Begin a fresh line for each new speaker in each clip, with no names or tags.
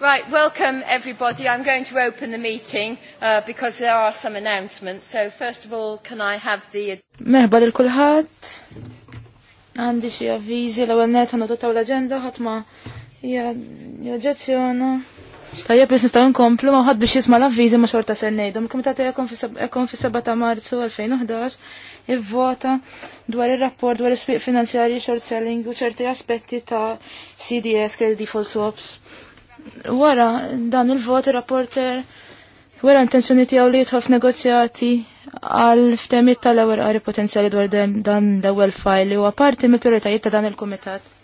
Right, welcome everybody. I'm going to open the meeting uh, because there are some announcements. So first of all, can I have the...
Meħba lil kulħadd. Għandi xi avviżi l-ewwel net ħanu tutaw l agenda ħadd ma joġġezzjona. Tajjeb li nistgħu nkomplu ma ħad biex jisma' l ma xorta ser ngħidhom. Il-Kumitat ekon fis-7 Marzu 2011 ivvota dwar ir-rapport dwar il swieq finanzjarji short selling u ċerti aspetti ta' CDS credit default swaps wara dan il-vot il-rapporter wara intenzjoni tiegħu li jidħol f'negozjati għal ftemit tal-ewwel qari potenzjali dwar dan l-ewwel fajli huwa parti mill prioritajiet ta' dan il-kumitat.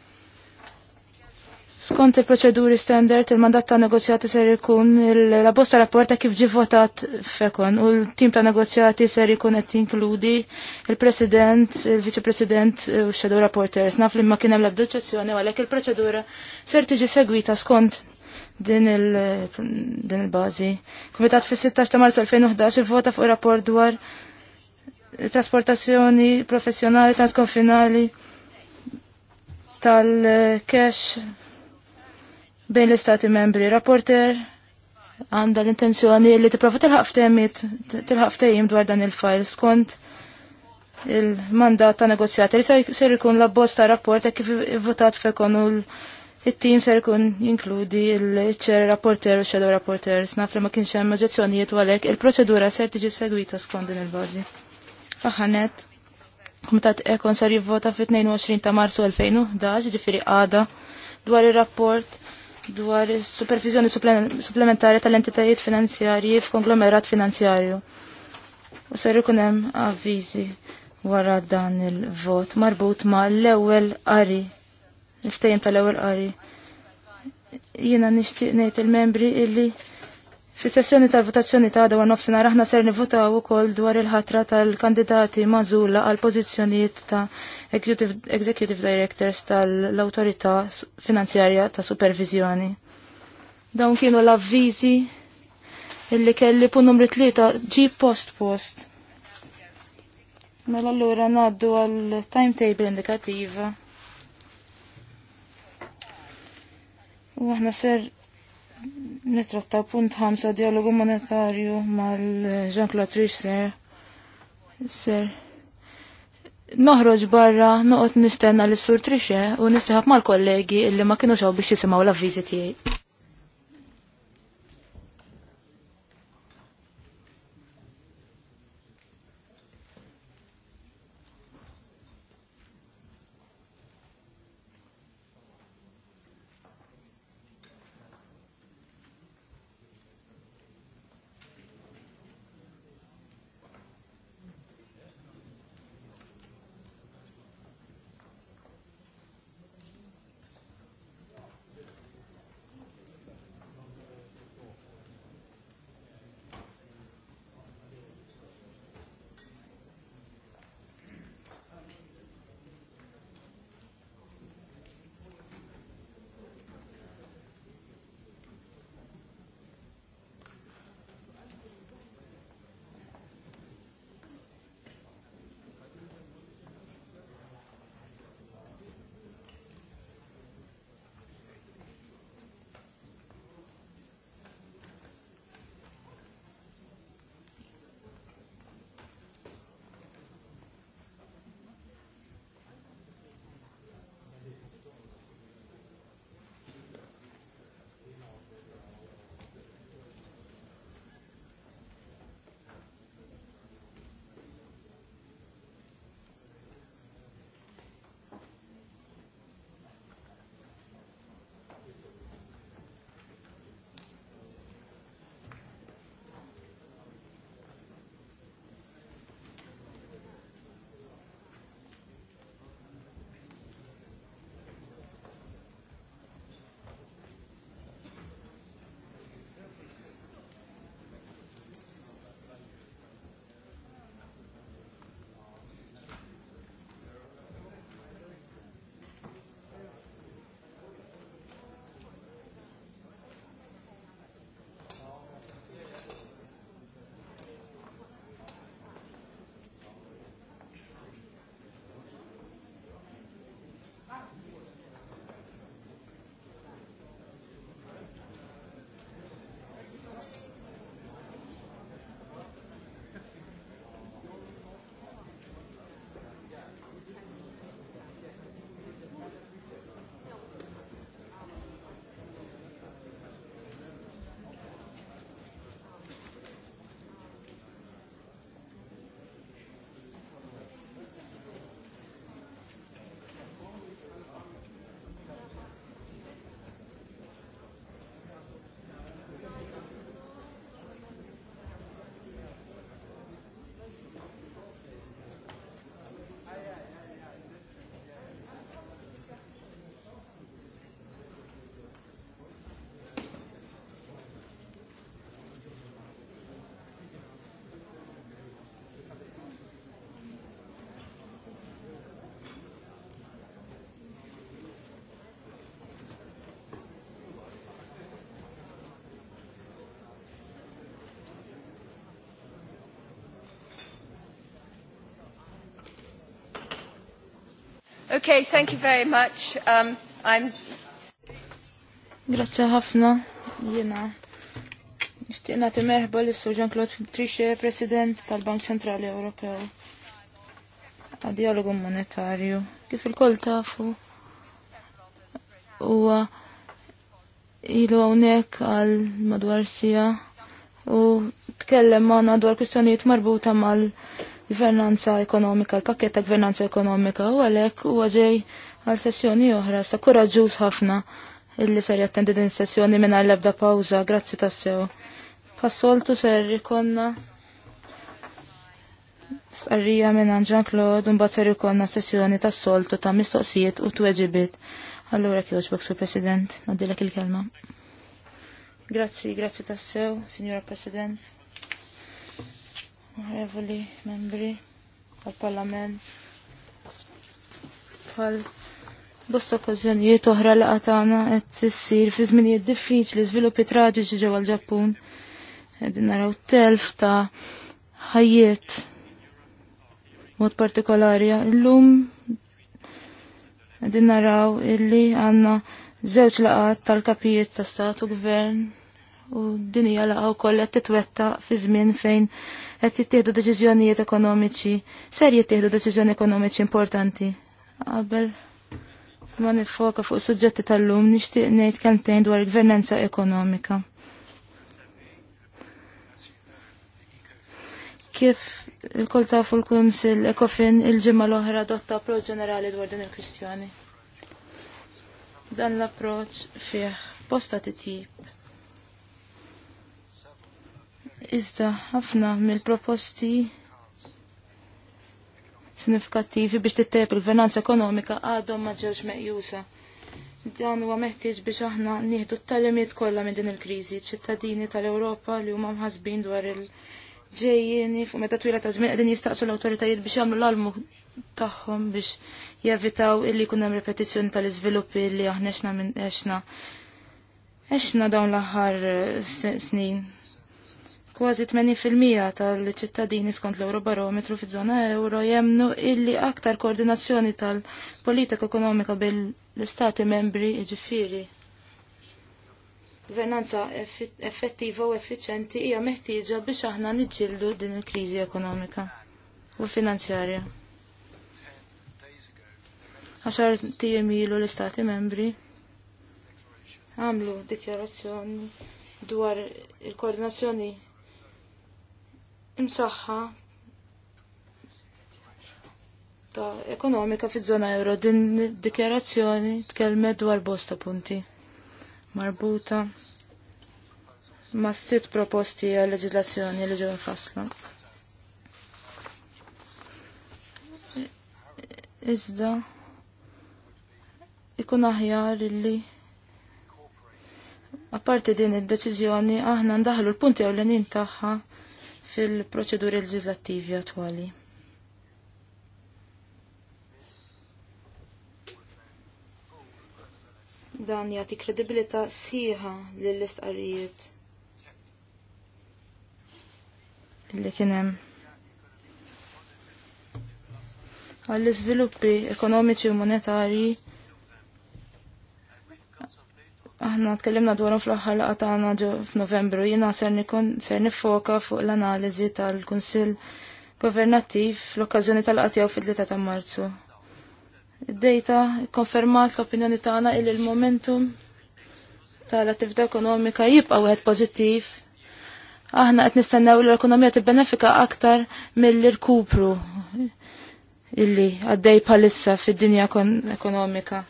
Skont il-proċeduri standard, il-mandat ta' negozjati ser ikun la bosta rapporta kif ġi votat fekon u l-tim ta' negozjati ser ikun qed inkludi il-President, il-Viċi-President u Shadow Rapporters. Naf li ma kien hemm l abduċazzjoni għalhekk il-proċedura ser tiġi segwita skont din il-bazi. Il Komitat fis-16 ta' Marzu 2011 vota fuq rapport dwar trasportazzjoni professjonali transkonfinali tal-cash bejn l-istati membri. Rapporter għanda l-intenzjoni li t-prova tilħaq temmit, dwar dan il file skont il-mandat ta' negozjati li ser ikun la bosta rapport e kif votat fekonu l- It-tim ser kun jinkludi il-ċer rapporter u shadow rapporters naf li ma kienx hemm oġġezzjonijiet u għalhekk il-proċedura ser tiġi segwita skont din il-bażi. Faħanet, Kumitat Ekon sar jivvota fit-22 ta' Marsu 2011, ġifieri għada dwar ir-rapport dwar is-supervizjoni supplementari tal-entitajiet finanzjarji f'konglomerat finanzjarju. U ser ikun hemm avviżi wara dan il-vot marbut ma l-ewwel qari Niftajjem tal-ewwel qari. Jiena nixtieq ngħid il-membri illi fis-sessjoni tal-votazzjoni ta' għadha nofsinhar aħna ser nivvotaw ukoll dwar il-ħatra tal-kandidati magħżula għal pożizzjonijiet ta' Executive Directors tal-Awtorità Finanzjarja ta' Supervizjoni. Dawn kienu l-avviżi illi kelli pun numri tlieta ġi post post. Mela allura ngħaddu għal timetable indikativa. U aħna ser nitratta punt ħamsa dialogu monetarju mal-Jean-Claude Trichet. Ser. Noħroġ barra, noqot nistenna l-sur Trichet u nistenna mal-kollegi illi ma kienu xaw biex jisimaw la viziti.
Okay, thank you very much. Um, I'm...
Grazie ħafna, jena. Nishtiqna ti merħba l-issu Jean-Claude Trichet, President tal-Bank Centrali Ewropew. A dialogu monetarju. Kif il-koll tafu? U ilu għonek għal madwar sija u tkellem maħna dwar kustonijiet marbuta mal- gvernanza ekonomika, l-pakket ta' gvernanza ekonomika u għalek u għaġej għal sessjoni oħra, sa' kuraġuż ħafna illi ser jattendi din sessjoni minna l-ebda pawza, grazzi sew. Passoltu ser ikonna Starrija minna Jean-Claude un bazzer ikonna sessjoni ta' soltu ta' mistoqsijiet u t-weġibit. Allura kjoġbok, Sur President, naddilek il-kelma. Grazzi, grazzi sew, Signora President onorevoli membri tal-Parlament, bħal bosta okkażjonijiet oħra li għatana qed issir fi żminijiet diffiċli żviluppi traġiċi ġewwa l-Ġappun. Qegħdin naraw telf ta' ħajjiet mod partikolari illum qegħdin naraw illi għandna żewġ laqat tal-kapijiet ta' stat u gvern u din hija laqgħa wkoll qed titwetta fi żmien fejn qed jittieħdu deċiżjonijiet ekonomiċi, ser jittieħdu deċiżjoni ekonomiċi importanti. Qabel ma nifoka fuq suġġetti tal-lum nixtieq ngħid kemmtejn dwar il-gvernanza ekonomika. Kif il-kol tafu il kunsil Ekofin il-ġimma l-oħra adotta approċ ġenerali dwar din il-kwistjoni. Dan l-approċ fih posta titjib Iżda ħafna mill-proposti sinifikattivi biex tittejb il venanza ekonomika għadhom ma ġewx meqjusa. Dan huwa meħtieġ biex aħna nieħdu t-talimiet kollha minn din il-kriżi, ċittadini tal-Ewropa li huma mħasbin dwar il-ġejjieni fuq meta twila ta' żmien qegħdin jistaqsu l-awtoritajiet biex jagħmlu l-almu tagħhom biex jevitaw illi jkun hemm repetizzjoni tal-iżviluppi li aħna xna minn exna. Exna dawn l-aħħar snin. Kważi 80% tal-ċittadini skont l-Eurobarometru fiż-żona euro jemnu illi aktar koordinazzjoni tal-politika ekonomika bil-istati membri iġifiri. Gvernanza effettiva u effiċenti hija meħtieġa biex aħna niġġieldu din il-kriżi ekonomika u finanzjarja. Għaxar tijem ilu l-istati membri għamlu dikjarazzjoni dwar il-koordinazzjoni imsaħħa ta' ekonomika fiż-żona euro din dikjarazzjoni tkellmet dwar bosta punti marbuta ma' sitt proposti għal leġislazzjoni li ġew infassla. Iżda ikun aħjar li apparti din id-deċiżjoni aħna ndaħlu l-punti ewlenin tagħha fil-proċeduri leġislattivi attwali. Dan jagħti kredibilità sieħa lill-istqarrijiet li kien hemm. Għall-iżviluppi ekonomiċi u monetarji Aħna tkellimna dwarhom fl-aħħar laqgħa tagħna f'Novembru jiena ser nikun ser nifoka fuq l-analiżi tal-Kunsill Governattiv fl-okkażjoni tal tiegħu fid-3 ta' Marzu. Id-dejta konfermat l-opinjoni tagħna il il-momentum tal-attività ekonomika jibqa' wieħed pożittiv. Aħna qed nistennew li l-ekonomija tibbenefika aktar mill-irkupru illi għaddej palissa fid-dinja ekonomika.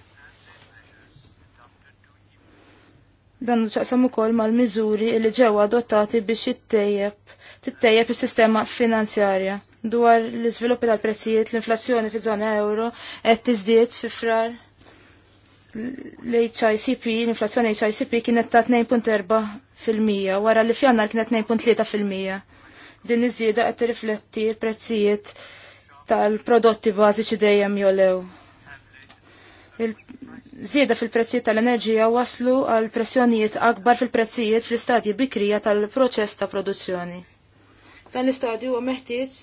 Dan ċaqsam ukoll mal-miżuri li ġew adottati biex jittejjeb tittejjeb is-sistema finanzjarja dwar l-iżvilupp tal-prezzijiet l-inflazzjoni fi żona euro qed tizdiet fi frar l-HICP, l-inflazzjoni HICP kienet ta' 2.4% wara li fjannar kienet 2.3%. Din iż-żieda qed tirrifletti l-prezzijiet tal-prodotti bażiċi dejjem jolew. Zieda fil-prezzijiet tal-enerġija waslu għal pressjonijiet akbar fil-prezzijiet fl-istadji bikrija tal-proċess ta' produzzjoni. Dan l-istadju huwa meħtieġ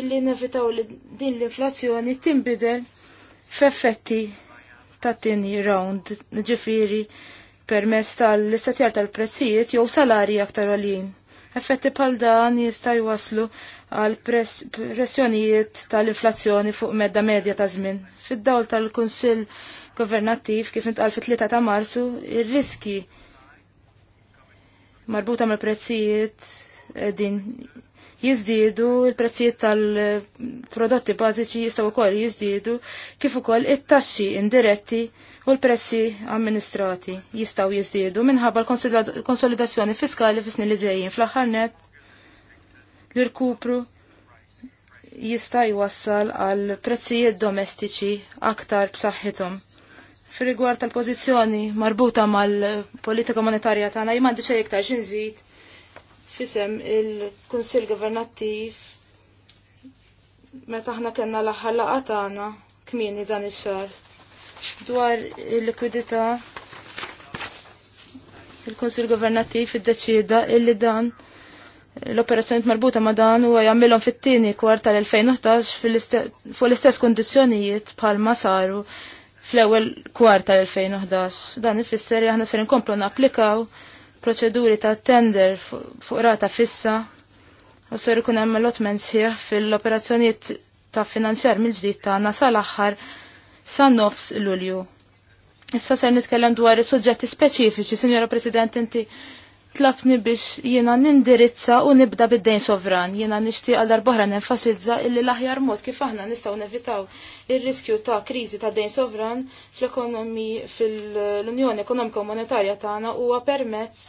illi nevitaw li din l-inflazzjoni timbidel f'effetti ta' tini round, ġifiri permess tal-istatjar tal-prezzijiet jew salari aktar għalin. Effetti pal dan jista' jwaslu għal pressjonijiet tal-inflazzjoni fuq medda medja ta' żmien. Fid-dawl tal-Kunsill Governattiv kif intqal fit-3 ta' Marsu, ir-riski marbuta mal prezzijiet din jiżdiedu, il-prezzijiet tal-prodotti bażiċi jistgħu wkoll jiżdiedu, kif ukoll it-taxxi indiretti u l-pressi amministrati jistgħu jiżdiedu minħabba l-konsolidazzjoni fiskali fis-snin li ġejjin. Fl-aħħar net, l-irkupru jista' jwassal għal prezzijiet domestiċi aktar b'saħħithom. Fir-rigward tal-pożizzjoni marbuta mal-politika monetarja tagħna jmandi xejn iktar xinżid fisem il-Kunsill Governattiv meta aħna kellna l-aħħar laqgħa tagħna kmieni dan ix-xahar dwar il-likwidità il kunsill Governattiv id-deċida illi dan l-operazzjoniet marbuta ma dan u jagħmilhom fit-tieni kwarta l 2011 fuq l-istess bħal ma saru fl-ewwel kwarta l 2011 Dan ifisser li aħna ser inkomplu napplikaw proċeduri ta' tender fuq rata fissa u ser ikun hemm allotment sħiħ fil-operazzjonijiet ta' finanzjar mill-ġdid tagħna sal-aħħar sa' nofs Lulju. Issa ser nitkellem dwar is-suġġetti speċifiċi, Sinjora President, inti tlabni biex jiena nindirizza u nibda bid-dejn sovran. Jiena nixtieq għal darbohra nenfasizza illi l-aħjar mod kif aħna nistgħu nevitaw ir-riskju ta' kriżi ta' dejn sovran fl-ekonomi fil-Unjoni Ekonomika u Monetarja tagħna huwa permezz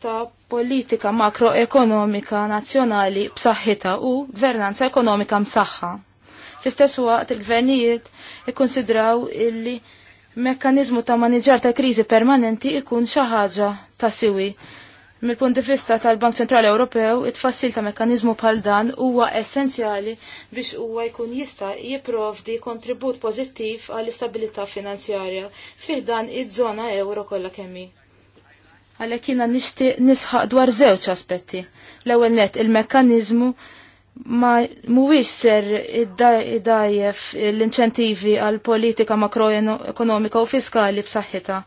ta' politika makroekonomika nazzjonali b'saħħitha u gvernanza ekonomika msaħħa. Fl-istess waqt il-gvernijiet ikkonsidraw illi mekkanizmu ta' maniġar ta' kriżi permanenti ikun xi ħaġa ta' siwi. mil punt di vista tal-Bank Ċentrali Ewropew, it-fassil ta' mekanizmu bħal dan huwa essenzjali biex huwa jkun jista' jipprovdi kontribut pożittiv għall-istabilità finanzjarja fih dan iż-żona euro kollha kemm hi. Għalhekk jiena nixtieq nisħaq dwar żewġ aspetti. L-ewwel nett il-mekkaniżmu ma mhuwiex ser iddajjef l-inċentivi għal politika makroekonomika u fiskali b'saħħitha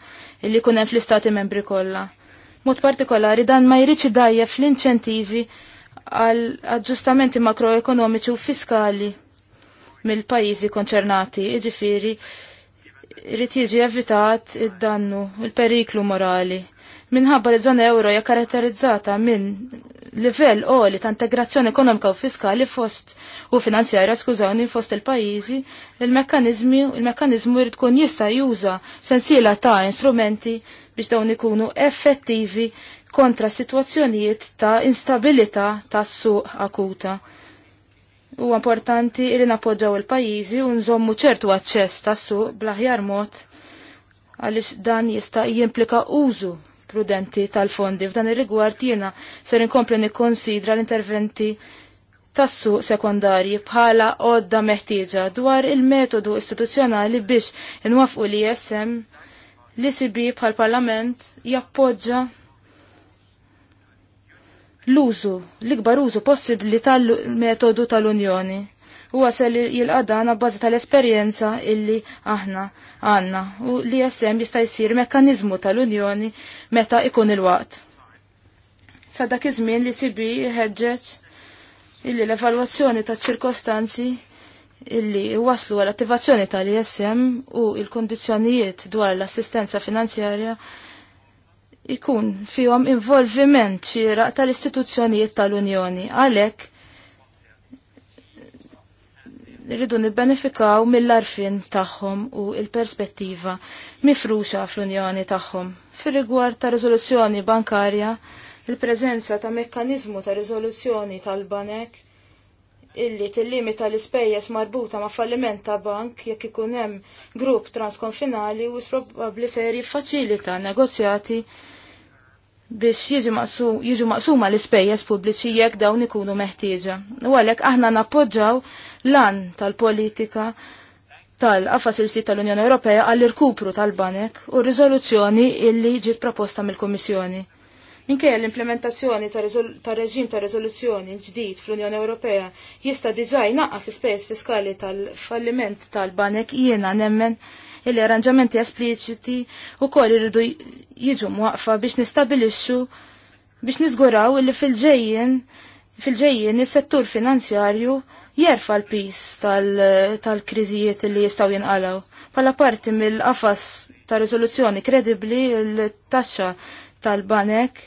illi jkun hemm fl-istati membri kollha Mod partikolari dan ma jridx dajja fl inċentivi għal aġġustamenti makroekonomiċi u fiskali mill-pajjiżi konċernati, iġifiri, rrid jiġi evitat id-dannu, il-periklu morali minħabba li żona euro hija karatterizzata minn livell qoli ta' integrazzjoni ekonomika u fiskali fost u finanzjarja skużawni fost il-pajjiżi, il-mekkaniżmi il-mekkaniżmu jrid tkun jista' juża sensiela ta' instrumenti biex dawn ikunu effettivi kontra situazzjonijiet ta' instabilità tas suq akuta. U importanti li napoġġaw il-pajjiżi u nżommu ċertu aċċess tas suq bl-aħjar mod għaliex dan jista' jimplika użu prudenti tal-fondi. F'dan ir-rigward jiena ser inkompli nikkonsidra l-interventi tassu sekundarji bħala għodda meħtieġa dwar il-metodu istituzzjonali biex inwafqu li jessem li sibi bħal parlament jappoġġa l-użu, l-ikbar użu possibli tal-metodu tal-Unjoni u għasel jil-qadana bbażi tal-esperjenza illi aħna għanna u li jassem jista' jsir mekkaniżmu tal-Unjoni meta ikun il-waqt. Sa dak iż-żmien li sibi ħeġġeġ illi l-evalwazzjoni ta' ċirkostanzi illi waslu għal attivazzjoni tal-ISM u il-kondizjonijiet dwar l-assistenza finanzjarja ikun fihom involviment xieraq tal-istituzzjonijiet tal-Unjoni. Għalhekk rridu nibbenefikaw mill-arfin tagħhom u il-perspettiva mifruxa fl-Unjoni tagħhom. Fir-rigward ta' riżoluzzjoni bankarja, il-preżenza ta' mekkaniżmu ta' riżoluzzjoni tal-banek illi tillimita l-ispejjeż marbuta ma' falliment ta' bank jekk ikun hemm grupp transkonfinali u probabbli se jiffaċilita negozjati biex jiġu maqsuma l-ispejjeż pubbliċi jekk dawn ikunu meħtieġa. U għalhekk aħna nappoġġaw lan tal-politika tal affas il ġdid tal-Unjoni Ewropea għall-irkupru tal-banek u r-riżoluzzjoni illi ġiet proposta mill-Kummissjoni. Minkejja l-implementazzjoni ta' reġim ta' rezoluzzjoni ġdid fl-Unjoni Ewropea jista' diġà jnaqqas ispejjeż fiskali tal-falliment tal-banek jiena nemmen illi arranġamenti espliċiti u kol irridu jiġu mwaqfa biex nistabilixxu biex nizguraw illi fil ġejjen fil ġejjen is-settur finanzjarju jerfa l-pis tal-kriżijiet tal li jistaw jinqalaw. Pala parti mill-qafas ta' rizoluzzjoni kredibli l-taxxa tal-banek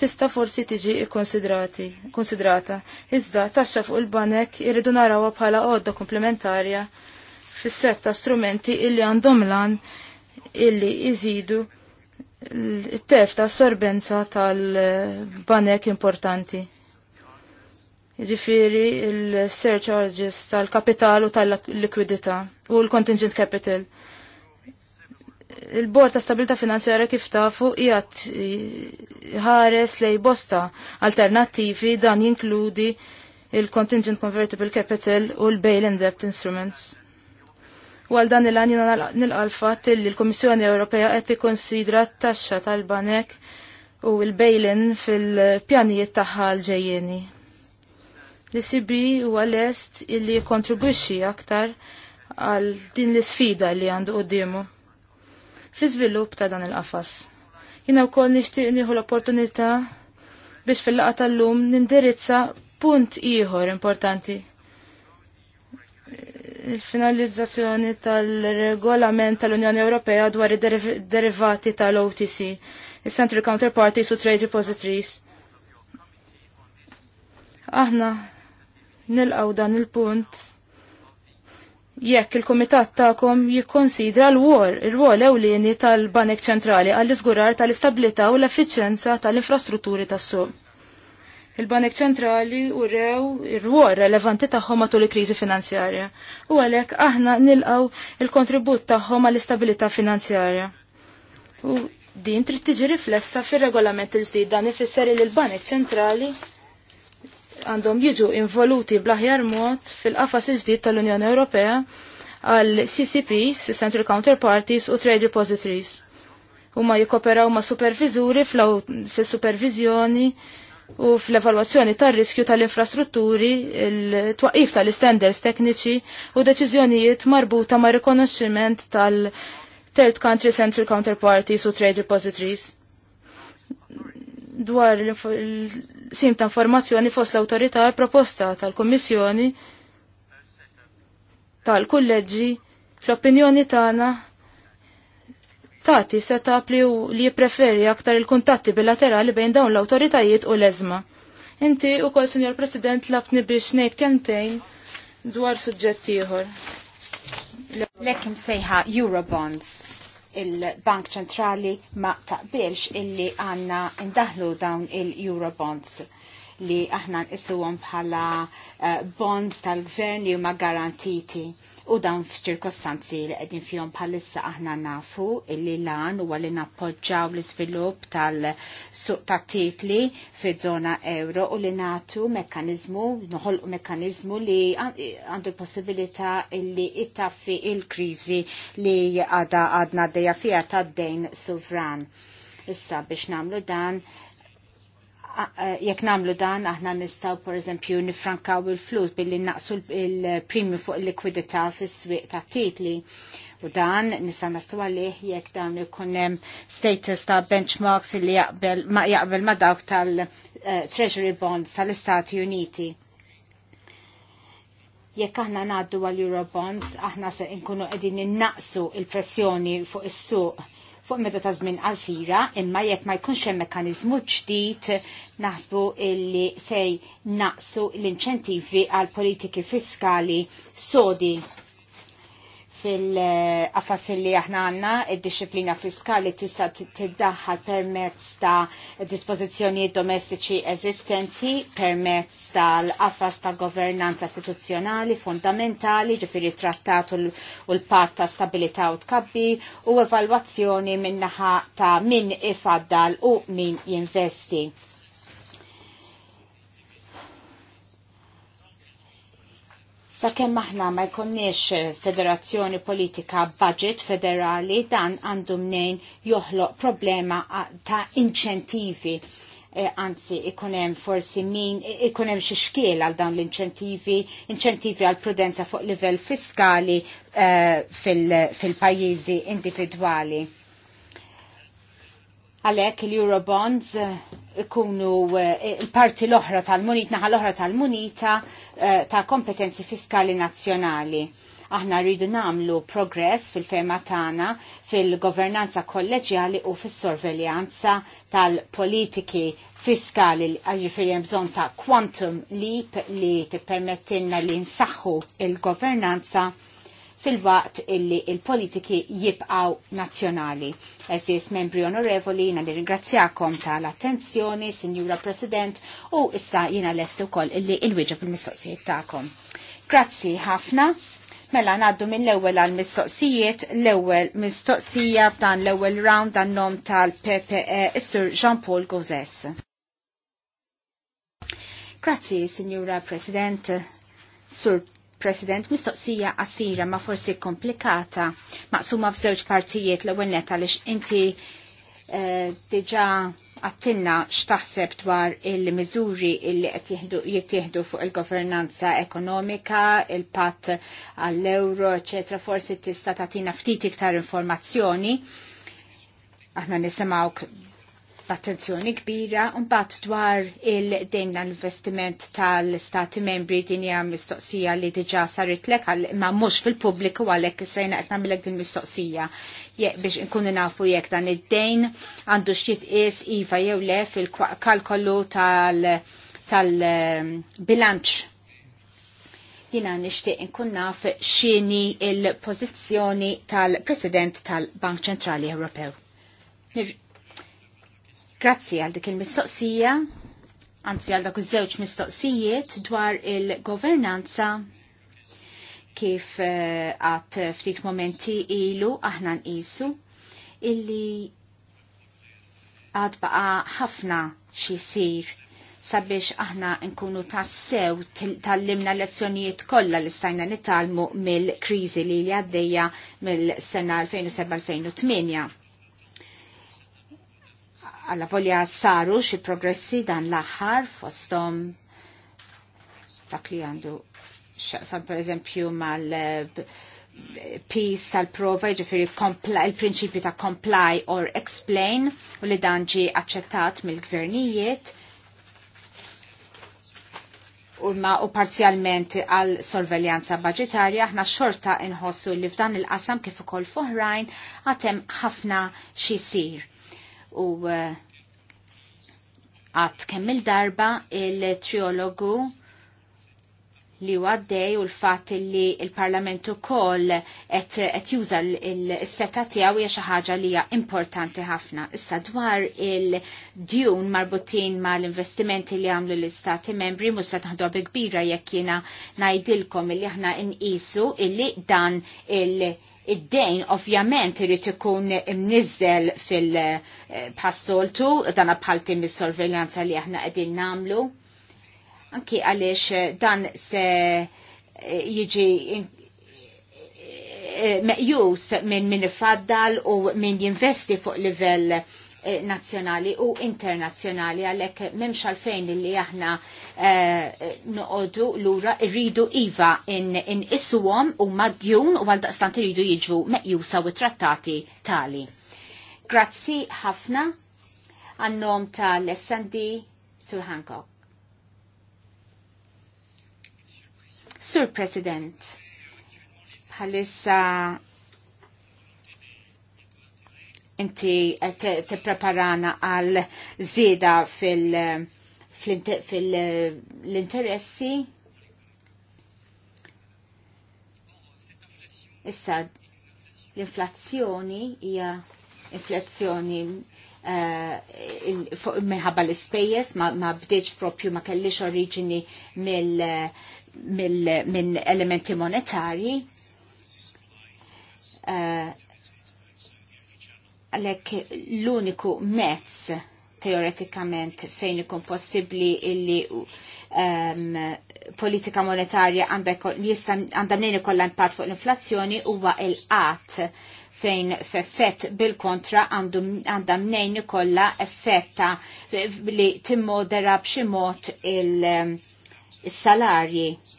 tista' forsi tiġi konsidrati, konsidrata. Iżda taxxa fuq il-banek irridu narawha bħala għodda komplementarja fis ta' strumenti illi għandhom lan illi iżidu il-tef ta' sorbenza tal-banek importanti. Ġifiri il-surcharges tal-kapital u tal-likwidità u l-contingent capital. Il-Bord ta' Stabilità Finanzjarja kif tafu qiegħed ħares lej bosta alternattivi dan jinkludi il-contingent convertible capital u l-bail-in debt instruments għal dan il-għan jina nil-għalfat li l-Komissjoni Ewropea għet konsidra t-taxxa tal-banek u l-bejlin fil-pjanijiet taħħa l-ġejjeni. L-ICB u għal-est illi kontribuċi aktar għal din l-sfida li għandu qoddimu. Fl-izvilup ta' dan il-qafas. Jina u koll nishtiq l-opportunita biex fil-laqa tal-lum nindirizza punt iħor importanti il-finalizzazzjoni tal-regolament tal-Unjoni Ewropea dwar id-derivati tal-OTC, il-Central Counterparties u Trade Repositories. Aħna nilqaw dan il-punt jekk il-komitat ta'kom jikkonsidra l-wol, il-wol ewlieni tal-Banek Ċentrali għall-iżgurar tal-istabilità u l-effiċenza tal-infrastrutturi tas-suq. Il-Banek Ċentrali u rew ir relevanti tagħhom matul il-kriżi finanzjarja u għalhekk aħna nilqgħu il-kontribut tagħhom għall-istabilità finanzjarja. U din trid tiġi riflessa fir-regolament il-ġdid dan ifisser li l-Banek Ċentrali għandhom jiġu involuti blaħjar mod fil-qafas il-ġdid tal-Unjoni Ewropea għal CCPs, Central Counterparties u Trade Repositories. U ma jikoperaw ma supervizuri fil-supervizjoni u fl-evalwazzjoni tar-riskju tal-infrastrutturi, il-twaqif tal-standards tekniċi u deċiżjonijiet marbuta ma' rikonoxximent tal-Third Country Central Counterparties u Trade Repositories. Dwar sim ta' informazzjoni fost l-autorità proposta tal-Kommissjoni tal-kulleġġi fl-opinjoni tagħna se seta li li jippreferi aktar il-kuntatti bilaterali bejn dawn l-awtoritajiet u l-eżma. Inti u kol, Senjor President, labni biex ngħid kentejn
dwar suġġettiħor. ieħor. sejħa Eurobonds il-Bank ċentrali ma taqbilx illi għanna indaħlu dawn il-Eurobonds li aħna nqisuhom bħala eh, bonds tal-gvern li huma garantiti u dan f'ċirkostanzi li qegħdin fihom bħalissa aħna nafu illi lan huwa li nappoġġaw l-iżvilupp tal-suq ta' titli fiż-żona euro u li nagħtu mekkaniżmu noħolqu mekkaniżmu li għandu l-possibilità illi ittaffi il-kriżi li għadha għadna dejja fiha tad-dejn sovran. Issa biex namlu dan jekk namlu dan aħna nistaw per eżempju nifrankaw il-flus billi naqsu il-premju fuq il-likwidità fis-swieq ta' titli. U dan nista' nastu għalih jekk dan ikun hemm status ta' benchmarks li jaqbel ma jaqbel ma dawk tal-Treasury eh, bonds tal-Istati Uniti. Jekk aħna ngħaddu għal Eurobonds, aħna se nkunu qegħdin innaqsu il-pressjoni fuq is-suq fuq meta ta' żmien qasira, imma jekk ma jkunx hemm mekkaniżmu ġdid naħsbu illi se naqsu l-inċentivi għal politiki fiskali sodi fil-qafas li aħna għanna id-disciplina fiskali tista' tiddaħħal permezz ta' dispożizzjonijiet domestiċi eżistenti, permezz tal-qafas ta' governanza istituzzjonali fundamentali, ġifiri trattat u l-patt ta' stabilità u tkabbi u evalwazzjoni minnaħa ta' min ifaddal u min jinvesti Sakemm aħna ma jkunniex eh, federazzjoni politika budget federali dan għandu mnejn joħloq problema ta' inċentivi eh, anzi ikunem forsi min, ikunem xie xkiel għal dawn l-inċentivi, inċentivi għal prudenza fuq livell fiskali uh, eh, fil-pajizi fil individuali. Għalhekk il-Eurobonds eh, ikunu eh, il-parti l-oħra tal-munita, naħa l-oħra tal-munita eh, ta' kompetenzi fiskali nazzjonali. Aħna rridu namlu progress fil-fema tagħna fil-governanza kolleġjali u fis-sorveljanza tal-politiki fiskali għal-ġifieri bżonn ta' quantum leap li tippermettilna li nsaħħu il-governanza il governanza fil-waqt illi il-politiki jibqaw nazzjonali. Eżis membri onorevoli, jina nirringrazzjakom tal-attenzjoni, Sinjura President, u issa jina u koll illi il-wieġeb il-mistoqsijiet tagħkom. Grazzi ħafna. Mela ngħaddu minn l-ewwel għal mistoqsijiet, l-ewwel mistoqsija f'dan l-ewwel round dan nom tal-PPE is-Sur Jean-Paul Gozes. Grazzi, Signora President, Sur President, mistoqsija qasira ma forsi komplikata, maqsuma f'żewġ partijiet l ewwel netta għaliex inti eh, diġa għattinna x'taħseb dwar il-miżuri li qed jittieħdu fuq il-governanza ekonomika, il-patt għall-euro, eċetera, forsi tista' tagħtina ftit iktar informazzjoni. Aħna nisimgħu Attenzjoni kbira mbagħad dwar il din l-investiment tal-Stati membri din hija mistoqsija li diġà saritlek ma mhux fil-pubbliku għalhekk sejna qed nagħmilek din mistoqsija biex nkunu nafu jekk dan id-dejn għandu x'jitqies iva jew le fil-kalkolu tal-bilanċ jina nishtiq nkun naf xini il-pozizjoni tal-President tal-Bank Ċentrali Ewropew. Grazzi għal dik il-mistoqsija, anzi għal dak iż-żewġ mistoqsijiet dwar il-governanza kif eh, għat ftit momenti ilu aħna nqisu illi għad baqa ħafna xisir sabiex aħna nkunu tassew tal-limna lezzjonijiet kollha li stajna nitalmu mill-kriżi li li għaddejja mill-sena 2007-2008 għalla volja saru xi progressi dan l-aħħar fostom dak li għandu xaqsan per eżempju mal eh, piece tal-prova, ġifiri il-prinċipju ta' comply or explain u li dan ġi accettat mill-gvernijiet u ma u parzjalment għal sorveljanza budgetarja, aħna xorta inħossu li f'dan il-qasam kif ukoll fuħrajn għatem ħafna xisir u eh, għat kemm il-darba il-triologu li għaddej u l-fat li il-parlamentu kol et, et juża l seta tijaw hija xi ħaġa li hija importanti ħafna. Issa dwar il- djun marbutin ma l-investimenti li għamlu l-istati membri musa taħdob kbira jekk jena najdilkom illi aħna inqisu illi dan il-dejn ovvjament irrid ikun imnizzel fil-passoltu dan appalti mis-sorveljanza li aħna qegħdin namlu. Anki għaliex eh, dan se eh, jiġi eh, meqjus minn min ifaddal u minn jinvesti fuq livell Eh, nazzjonali u internazzjonali għalhekk m'hemmx għalfejn li aħna eh, noqogħdu lura rridu iva in issuhom u madjun u għal daqstant irridu jiġu meqjusa u trattati tali. Grazzi ħafna għannom tal-SND Sur Hancock. Sur President, bħalissa Inti eh, t-preparana għal zida fil-interessi. Issa, l-inflazzjoni hija inflazzjoni eh, minħabba l-ispejjes ma bdejx propju ma kellix oriġini minn elementi monetarji eh, Għalek l-uniku mezz teoretikament fejn ikun possibli illi um, politika monetarja għandha mnejn ikolla impatt fuq l-inflazzjoni huwa il-qatt fejn f'effett bil-kontra għandha mnejn ikolla effetta li timmodera b'xi mod il-salarji. il salarji Um, salarji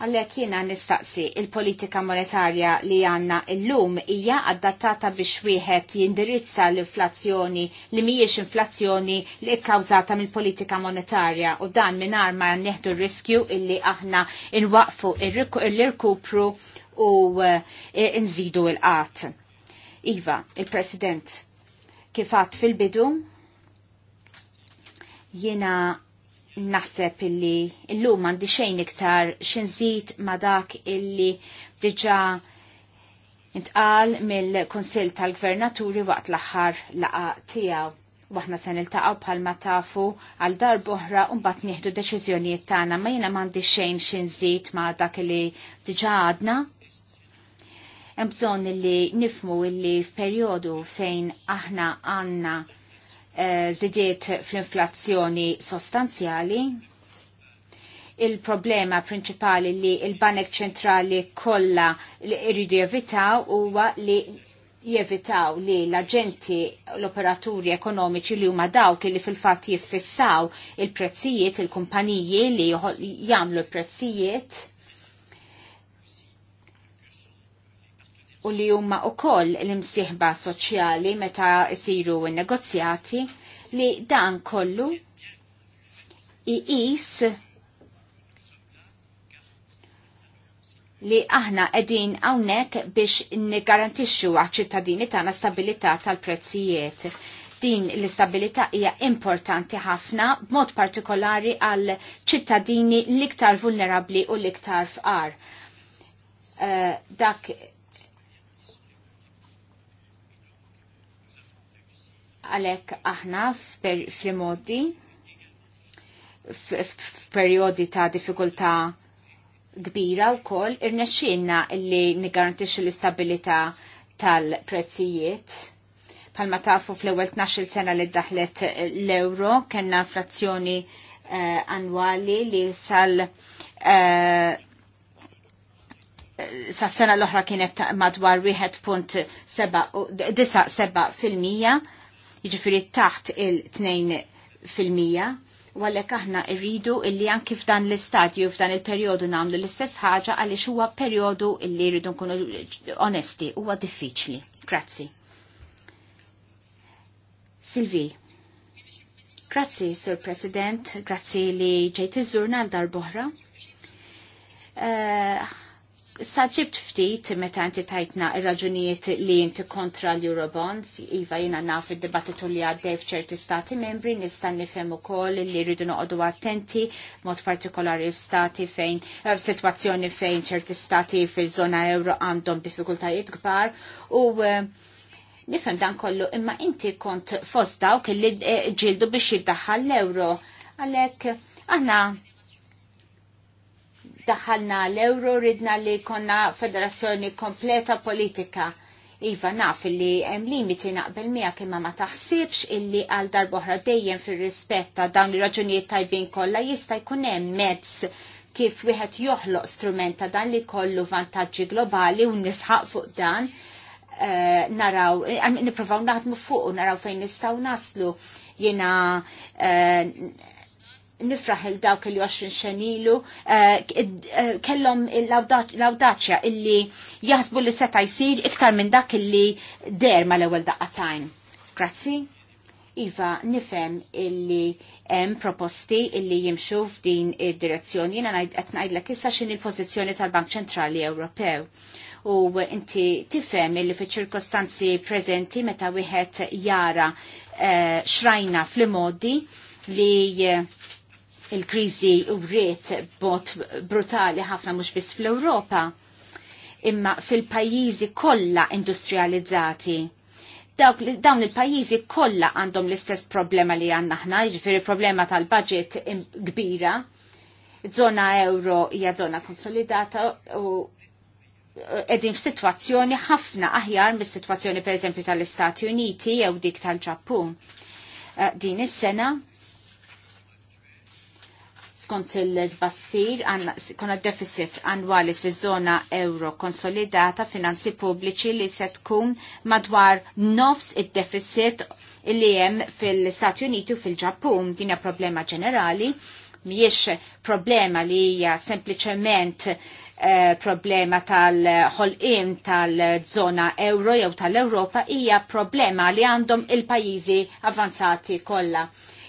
Għallek jiena nistaqsi il-politika monetarja li għanna il-lum hija adattata biex wieħed jindirizza l-inflazzjoni li mhijiex inflazzjoni li kkawżata mill-politika monetarja u dan mingħajr ma neħdu riskju illi aħna inwaqfu l-irkupru u eh, nżidu l-qat. Iva, il-President, kifat fil-bidu, jiena naħseb illi illum għandi xejn iktar xinżit ma dak illi diġa intqal mill-Konsil tal-Gvernaturi waqt l-aħħar laqa tiegħu. Waħna se niltaqgħu bħalma tafu għal darb oħra u mbagħad nieħdu deċiżjonijiet tagħna ma jiena m'għandi xejn xinżit ma dak illi diġa għadna. Hemm bżonn illi nifmu illi f'perjodu fejn aħna għandna Eh, zidiet fl-inflazzjoni sostanzjali. Il-problema prinċipali li il-banek ċentrali kollha irridu jevitaw huwa li jevitaw li l-agenti l-operaturi ekonomiċi li huma dawk li fil-fatt jiffissaw il-prezzijiet, il-kumpaniji li jagħmlu l-prezzijiet u li huma wkoll l-imsieħba soċjali meta isiru n-negozjati li dan kollu iqis li aħna edin hawnhekk biex n-garantixxu għaċ-ċittadini tagħna stabilità tal-prezzijiet. Din l-istabilità hija importanti ħafna b'mod partikolari għal ċittadini l-iktar vulnerabli u l-iktar fqar. Uh, dak għalek aħna fl-modi, f'perjodi ta' diffikultà kbira u kol, irnexxinna li nigarantix l-istabilità tal-prezzijiet. Palma tafu fl-ewel 12 sena li daħlet l-euro, kena frazzjoni uh, annwali li sal uh, eh, sa sena l-oħra kienet madwar 1.7 fil-mija jiġifieri taħt il-2 fil-mija għallek aħna irridu illi anki f'dan l-istadju f'dan il-periodu namlu l-istess ħaġa għaliex huwa periodu illi rridu nkunu onesti, huwa diffiċli. Grazzi. Silvi. Grazzi, Sur President, grazzi li ġejt iżurna għal darboħra. Uh, eh, Saġibt ftit meta inti tajtna ir-raġunijiet li inti kontra l-Eurobonds, iva jina naf id-dibattitu li għaddej f'ċerti stati membri, nista' nifhem ukoll li rridu noqogħdu attenti mod partikolari f'stati fejn eh, f'sitwazzjoni fejn ċerti stati fil-żona euro għandhom diffikultajiet kbar u eh, nifhem dan kollu imma inti kont fost dawk li eh, ġildu biex jiddaħħal l-euro għalhekk aħna daħalna l-euro ridna li konna federazzjoni kompleta politika. Iva naf li hemm limiti naqbel miegħek imma ma taħsibx illi għal darboħra dejjem fir-rispett ta' dawn ir-raġunijiet tajbin kollha jista' jkun hemm mezz kif wieħed joħloq strument ta' dan li kollu vantaġġi globali u nisħaq fuq dan eh, naraw, eh, niprofaw naħdmu fuq u naraw fejn nistgħu naslu jiena eh, nifraħ il dawk il-20 xenilu eh, eh, kellhom l-awdaċja illi jaħsbu li seta' jsir iktar minn dak illi der mal-ewwel daqqatajn. Grazzi. Iva, nifem illi hemm proposti illi jimxu f'din id-direzzjoni. Jiena għetnajd l-kissa x'in il-pożizzjoni tal-Bank Centrali Ewropew. U inti tifhem illi fiċ-ċirkostanzi preżenti meta wieħed jara eh, xrajna fl-modi li Il-kriżi u rrit bot brutali ħafna mhux biss fl-Ewropa imma fil-pajjiżi kollha industrializzati dawn il-pajizi kollha għandhom l-istess problema li għandna ħna, ġifiri problema tal-budget kbira. Zona euro hija zona konsolidata u edin f'sitwazzjoni ħafna aħjar mis-sitwazzjoni pereżempju tal-Istati Uniti jew dik tal-Ġappun. Eh, din is-sena skont il-tbassir kuna deficit annwali fi zona euro konsolidata finanzi pubbliċi li se tkun madwar nofs id-deficit il li hemm fil-Stati Uniti u fil-Ġappun dinja problema ġenerali miex problema li hija sempliċement eh, problema tal-ħolqim tal-zona euro jew tal-Europa hija problema li għandhom il-pajjiżi avanzati kollha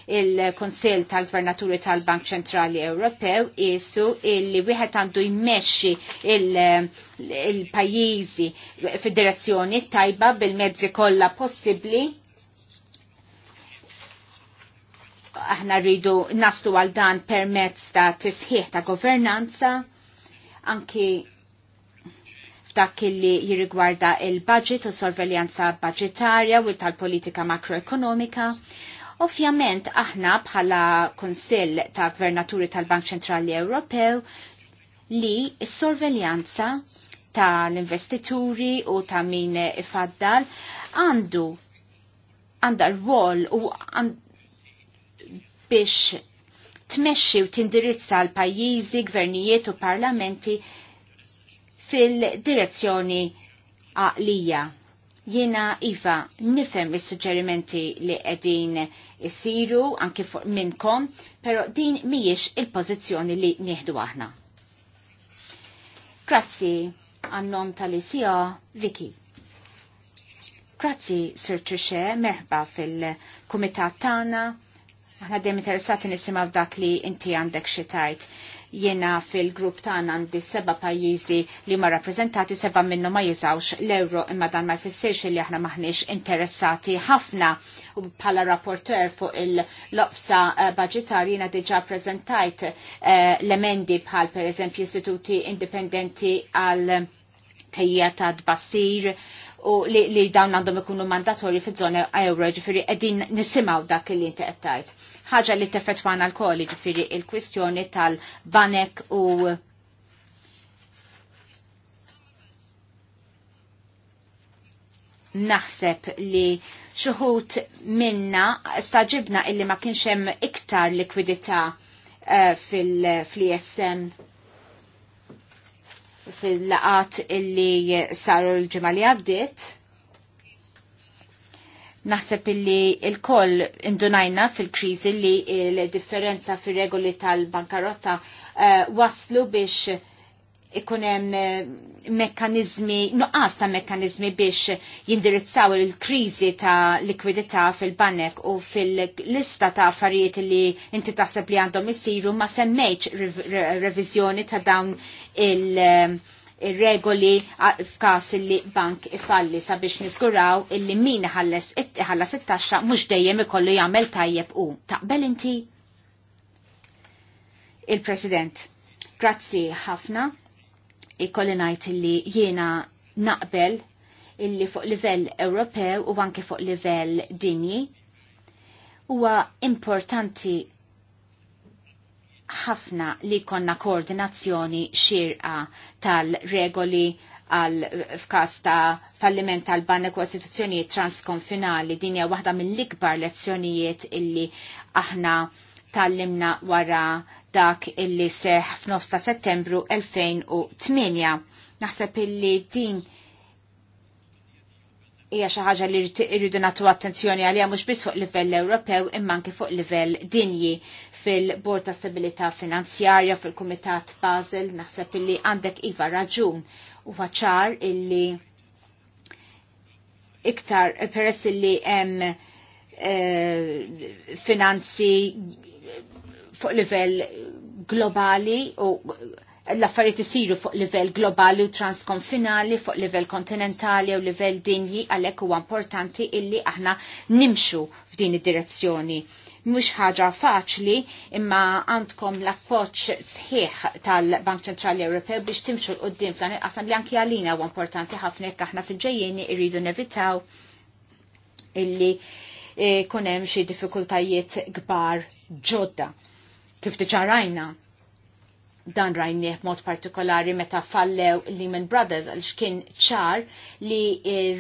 il-Konsil tal-Gvernaturi tal-Bank Ċentrali Ewropew isu illi wieħed għandu jmexxi il-pajjiżi il pajjiżi fid direzzjoni tajba bil-mezzi kollha possibbli aħna rridu naslu għal dan permezz ta' tisħiħ ta' governanza anki f'dak li jirrigwarda il-budget u sorveljanza budgetarja u tal-politika makroekonomika Ovvjament aħna bħala Konsell ta' Gvernaturi tal-Bank Ċentrali Ewropew li s-sorveljanza tal-investituri u ta' min ifaddal għandu għandha rwol u biex tmexxi u tindirizza l-pajjiżi, gvernijiet u parlamenti fil-direzzjoni għaqlija. Jena Iva, nifem is suġġerimenti li qegħdin isiru anki minnkom, pero din miex il-pozizjoni li nieħdu aħna. Grazzi għannom tal-isija Viki. Grazzi Sir Trishe, merħba fil-komitat tana. Aħna dejjem interessati nisimgħu dak li inti għandek xi tajt. Jena fil-grupp tagħna għandi seba' pajjiżi li ma rappreżentati seba' minnu ma jizawx l-euro imma dan ma jfissirx li aħna maħniex interessati ħafna u bħala rapporter fuq il-loqsa eh, budgetari jiena diġà prezentajt eh, l-emendi bħal pereżempju istituti indipendenti għal tejja ta' tbassir u li, li dawn għandhom ikunu mandatorji fi zone euro ġifiri edin nisimaw dak li inti qed Ħaġa li tefetwana l-koli ġifiri il-kwistjoni tal-banek u naħseb li xuħut minna staġibna illi ma kienxem iktar likwidita uh, eh, fil-ISM. Fil fil-laqat illi saru l-ġemali għaddit. Naħseb illi il-koll indunajna fil-krizi li l-differenza fil-regoli tal-bankarotta uh, eh, waslu biex ikunem eh, mekkanizmi, nuqqas ta' mekkanizmi biex jindirizzaw il-krizi ta' likwidità fil-banek u fil-lista ta' affarijiet li inti taħseb li għandhom isiru ma semmejċ revizjoni ta' dawn il- eh, regoli f'kas li bank ifalli sabiex niskuraw illi min ħallas it-taxxa mhux dejjem ikollu jagħmel tajjeb u taqbel inti il-President. Grazzi ħafna ikolli ngħid li jiena naqbel illi fuq livell Ewropew u anke fuq livell dinji huwa importanti ħafna li konna koordinazzjoni xirqa tal-regoli għal f'kas ta' falliment tal ban u istituzzjonijiet transkonfinali din hija waħda mill-ikbar lezzjonijiet illi aħna tallimna wara dak illi seħ f'nofs ta' settembru 2008. Naħseb illi din hija xi ħaġa li rridu nagħtu attenzjoni għalija mhux biss fuq livell Ewropew imma anke fuq livell dinji fil-Bord ta' Stabilità Finanzjarja fil-Kumitat Basel naħseb illi għandek iva raġun huwa ċar illi iktar peress illi hemm eh, finanzi fuq livell globali u l-affarijiet isiru fuq livell globali u transkonfinali, fuq livell kontinentali u livell dinji, għalhekk huwa importanti illi aħna nimxu f'din id-direzzjoni. Mhux ħaġa faċli imma għandkom l-appoġġ sħiħ tal-Bank Ċentrali Ewropew biex timxu l-qoddim f'dan il-qasam li anki għalina huwa importanti ħafna jekk aħna fil-ġejjeni irridu nevitaw illi eh, kunem xi diffikultajiet kbar ġodda kif diġarajna. Dan rajnieh mod partikolari meta fallew Lehman Brothers għal xkien ċar li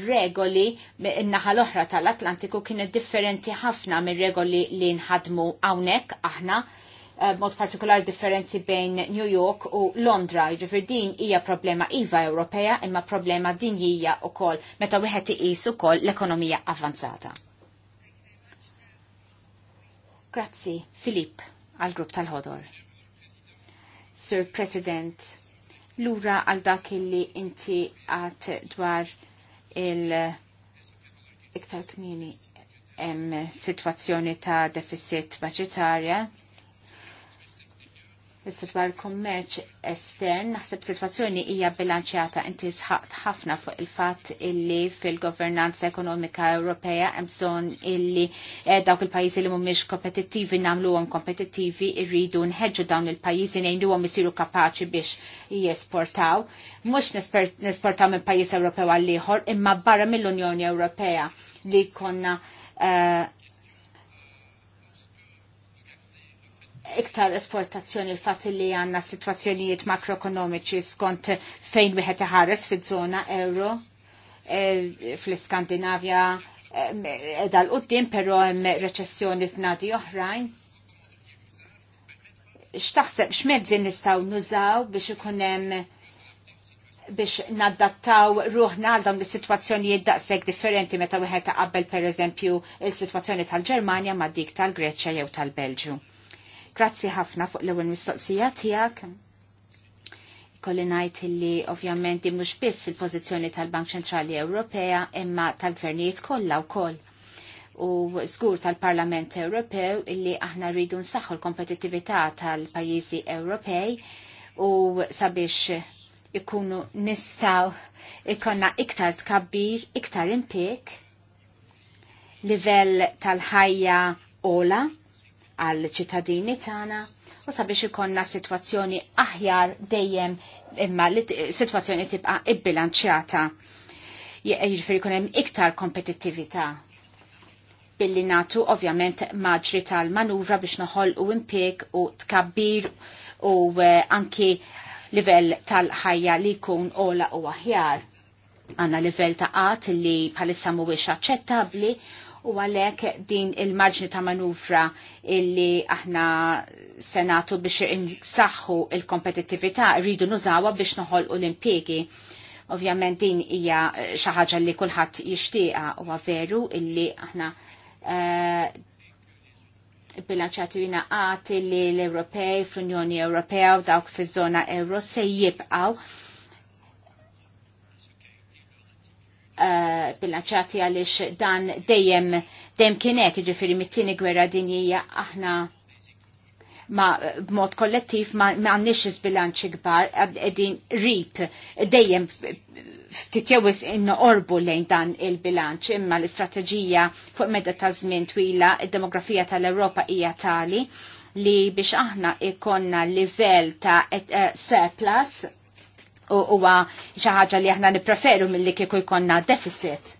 regoli n-naħa l-oħra tal-Atlantiku kienet differenti ħafna minn regoli li nħadmu hawnhekk aħna eh, mod partikolar differenzi bejn New York u Londra. Ġifir din hija problema iva Ewropea imma problema dinjija u kol meta wieħed iqis ukoll l-ekonomija avvanzata. Grazzi, Filipp għal-grupp tal-ħodor. Sir President, lura għal dak illi inti għat dwar il-iktar kmini em situazzjoni ta' deficit budgetarja Is-sitwa l-kummerċ estern, naħseb situazzjoni hija bilanċjata inti sħaqt ħafna fuq il-fatt illi fil-governanza ekonomika Ewropea hemm bżonn illi eh, dawk il-pajjiżi li mhumiex kompetittivi nagħmluhom kompetittivi irridu nħeġġu dawn il-pajjiżi ngħiduhom isiru kapaċi biex jesportaw. Mhux nesportaw minn pajjiż Ewropew għal ieħor imma barra mill-Unjoni Ewropea li konna uh, iktar esportazzjoni l-fat li għanna situazzjonijiet makroekonomiċi skont fejn wieħed iħares fiż-żona euro e, fl-Iskandinavja e, dal qudiem però hemm reċessjoni f'nadi oħrajn. X'taħseb x'mezzi nistgħu nużaw biex ikun hemm biex naddattaw ruħna għal dawn is-sitwazzjonijiet daqshekk differenti meta wieħed qabel pereżempju il-sitwazzjoni tal-Ġermanja ma' dik tal-Greċja jew tal-Belġju. Grazzi ħafna fuq l-ewwel mistoqsija tiegħek. Kolli ngħid li ovvjament mhux biss il-pożizzjoni tal-Bank Ċentrali Ewropea imma tal-gvernijiet kollha wkoll u żgur tal-Parlament Ewropew illi aħna rridu nsaħħu l-kompetittività tal-pajjiżi Ewropej u sabiex ikunu nistaw ikonna iktar tkabbir, iktar impik, livell tal-ħajja ola, għal ċittadini tagħna u sabiex ikonna sitwazzjoni aħjar dejjem imma li sitwazzjoni tibqa' ibbilanċjata. Jiġifieri jkun hemm iktar kompetittività billi natu ovvjament maġri tal-manuvra biex noħol u impik u tkabbir u eh, anki livell tal-ħajja li jkun ola u aħjar għanna livell ta' għat li palissa mhuwiex aċċettabbli u għalek din il-marġni ta' manufra illi aħna senatu biex insaxħu il-kompetittività rridu nużawa biex noħol l-impjegi. Ovvjament din hija eh, xi ħaġa li kulħadd jixtieqha huwa veru illi aħna il eh, bilanċati jina għati li l-Ewropej, fl-Unjoni Ewropea u dawk fiż-żona Euro se jibqaw Eh, bilanċati għalix dan dejjem dejjem kienek, ġifiri mit-tieni gwerra dinjija aħna ma b'mod kollettiv ma għandniex iż-bilanċi kbar qegħdin rip dejjem titjewis jewis orbu lejn dan il-bilanċ imma l-istrateġija fuq medda ta' żmien twila id-demografija tal-Ewropa hija tali li biex aħna ikonna livell ta' eh, surplus u huwa xi ħaġa li aħna nippreferu milli kieku jkollna deficit.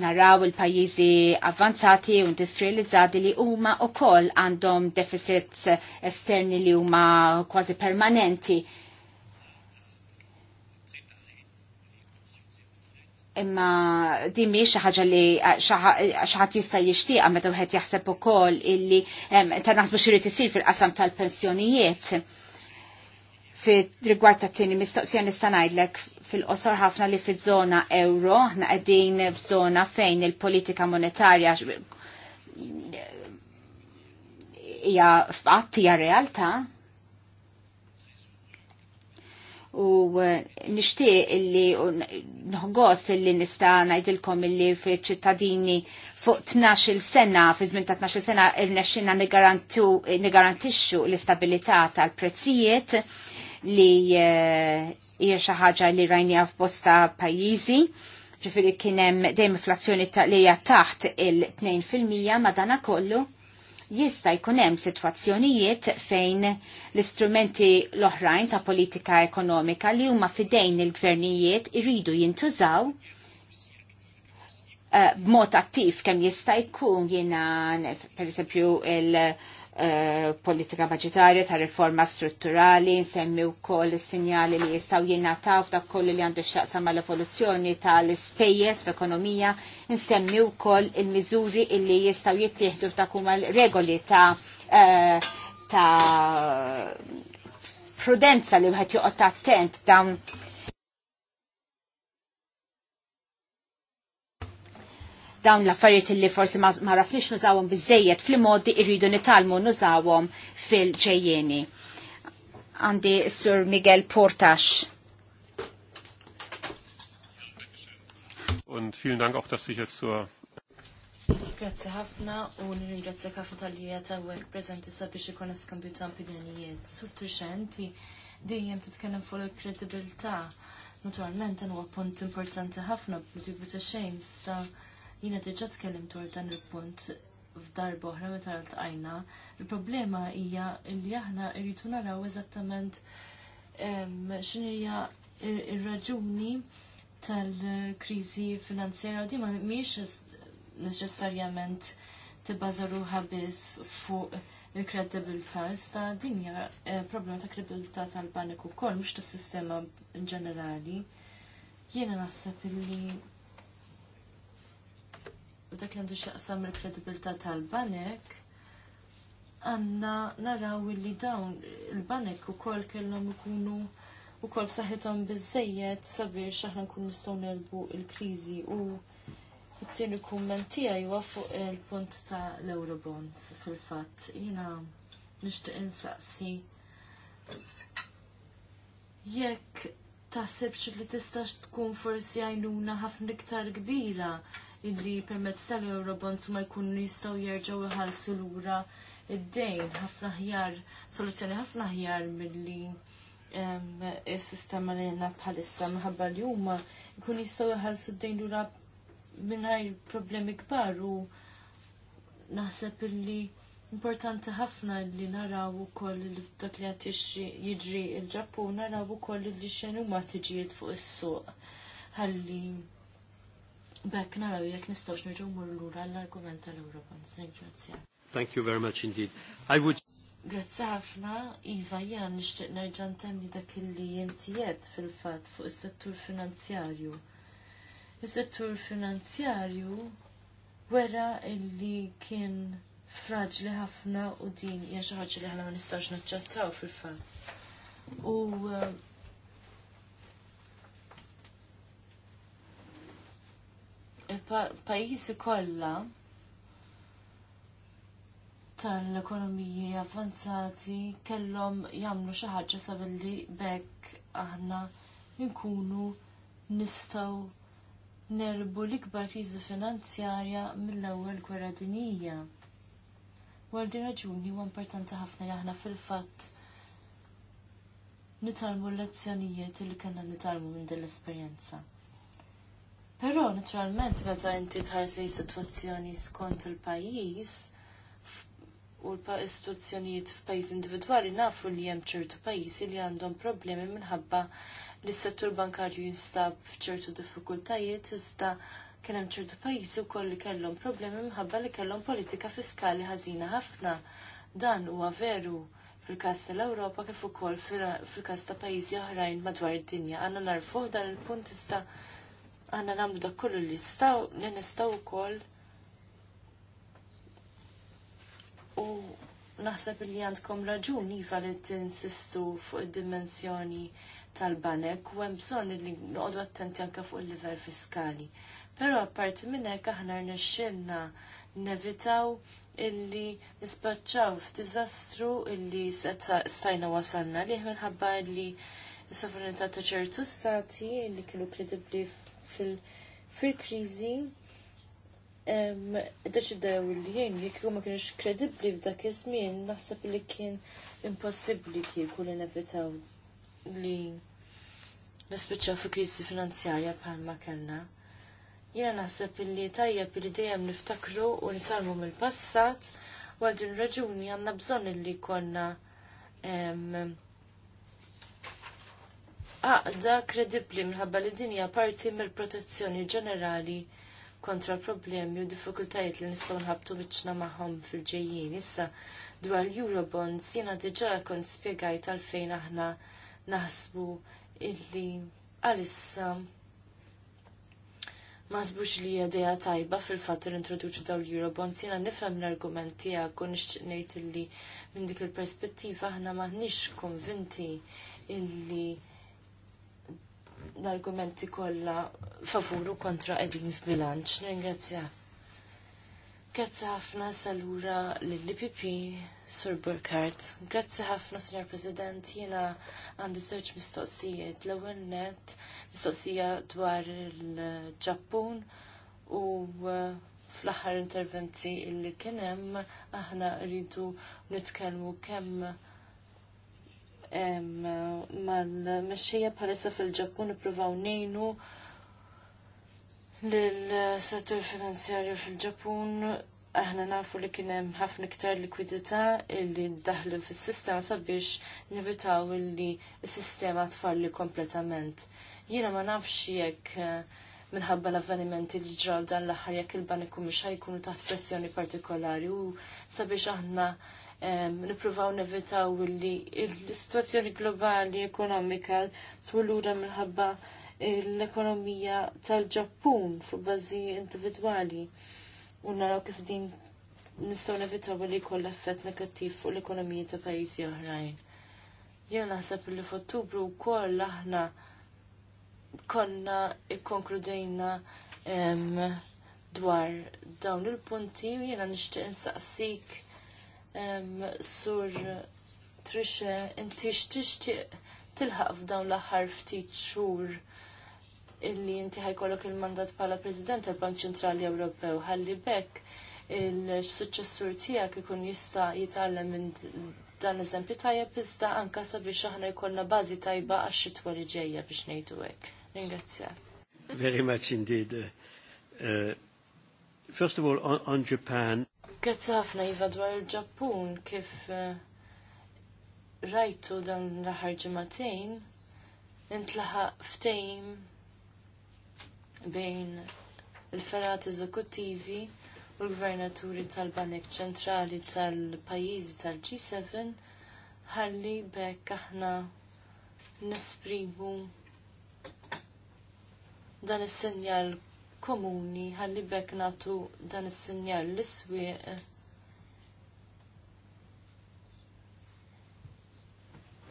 Naraw il-pajjiżi avvanzati u industrializzati li huma wkoll għandhom deficits esterni li huma kważi permanenti. imma di mi ħaġa li xi ħadd jista jixtieqha meta wieħed jaħseb ukoll illi ta' naħsbu xirrit isir fil-qasam tal-pensjonijiet fil rigward ta' tini mistoqsija nista' ngħidlek fil-qosor ħafna li fiż-żona euro, aħna qegħdin f'żona fejn il-politika monetarja hija fatt hija realtà. U eh, nixtieq illi nħoggos illi nista' ngħidilkom illi fiċ-ċittadini fuq 12-il sena, fi żmien ta' 12-il sena irnexxina nigarantixxu l-istabilità tal-prezzijiet li eh, hija xi ħaġa li rajnija f'bosta pajjiżi. Ġifieri kien hemm dejjem inflazzjoni li hija taħt il-2% ma dana kollu jista' jkun hemm sitwazzjonijiet fejn l-istrumenti l-oħrajn ta' politika ekonomika li huma fidejn il-gvernijiet iridu jintużaw uh, b'mod attiv kemm jista' jkun jiena pereżempju il- Eh, politika budgetarja ta' riforma strutturali, nsemmi wkoll is-sinjali li jistgħu jingħataw f'dak koll li għandu x'jaqsam mal-evoluzzjoni tal-ispejjeż f'ekonomija, nsemmi wkoll il-miżuri li jistgħu jittieħdu f'dak huma regoli ta' eh, ta' prudenza li wieħed joqgħod attent dawn dawn l-affarijiet li forsi ma, rafniex nużawhom biżejjed fil-modi irridu nitalmu nużawhom fil-ġejjeni. Għandi Sur Miguel Portax.
Und vielen Dank auch, dass Sie jetzt zur Grazzi ħafna u nirringrazzjak ħafna tal-li jeta u għek prezenti sabiex ikon eskambju ta' opinjonijiet. Sur Turxenti, dejjem titkellem fuq il-kredibilità. Naturalment, dan huwa punt importanti ħafna b'dibu ta' xejn sta' Jiena diġà tkellim dwar dan il-punt f'dar boħra meta ltqajna. Il-problema hija li aħna irritu naraw eżattament x'inhija il raġuni tal-kriżi finanzjera u dima mhijiex neċessarjament tibbaża ruħha biss fuq il-kredibilità, iżda din hija eh, problema ta' kredibilità tal-banek ukoll mhux tas-sistema ġenerali. Jiena naħseb illi u dak li għandu xaqsam il kredibilta tal-banek, għanna naraw li dawn il-banek u kol kellhom ikunu u kol b'saħħithom biżejjed sabiex aħna nkunu nistaw nelbu l-kriżi u t-tieni kumment tiegħi huwa fuq il-punt ta' l-Eurobonds fil-fatt. Jiena nixtieq insaqsi jekk taħsibx li tistax tkun forsi għajnuna ħafna iktar kbira illi permezz tal-Eurobonds ma jkunu jistgħu jerġgħu jħalsu lura id-dejn ħafna ħjar, soluzzjoni ħafna ħjar milli is-sistema li għandna bħalissa minħabba li huma jkunu jistgħu jħallsu d-dejn lura mingħajr problemi kbar u naħseb illi importanti ħafna li naraw ukoll li dak li qed jiġri l-Ġappun naraw ukoll li x'inhu huma tiġijiet fuq is-suq ħalli Bekk naraw jekk nistgħux nerġgħu mmur lura l-argument tal-Europa. Grazie.
Thank you very much indeed. I would
Grazzi ħafna, Iva, jgħan nixtieq nerġa' ntemmi dak illi inti fil-fatt fuq is-settur finanzjarju. Is-settur finanzjarju wera li kien fraġli ħafna u din hija xi ħaġa li aħna ma nistgħux naċċettaw fil-fatt. U eh, il-pajjiżi kollha tal-ekonomiji avvanzati kellhom jagħmlu xi ħaġa sabilli bekk aħna nkunu nistgħu nerbu l-ikbar kriżi finanzjarja mill-ewwel gwerra dinija. Għal din raġuni huwa importanti ħafna li aħna fil-fatt nitalmu l-lezzjonijiet li kellna nitalmu minn din l-esperjenza. Però naturalment meta inti tħares li situazzjoni skont il-pajjiż u l-istituzzjonijiet f'pajjiż individwali nafu li hemm ċertu pajjiżi li għandhom problemi minħabba li s-settur bankarju jinstab f'ċertu diffikultajiet iżda kien hemm ċertu pajjiżi wkoll li kellhom problemi minħabba li kellhom politika fiskali ħażina ħafna. Dan huwa veru fil-każ tal-Ewropa kif ukoll fil-każ ta' pajjiżi oħrajn madwar id-dinja. Għandna narfuh dan il-punt iżda għanna namlu dak kollu li staw, li nistaw ukoll u naħseb li għandkom raġun iva li tinsistu fuq id-dimensjoni tal-banek u hemm bżonn li noqogħdu attenti anke fuq il level fiskali. Però apparti minn hekk aħna rnexxilna nevitaw illi nispaċċaw f'diżastru illi stajna wasalna liħ minħabba illi s-sovranità ta' ċertu stati illi kienu kredibbli fil-kriżi deċidew li jien jekk ma kienx kredibbli f'dak iż-żmien naħseb li kien impossibbli kieku li nevitaw li nispiċċaw fi kriżi finanzjarja bħalma kellna. Jiena naħseb li tajjeb li dejjem niftakru u nitalmu mill-passat u din raġuni għandna bżonn li konna għaqda kredibbli minħabba li din hija parti mill-protezzjoni ġenerali kontra problemi u diffikultajiet li nistgħu nħabtu biċċna magħhom fil-ġejjin. Issa dwar Eurobonds jiena diġà kont spjegajt għalfejn aħna naħsbu illi għalissa ma sbux li jadeja tajba fil-fat introduċu daw l-Eurobonds jiena nifem l argument tiegħek u nixċnejt illi minn dik il-perspettiva aħna maħnix konvinti illi l-argumenti kollha favuru kontra qegħdin f'bilanċ. Ringrazzja. Grazzi ħafna salura l-LPP, Sir Burkhardt. Grazzi ħafna Sr. President, jiena għandi żewġ mistoqsijiet. L-ewwel net mistoqsija dwar il-Ġappun u uh, fl-aħħar interventi il kien hemm aħna rridu nitkellmu kemm mal-mexxija bħalissa fil-Ġappun ippruvaw nejnu lill-settur finanzjarju fil-Ġappun aħna nafu li kien hemm ħafna iktar likwidità li ddaħlu fis-sistema sabiex nevitaw li s-sistema tfalli kompletament. Jiena ma nafx jekk eh, minħabba l-avvenimenti li ġraw dan l-aħħar jekk il-banik mhux ħajkunu taħt pressjoni partikolari u sabiex aħna nippruvaw nevitaw li l-situazzjoni globali ekonomika twilura minħabba l-ekonomija tal-Ġappun fuq bażi individwali u naraw kif din nistgħu nevitaw li koll effett negattiv fuq l-ekonomija ta' pajjiżi oħrajn. Jena naħseb li f'Ottubru wkoll aħna konna ikkonkludejna dwar dawn il-punti u jiena nixtieq insaqsik sur Trisha, inti x'tixtieq tilħaq f'dawn l-aħħar ftit xhur illi inti ħajkollok il-mandat bħala President tal-Bank Ċentrali Ewropew ħalli bekk il-suċċessur tiegħek ikun jista' jitgħallem minn dan eżempju tajjeb iżda anke sabiex aħna jkollna bażi tajba għax-xitwa li ġejja biex ngħidu hekk. Ringrazzja.
Very much indeed. Uh, uh, first of all, on, on Japan.
Grazzi ħafna Iva dwar il-Ġappun kif eh, rajtu dawn l-aħħar ġimagħtejn intlaħaq ftehim bejn il-ferat eżekuttivi u l-gvernaturi tal-Banek ċentrali tal-pajjiżi tal-G7 ħalli bekk aħna nesprimu dan is-senjal komuni ħalli bekk natu dan is-sinjal l-iswieq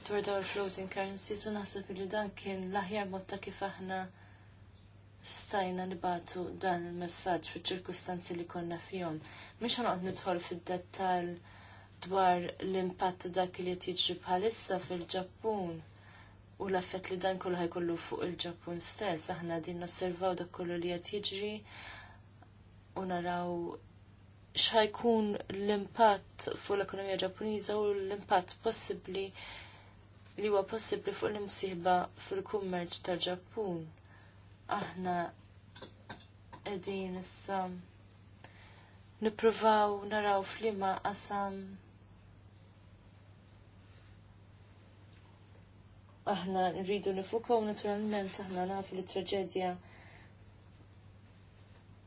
dwar dawn floating currencies u naħseb li dan kien l-aħjar mod ta' kif aħna stajna nibatu dan il-messaġġ fiċ-ċirkustanzi li konna fihom. Mhix ħanoqgħod nidħol fid-dettall dwar l-impatt dak li qed jiġri bħalissa fil-Ġappun u l-affett li dan kollu ħajkollu fuq il-Ġappun stess, aħna din nosservaw dak kollu li qed jiġri u naraw x'ħajkun l-impatt fuq l-ekonomija Ġappuniża u l-impatt possibbli li huwa possibbli fuq l-imsieħba fil-kummerċ tal-Ġappun. Aħna qegħdin issa nippruvaw naraw f'liema qasam aħna nridu nifukaw naturalment aħna nafu li traġedja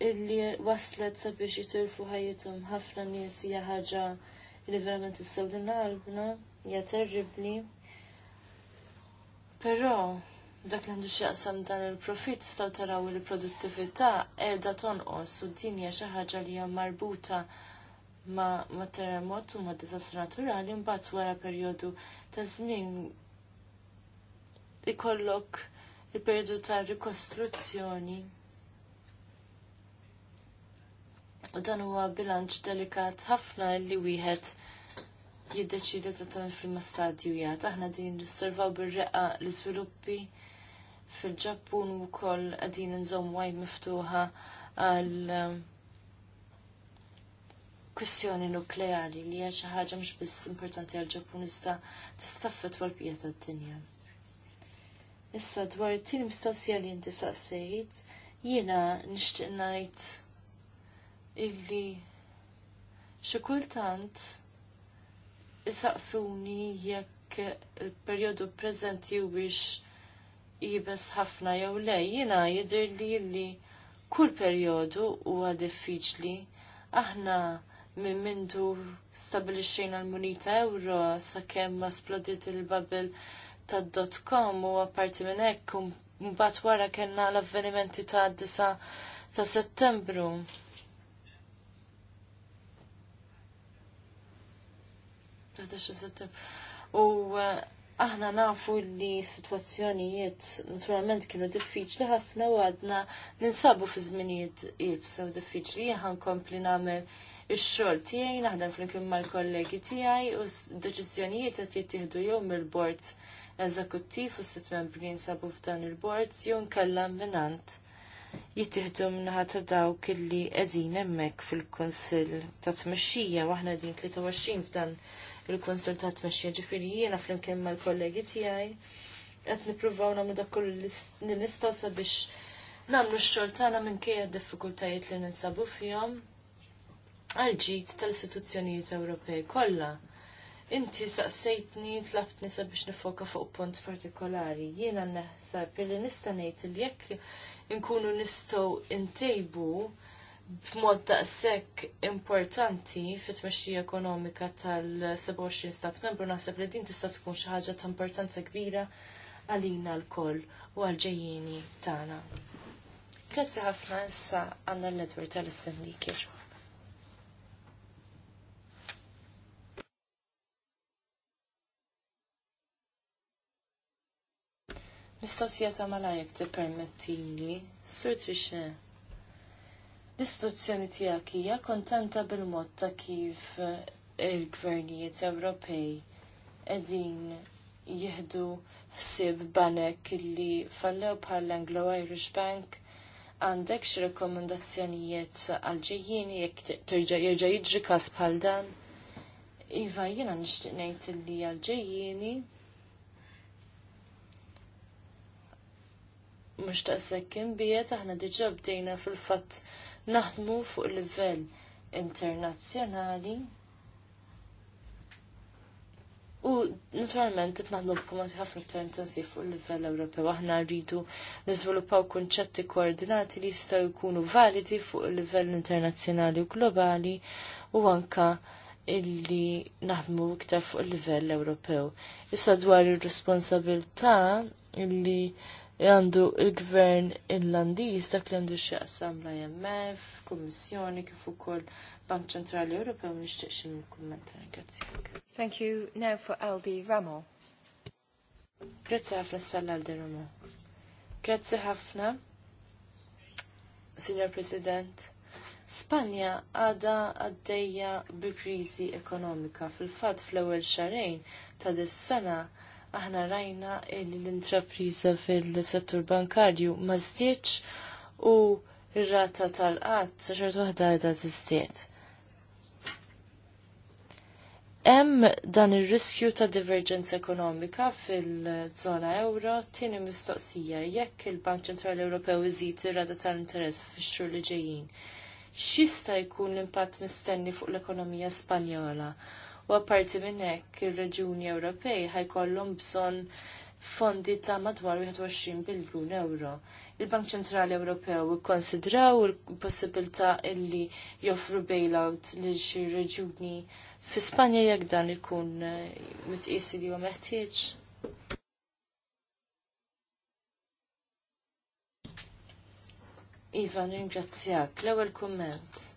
illi waslet sabiex jitilfu ħajjitum ħafna nies hija ħaġa li verament issewdilna qalbna hija terribbli. Però dak li għandu qasam dan il-profit staw taraw il produttività qiegħda tonqos u din hija xi ħaġa li hija marbuta ma, ma terremot u ma dizastru naturali mbagħad wara perjodu ta' żmien ikollok il-periodu ta' rikostruzzjoni. U dan huwa bilanċ delikat ħafna li wieħed ta' tagħmel fil stadju jgħat. Aħna din nisservaw bir-reqa l-iżviluppi fil-Ġappun u wkoll qegħdin nżomm wajb miftuħa għal um, kwistjoni nukleari li hija xi ħaġa mhux biss importanti għall ġappun iżda tista' tfetwa l tad-dinja. Issa dwar it-tieni mistoqsija li inti saqsejt, jiena nixtieq ngħid illi xi kultant isaqsuni jekk il-perjodu preżenti huwiex jibes ħafna jew le, jiena jidhirli li kull perjodu huwa diffiċli. Aħna minn mindu stabilixxejna l-munita euro sakemm ma splodit il-babel tad.com u apparti minn hekk um, mbagħad wara kellna l-avvenimenti ta' 9 ta' Settembru. U eh, aħna nafu li situazzjonijiet naturalment kienu diffiċli ħafna u għadna ninsabu fi żminijiet jibsew diffiċli ħan kompli nagħmel ix-xogħol tiegħi naħdem flimkien mal-kollegi tiegħi u deċiżjonijiet qed jittieħdu jew mill-bord eżekuttiv u sitt membri jinsabu f'dan il bord jew nkella minant jittieħdu minnaħat ta' dawk illi qegħdin hemmhekk fil-Kunsill ta' Tmexxija waħna qegħdin 23 f'dan il-Kunsill ta' Tmexxija ġifieri jiena flimkien mal-kollegi tiegħi qed nippruvaw nagħmlu dak kollu li nistgħu sabiex nagħmlu x-xogħol tagħna minkejja d-diffikultajiet li ninsabu fihom għal ġid tal-istituzzjonijiet Ewropej kollha Inti saqsejtni tlabtni sabiex nifoka fuq punt partikolari. Jiena naħseb li nista' ngħid li jekk inkunu nistgħu intejbu b'mod daqshekk importanti fit-tmexxija ekonomika tal-27 stat membru naħseb li din tista' tkun xi ħaġa ta' importanza kbira għalina lkoll u għal-ġejjini tagħna. Grazzi ħafna issa għandna l-Edward tal-Istendi Mistoqsija ta' malajr te permettili, sur trixe. L-istituzzjoni tiegħek hija kontenta bil-mod ta' kif eh, il-gvernijiet Ewropej qegħdin jieħdu ħsieb banek li fallew bħal Anglo-Irish Bank għandek xi rekomendazzjonijiet għal ġejjini jekk terġa' jerġa' jiġri każ bħal dan? Iva jiena nixtieq ngħid li għal ġejjini mhux sekkim imbiet aħna diġà bdejna fil-fatt naħdmu fuq livell internazzjonali. U naturalment qed naħdmu b'kumati ħafna iktar intensiv fuq livell Ewropew aħna rridu niżviluppaw kunċetti koordinati li jistgħu jkunu validi fuq livell internazzjonali u globali u anka illi naħdmu iktar fuq il-livell Ewropew. Issa dwar ir-responsabilità illi għandu il-gvern irlandiż dak li għandu xie qassam l-IMF, Kummissjoni kif ukoll Bank Ċentrali Ewropew nixtieq xi kumment Grazie. Thank you now for Aldi Ramo. Grazzi ħafna s sall Aldi Ramo. Grazzi ħafna, Signor President. Spanja għada għaddejja bi krizi ekonomika. Fil-fatt fl-ewwel xarejn ta' dis-sena aħna rajna li l-intrapriża fil-settur bankarju ma żdietx u r-rata tal-qatt sa xorta waħda qiegħda istiet Hemm dan ir-riskju ta' divergenza ekonomika fil-żona euro tieni mistoqsija jekk il-Bank Ċentrali Ewropew iżid ir-rata tal-interess fix-xhur li ġejjin. X'jista' jkun l-impatt mistenni fuq l-ekonomija Spanjola U apparti minn hekk ir-Reġuni Ewropej ħajkollhom bżonn fondi ta' madwar 21 biljun euro. Il-Bank Ċentrali Ewropew ikkonsidraw il-possibilità illi joffru bailout lil xi reġuni fi Spanja jekk dan ikun eh, mitqies li huwa meħtieġ. Ivan, ringrazzjak. L-ewwel kumment.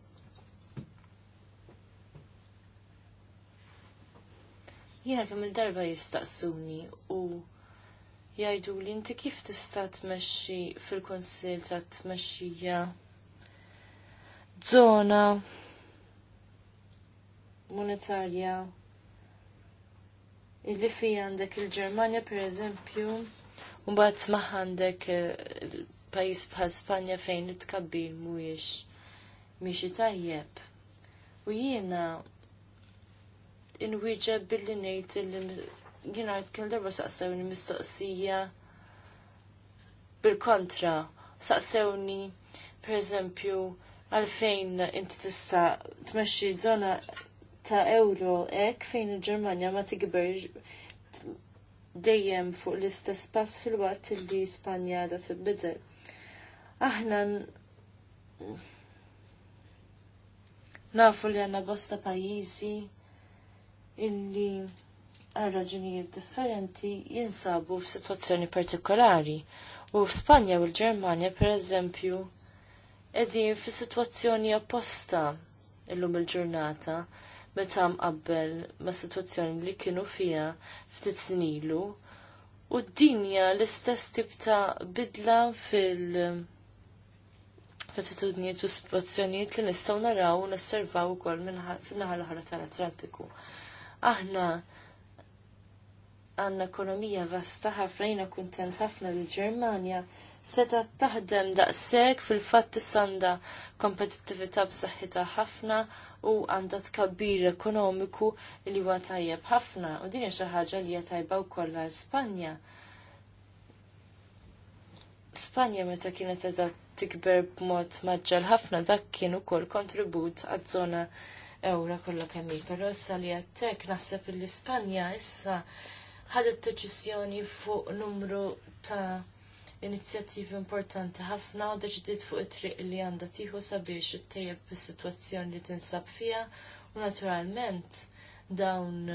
Jiena kemm il-darba jistaqsuni u jajdu li inti kif tista' tmexxi fil-kunsill ta' tmexxija żona monetarja illi fi għandek il ġermanja per eżempju, mbagħad maħ għandek eh, pajjiż bħal Spanja fejn it tkabbil mhuwiex mhix tajjeb. U jiena inwieġeb billi ngħid illi jiena kell darba saqsewni mistoqsija bil-kontra. Saqsewni pereżempju għalfejn inti tista' tmexxi żona ta' euro hekk fejn il-Ġermanja ma tikber dejjem fuq l-istess pass fil-waqt li Spanja da tibbidel. Aħna nafu li għanna bosta pajizi illi għal raġunijiet differenti jinsabu f'sitwazzjoni partikolari. U f'Spanja u l-Ġermanja, per eżempju, edin f'sitwazzjoni apposta illum il-ġurnata meta mqabbel ma' sitwazzjoni li kienu fija ftit snilu. U d-dinja l-istess tip ta' bidla fil- attitudnijiet u sitwazzjonijiet li nistgħu naraw u nosservaw ukoll minn l-ħara tal-Atlantiku aħna għanna ekonomija vasta ħafna kuntent ħafna l ġermanja seta taħdem daqseg fil-fatt tissanda kompetittivita b'saħħitha ħafna u għandha tkabbir ekonomiku li huwa tajjeb ħafna u din xi ħaġa li hija tajba wkoll Spanja. Spanja meta kienet edha tikber b'mod maġġel ħafna dak kien ukoll kontribut għaż-żona ewra kollha kemm hi, però issa li għattek naħseb l-Ispanja issa ħadet deċiżjoni fuq numru ta' inizjattivi importanti ħafna u deċidiet fuq it-triq li għandha tieħu sabiex ittejjeb is-sitwazzjoni li tinsab fiha u naturalment dawn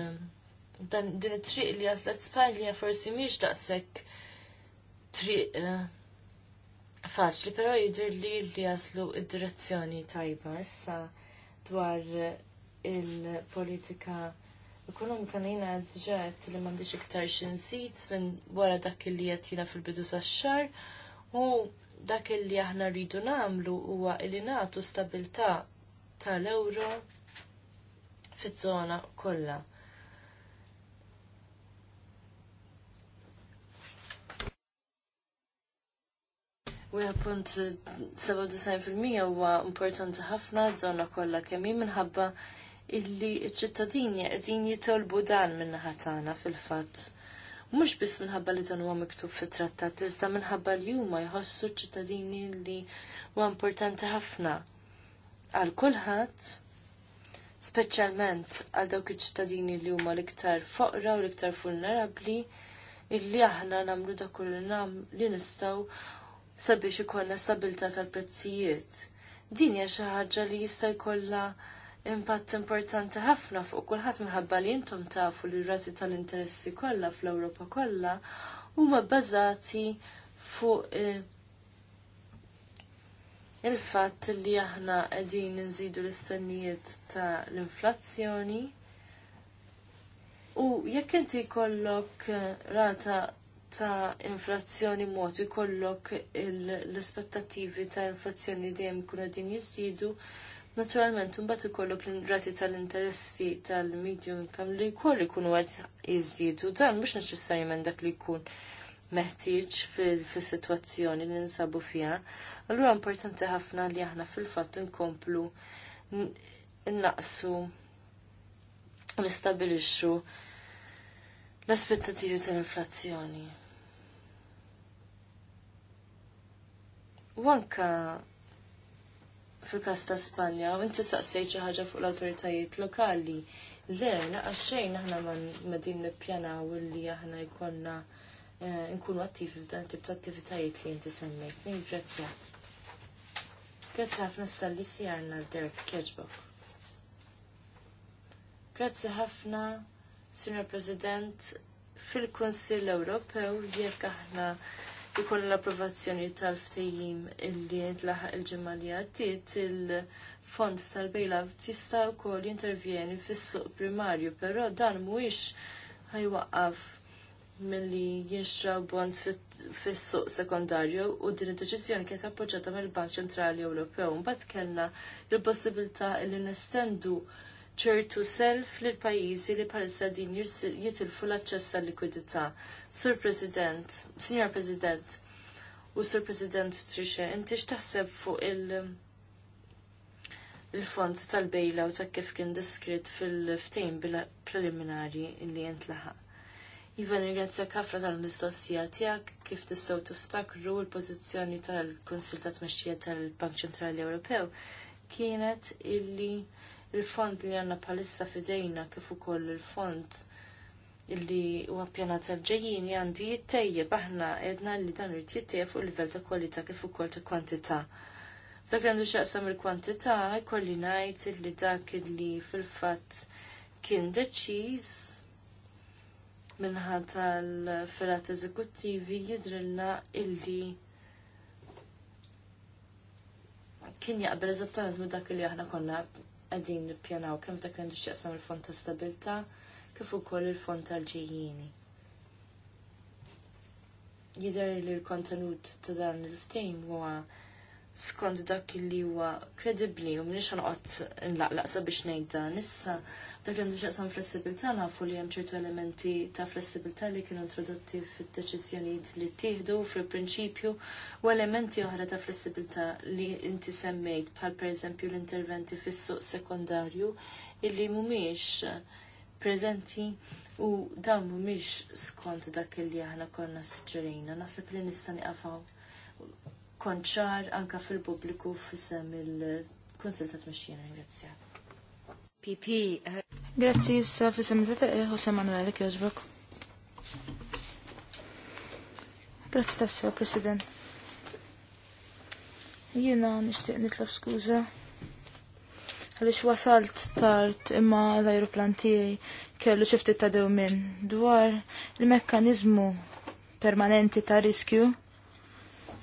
dan din it-triq li għaslet Spanja forsi mhix daqshekk triq eh, faċli, però jidher li li jaslu id-direzzjoni tajba issa dwar il-politika ekonomika nina għadġet li mandiċ iktar xinsit minn wara dak li jatina fil-bidu tax u dak li aħna rridu namlu huwa li nagħtu stabilità tal-euro fiż-żona kollha. 1.97% huwa importanti ħafna żona kollha kemm minħabba illi ċ-ċittadini qegħdin jitolbu dan min-naħa tagħna fil-fatt. Mhux biss minħabba li dan huwa miktub fit-trattat, iżda minħabba li huma jħossu ċ-ċittadini li huwa importanti ħafna għal kulħadd speċjalment għal dawk iċ-ċittadini li huma l-iktar foqra u l-iktar vulnerabbli illi aħna nagħmlu dak li nistgħu sabiex ikollna stabilità tal-prezzijiet. Din hija xi ħaġa li jista' jkollha impatt importanti ħafna fuq kulħadd minħabba li intom tafu li r rati tal-interessi kollha fl-Ewropa kollha huma bbażati fuq eh, il-fatt li aħna qegħdin inżidu l-istennijiet ta' l-inflazzjoni u jekk inti jkollok eh, rata ta' inflazzjoni mod ikollok l-aspettativi ta' inflazzjoni dejjem kuna din jiżdiedu, naturalment imbagħad ikollok l-rati tal-interessi tal-medium income li jkoll ikunu qed jiżdiedu, dan mhux neċessarjament dak li jkun meħtieġ fis-sitwazzjoni li ninsabu fiha. Allura importanti ħafna li aħna fil-fatt inkomplu innaqsu nistabilixxu l-aspettativi tal-inflazzjoni. Wanka anka fil-kas ta' Spanja, u inti saqsej xi ħaġa fuq l-awtoritajiet lokali. Le, laqas xejn aħna ma din nippjanaw li aħna jkollna eh, nkunu attivi f'dan tip ta' attivitajiet li inti semmejt. Ningrazzja. Grazzi ħafna s-salli sijarna Derek Kirchbok. Grazzi ħafna, Signor President, fil-Konsil Ewropew jekk aħna ikun l-approvazzjoni tal-ftejjim illi jintlaħaq il-ġimma li għaddiet il-fond tal-bailout jista' wkoll jintervjeni fis-suq primarju, però dan mhuwiex ħajwaqqaf milli jinxraw bonds fis-suq sekondarju u din id-deċiżjoni kienet appoġġjata mill-Bank Ċentrali Ewropew. Mbagħad kellna l-possibilità li nestendu ċertu self lil pajjiżi li bħalissa din jitilfu l-aċċess għal likwidità. Sur President, Signor President, u Sur President Trisha, inti x'taħseb fuq il- il-fond tal-bejla u ta' kif kien diskrit fil-ftejn preliminari li laħa. Iva ringrazzja ħafna tal-mistoqsija tiegħek kif tistaw tiftakru l-pożizzjoni tal konsil ta' Tmexxija tal-Bank Ċentrali Ewropew kienet illi il-fond li għanna palissa fidejna kif ukoll il-fond illi huwa pjanat għal-ġejjini għandu jittejjeb aħna edna li dan irid jittejje fuq livell ta' kwalità kif ukoll ta' kwantità. Dak għandu x'aqsam il-kwantità jkolli ngħid illi dak illi fil-fatt kien deċiż minnħat tal-ferat eżekuttivi jidrilna illi kien jaqbel eżattament minn dak li aħna konna qegħdin nippjanaw kemm dak li għandu x'jaqsam il-fond ta' stabilta, kif ukoll il-fond tal ġejjini Jidher li l-kontenut ta' dan il-ftejm huwa skont dak li huwa kredibbli u m'iniex ħanqod nlaqlaq biex ngħid dan. Issa dak li nixaqsam flessibilità nafu li hemm ċertu elementi ta' flessibilità li kienu introdotti fid-deċiżjonijiet li ttieħdu fil-prinċipju u elementi oħra ta' flessibilità li inti semmejt bħal pereżempju l-interventi fis-suq sekundarju illi mhumiex prezenti u dawn mhumiex skont dak li aħna konna suġġerejna. Naħseb li nista' niqafaw konċar anka fil-pubbliku f'isem il-Kunsil ta' Tmexxina. Ringrazzja. PP. Eh,
Grazzi jissa f'isem il-PP eh, Jose Manuel Kjosbrok. Grazzi tassew, President. Jiena nixtieq nitlob skuża għalix wasalt tard imma l-aeroplan tiegħi kellu xiftit ta' dewmin dwar il mekkanizmu permanenti ta' riskju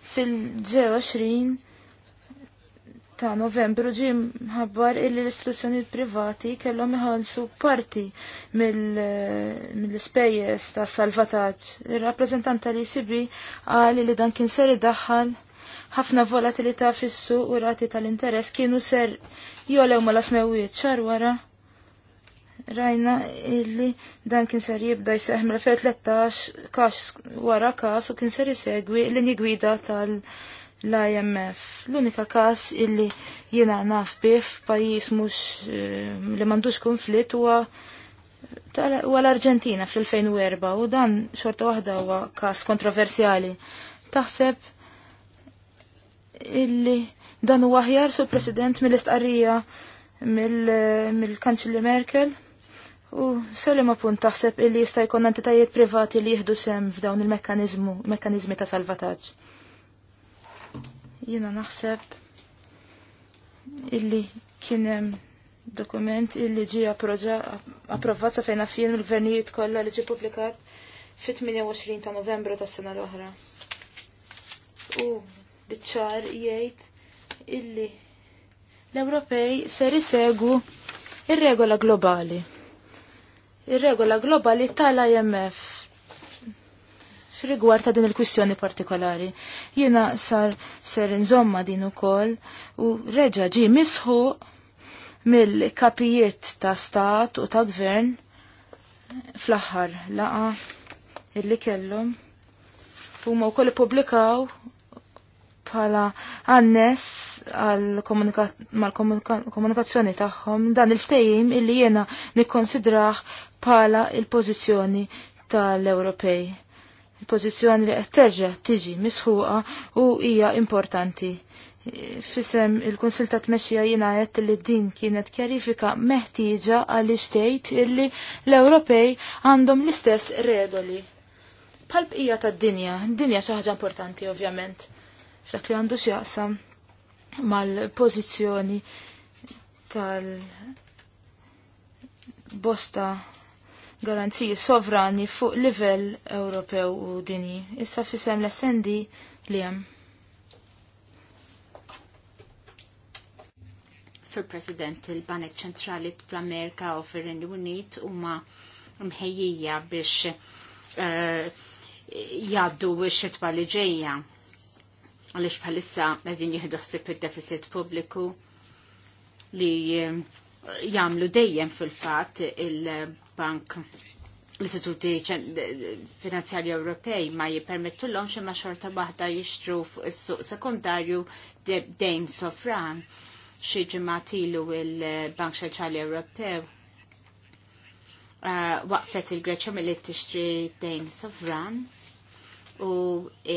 Fil-20 ta' novembru ġim mħabbar illi l-istituzzjoni privati kellhom iħallsu parti mill-ispejjeż ta' salvataġġ. Ir-rappreżentant tal icb qal li dan kien ser idaħħal ħafna volatilità fis-suq u rati tal-interess kienu ser jolew ma mela l-asmewiet xar wara rajna illi dan kien ser jibda jseħ mill-2013 kax wara każ u kien ser jisegwi l-linji gwida tal-IMF. L-unika każ illi jiena naf bih f'pajjiż mhux eh, li m'għandux konflitt huwa huwa l-Arġentina fl-2004 u dan xorta waħda huwa każ kontroversjali. Taħseb illi dan huwa aħjar sur President mill-istqarrija mill-Kanċelli Merkel? U solima punt taħseb illi jista' jkun entitajiet privati li jieħdu sem f'dawn il-mekkaniżmu, mekkaniżmi ta' salvataġġ. Jiena naħseb illi kien hemm dokument illi ġie approvat sa fejna film il-gvernijiet kollha li ġie publikat fit-28 ta' Novembru tas-sena l-oħra. U biċ-ċar jgħid illi l-Ewropej ser isegu ir-regola globali ir-regola globali tal-IMF f'rigward ta' din il-kwistjoni partikolari. Jiena sar ser nżomma din ukoll u reġa ġi misħu mill-kapijiet ta' stat u ta' gvern fl-aħħar laqa illi kellhom huma wkoll ippubblikaw bħala għannes għal-komunikazzjoni tagħhom dan il-ftejim illi jiena nikkonsidrah pala il-pożizzjoni tal-Ewropej. Il-pożizzjoni li qed terġa' tiġi misħuqa u hija importanti. Fisem il-Kunsil ta' Tmexxija jiena li din kienet kjarifika meħtieġa għal istejt illi l-Ewropej għandhom l-istess regoli. Bħal bqija tad-dinja, dinja xi ħaġa importanti ovvjament. F'dak li għandu x'jaqsam mal-pożizzjoni tal-bosta garanziji sovrani fuq livell Ewropew u dini. Issa fisem l-essendi li hemm.
Sur President, il-Banek ċentrali fl-Amerika u fir-Renju Unit huma mħejjija biex uh, eh, jaddu x-xitwa li ġejja. Għaliex bħalissa qegħdin jieħdu xsib id-deficit pubbliku li eh, jagħmlu dejjem fil-fatt il- bank l-istituti finanzjari Ewropej ma l-om xe ma xorta waħda jixtru fuq is-suq sekundarju dejn sofran xi ġematilu il-Bank Ċentrali Ewropew uh, waqfet il-Greċja milli tixtri dejn sovran u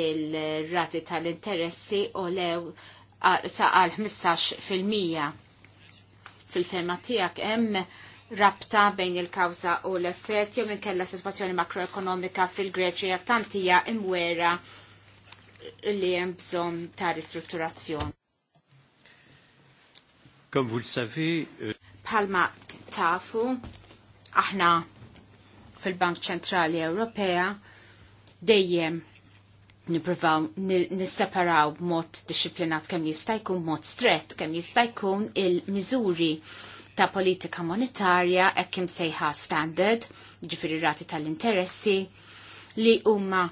il-rati tal-interessi u lew saqal 15% fil-fema tiegħek hemm rabta bejn il-kawza u l-effett jew minkella situazzjoni makroekonomika fil-Greċja tant hija imwera li hemm bżonn ta' ristrutturazzjoni. Comme Palma euh, tafu, aħna fil-Bank Ċentrali Ewropea dejjem nipruvaw nisseparaw b'mod disciplinat kemm jista' jkun mod strett kemm jista' jkun il-miżuri ta' politika monetarja hekk sejħa standard, ġifiri rati tal-interessi, li huma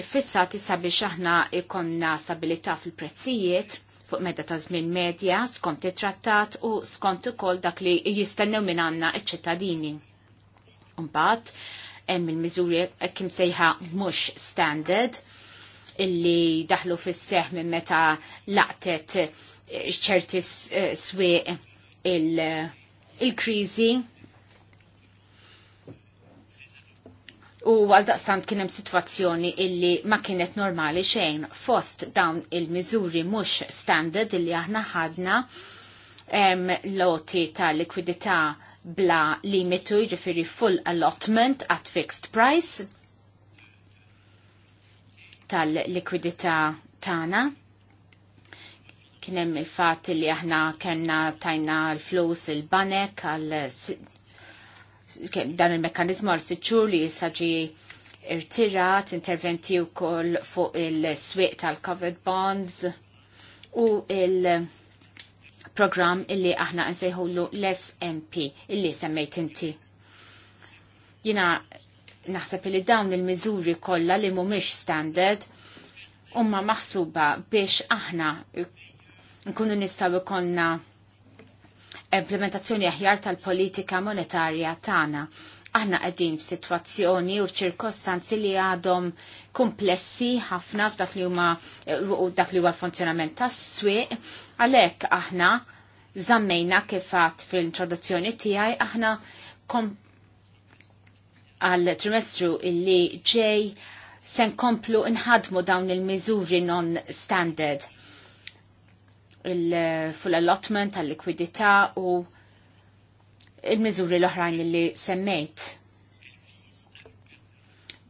iffissati sabiex aħna ikonna stabilità fil-prezzijiet fuq medda ta' żmien medja skont it-trattat u skont ukoll dak li jistennew minn għandna iċ-ċittadini. Mbagħad hemm il-miżuri e kim sejħa mhux standard illi daħlu fis seħħ minn meta laqtet ċerti eh, swieq il-krizi u għal daqstant kienem situazzjoni illi ma kienet normali xejn fost dawn il-mizuri mux standard illi aħna ħadna loti ta' likwidità bla limitu jġifiri full allotment at fixed price tal-likwidità tana Kien hemm il-fatt li aħna kellna tajna l-flus il-banek għal dan il-mekkanizmu għal siċur li saġi ġi irtirat, interventi wkoll fuq il-swieq tal-covered bonds u il-programm illi aħna nsejħullu l-SMP illi semmejt inti. Jina naħseb li dawn il-miżuri kollha li mhumiex standard umma maħsuba biex aħna nkunu nistaw ikonna implementazzjoni aħjar tal-politika monetarja tagħna. Aħna qegħdin f'sitwazzjoni u ċirkostanzi li għadhom komplessi ħafna f'dak li huma dak li huwa l-funzjonament tas-swieq, għalhekk aħna żammejna kif kifat fil-introduzzjoni tiegħi aħna għal trimestru illi ġej se nkomplu nħadmu dawn il-miżuri non-standard fil-allotment tal-likwidità u il-miżuri l-oħrajn li semmejt.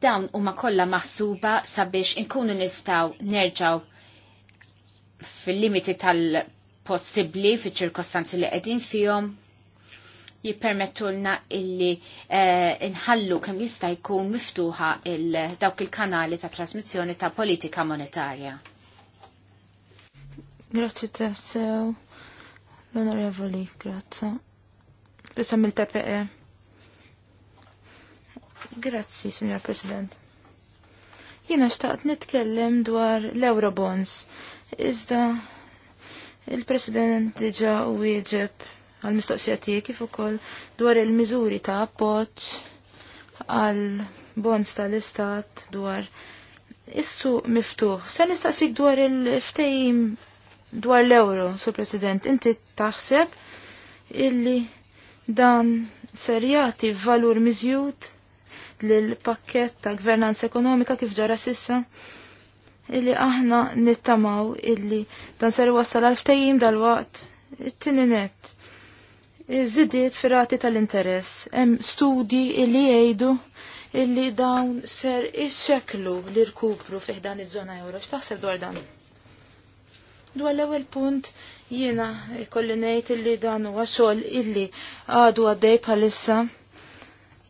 Dawn huma kollha maħsuba sabiex inkunu nistgħu nerġaw fil-limiti tal-possibbli fiċ-ċirkostanzi li qegħdin fihom jippermettulna illi eh, inħallu kemm jista' jkun miftuħa il dawk il-kanali ta' trasmissjoni ta' politika monetarja.
Grazzi tassew. L-onorevoli, grazzi. Bisam il-PPE. Grazzi, signor President. Jina xtaqt nitkellem dwar l-Eurobonds. Iżda il-President diġa u wieġeb għal-mistoqsija tiegħi kif ukoll dwar il-miżuri ta' appoġġ għal bonds tal-istat dwar issu miftuħ. Se nistaqsik dwar il-ftejim dwar l-euro, Sur President, inti taħseb illi dan ser jagħti valur miżjud l pakket ta' gvernanza ekonomika kif ġara sissa illi aħna nittamaw illi dan ser wassal għal ftejjim dal-waqt it-tini iż Zidiet firati tal-interess, hemm studji illi jgħidu illi dawn ser isseklu l-irkupru fiħdan iż-żona euro. X'taħseb dwar dan? Dwar l-ewwel punt jiena kolli ngħid illi dan huwa xogħol illi għadu għaddej bħalissa.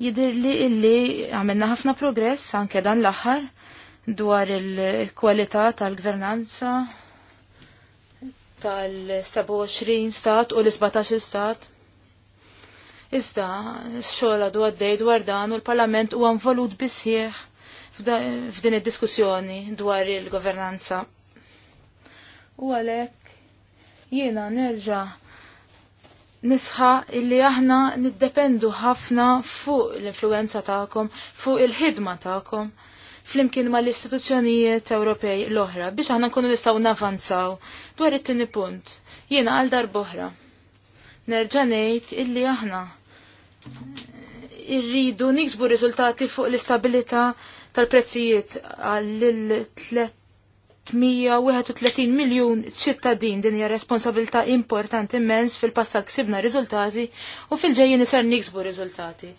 Jidirli illi għamilna ħafna progress anke dan l-aħħar dwar il-kwalità tal-gvernanza tal-27 stat u l-17 stat. Iżda, xogħol għadu għaddej dwar dan u l-Parlament huwa għanvolut bisħieħ f'din id-diskussjoni dwar il-governanza u għalhekk jiena nerġa' nisħa illi aħna niddependu ħafna fuq l-influenza tagħkom, fuq il-ħidma tagħkom flimkien ma l-istituzzjonijiet Ewropej l-oħra biex aħna nkunu nistgħu navanzaw dwar it-tieni punt. Jiena għal darb'oħra. Nerġa' ngħid illi aħna irridu niksbu riżultati fuq l-istabilità tal-prezzijiet għall tlet 331 miljun ċittadin din hija responsabilità importanti immens fil-passat ksibna riżultati u fil-ġejjin isar niksbu riżultati.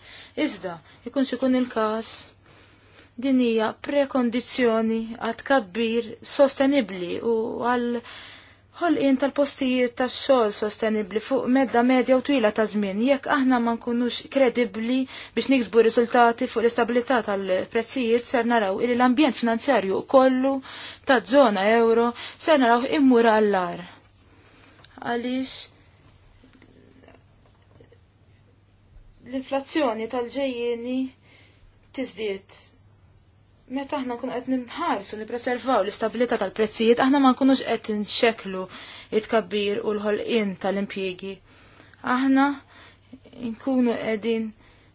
Iżda, ikun jkun il-każ din hija prekondizzjoni għad kabbir sostenibbli u għal ħolqien tal-postijiet tax-xogħol sostenibbli fuq medda medja u twila ta' żmien jekk aħna ma nkunux kredibbli biex niksbu riżultati fuq l-istabilità tal-prezzijiet ser naraw li l-ambjent finanzjarju kollu ta' żona euro ser naraw immur għall-ar. Għaliex l-inflazzjoni tal-ġejjieni tiżdiet meta aħna nkunu qed nimħarsu nippreservaw l-istabilità tal-prezzijiet, aħna ma nkunux qed nxeklu it-kabbir u l-ħolqien tal-impjiegi. Aħna nkunu qegħdin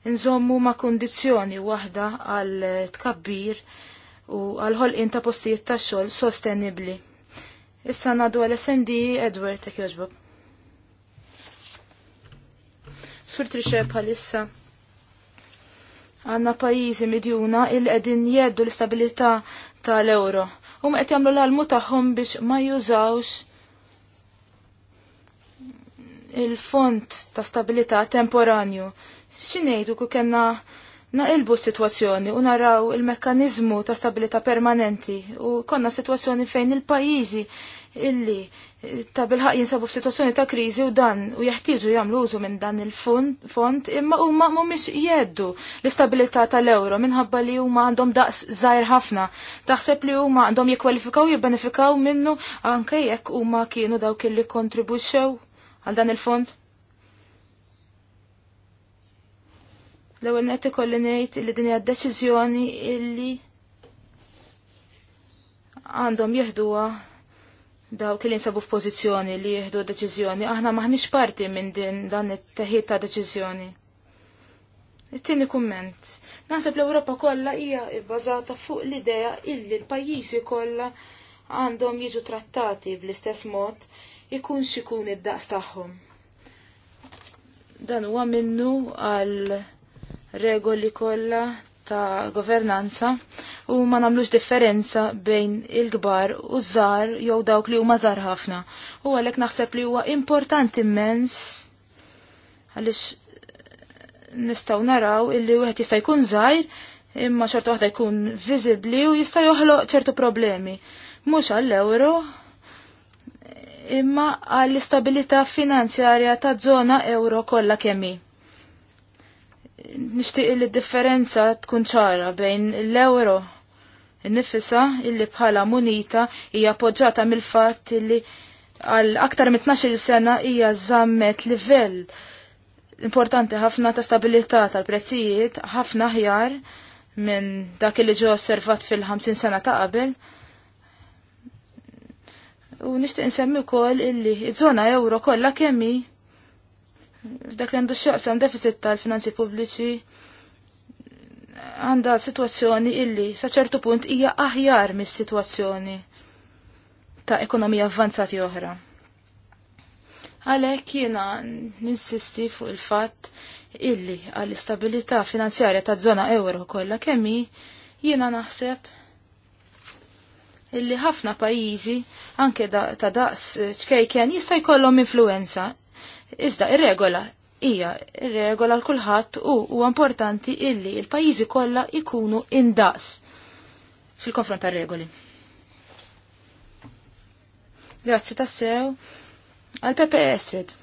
nżommu ma' kundizzjoni waħda għal tkabbir u għal ħolqien ta' postijiet ta' xogħol sostenibbli. Issa ngħadu għal SND Edward ta' jogħġbok. Sur trixeb bħalissa. issa Għanna pajizi midjuna il qegħdin jeddu l-istabilità tal-euro. Um qed jagħmlu l għalmu tagħhom biex ma jużawx il-font ta' stabilità temporanju. X'ingħidu ku kellna naqilbu s-sitwazzjoni u naraw il-mekkaniżmu ta' stabilità permanenti u konna sitwazzjoni fejn il-pajjiżi illi ta' bilħaq jinsabu f'sitwazzjoni ta' kriżi u dan u jeħtieġu jagħmlu użu minn dan il font imma huma mhumiex jeddu l-istabilità tal-ewro minħabba li huma għandhom daqs żgħir ħafna. Taħseb li huma għandhom jikkwalifikaw jibbenefikaw minnu anke jekk huma kienu dawk li kontribwixxew għal dan il-fond. L-ewwel qed ikolli ngħid li din hija deċiżjoni illi għandhom jieħduha dawk li nsabu f'pożizzjoni li jieħdu deċiżjoni, aħna maħniex parti minn din dan it-teħid ta' deċiżjoni. It-tieni kumment. Naħseb l-Ewropa kollha hija bbażata fuq l-idea illi l-pajjiżi kollha għandhom jiġu trattati bl-istess mod ikun xikun id-daqs tagħhom. Dan huwa minnu għal regoli kollha ta' governanza u ma namlux differenza bejn il-gbar u żar jew dawk li huma żar ħafna. U għalhekk naħseb li huwa importanti immens għaliex nistgħu naraw illi wieħed jista' jkun żgħir imma ċertu waħda jkun viżibbli u jista' joħloq ċertu problemi. Mhux għall-euro, imma għall-istabilità finanzjarja ta' zona euro kollha hi nixtieq li differenza tkun ċara bejn l-euro nifisa illi bħala munita hija appoġġata mill-fatt illi għal aktar minn 12 sena hija żammet livell importanti ħafna ta' stabilità tal-prezzijiet ħafna ħjar minn dak li ġo osservat fil-50 sena ta' qabel. U nixtieq nsemmi wkoll illi iż-żona euro kollha kemm Dak għandu xaqsam deficit tal-finanzi pubbliċi għanda situazzjoni illi sa ċertu punt hija aħjar mis situazzjoni ta' ekonomija avvanzati oħra. Għalhekk jiena ninsisti fuq il-fatt illi għall-istabilità finanzjarja ta' żona euro kollha kemm jiena naħseb illi ħafna pajjiżi anke ta' daqs ċkejken jista' jkollhom influenza Iżda ir-regola hija ir-regola l kulħadd u huwa importanti illi il-pajjiżi kollha jkunu indaqs fil-konfront tar-regoli. Grazzi tassew għal Pepe Esred.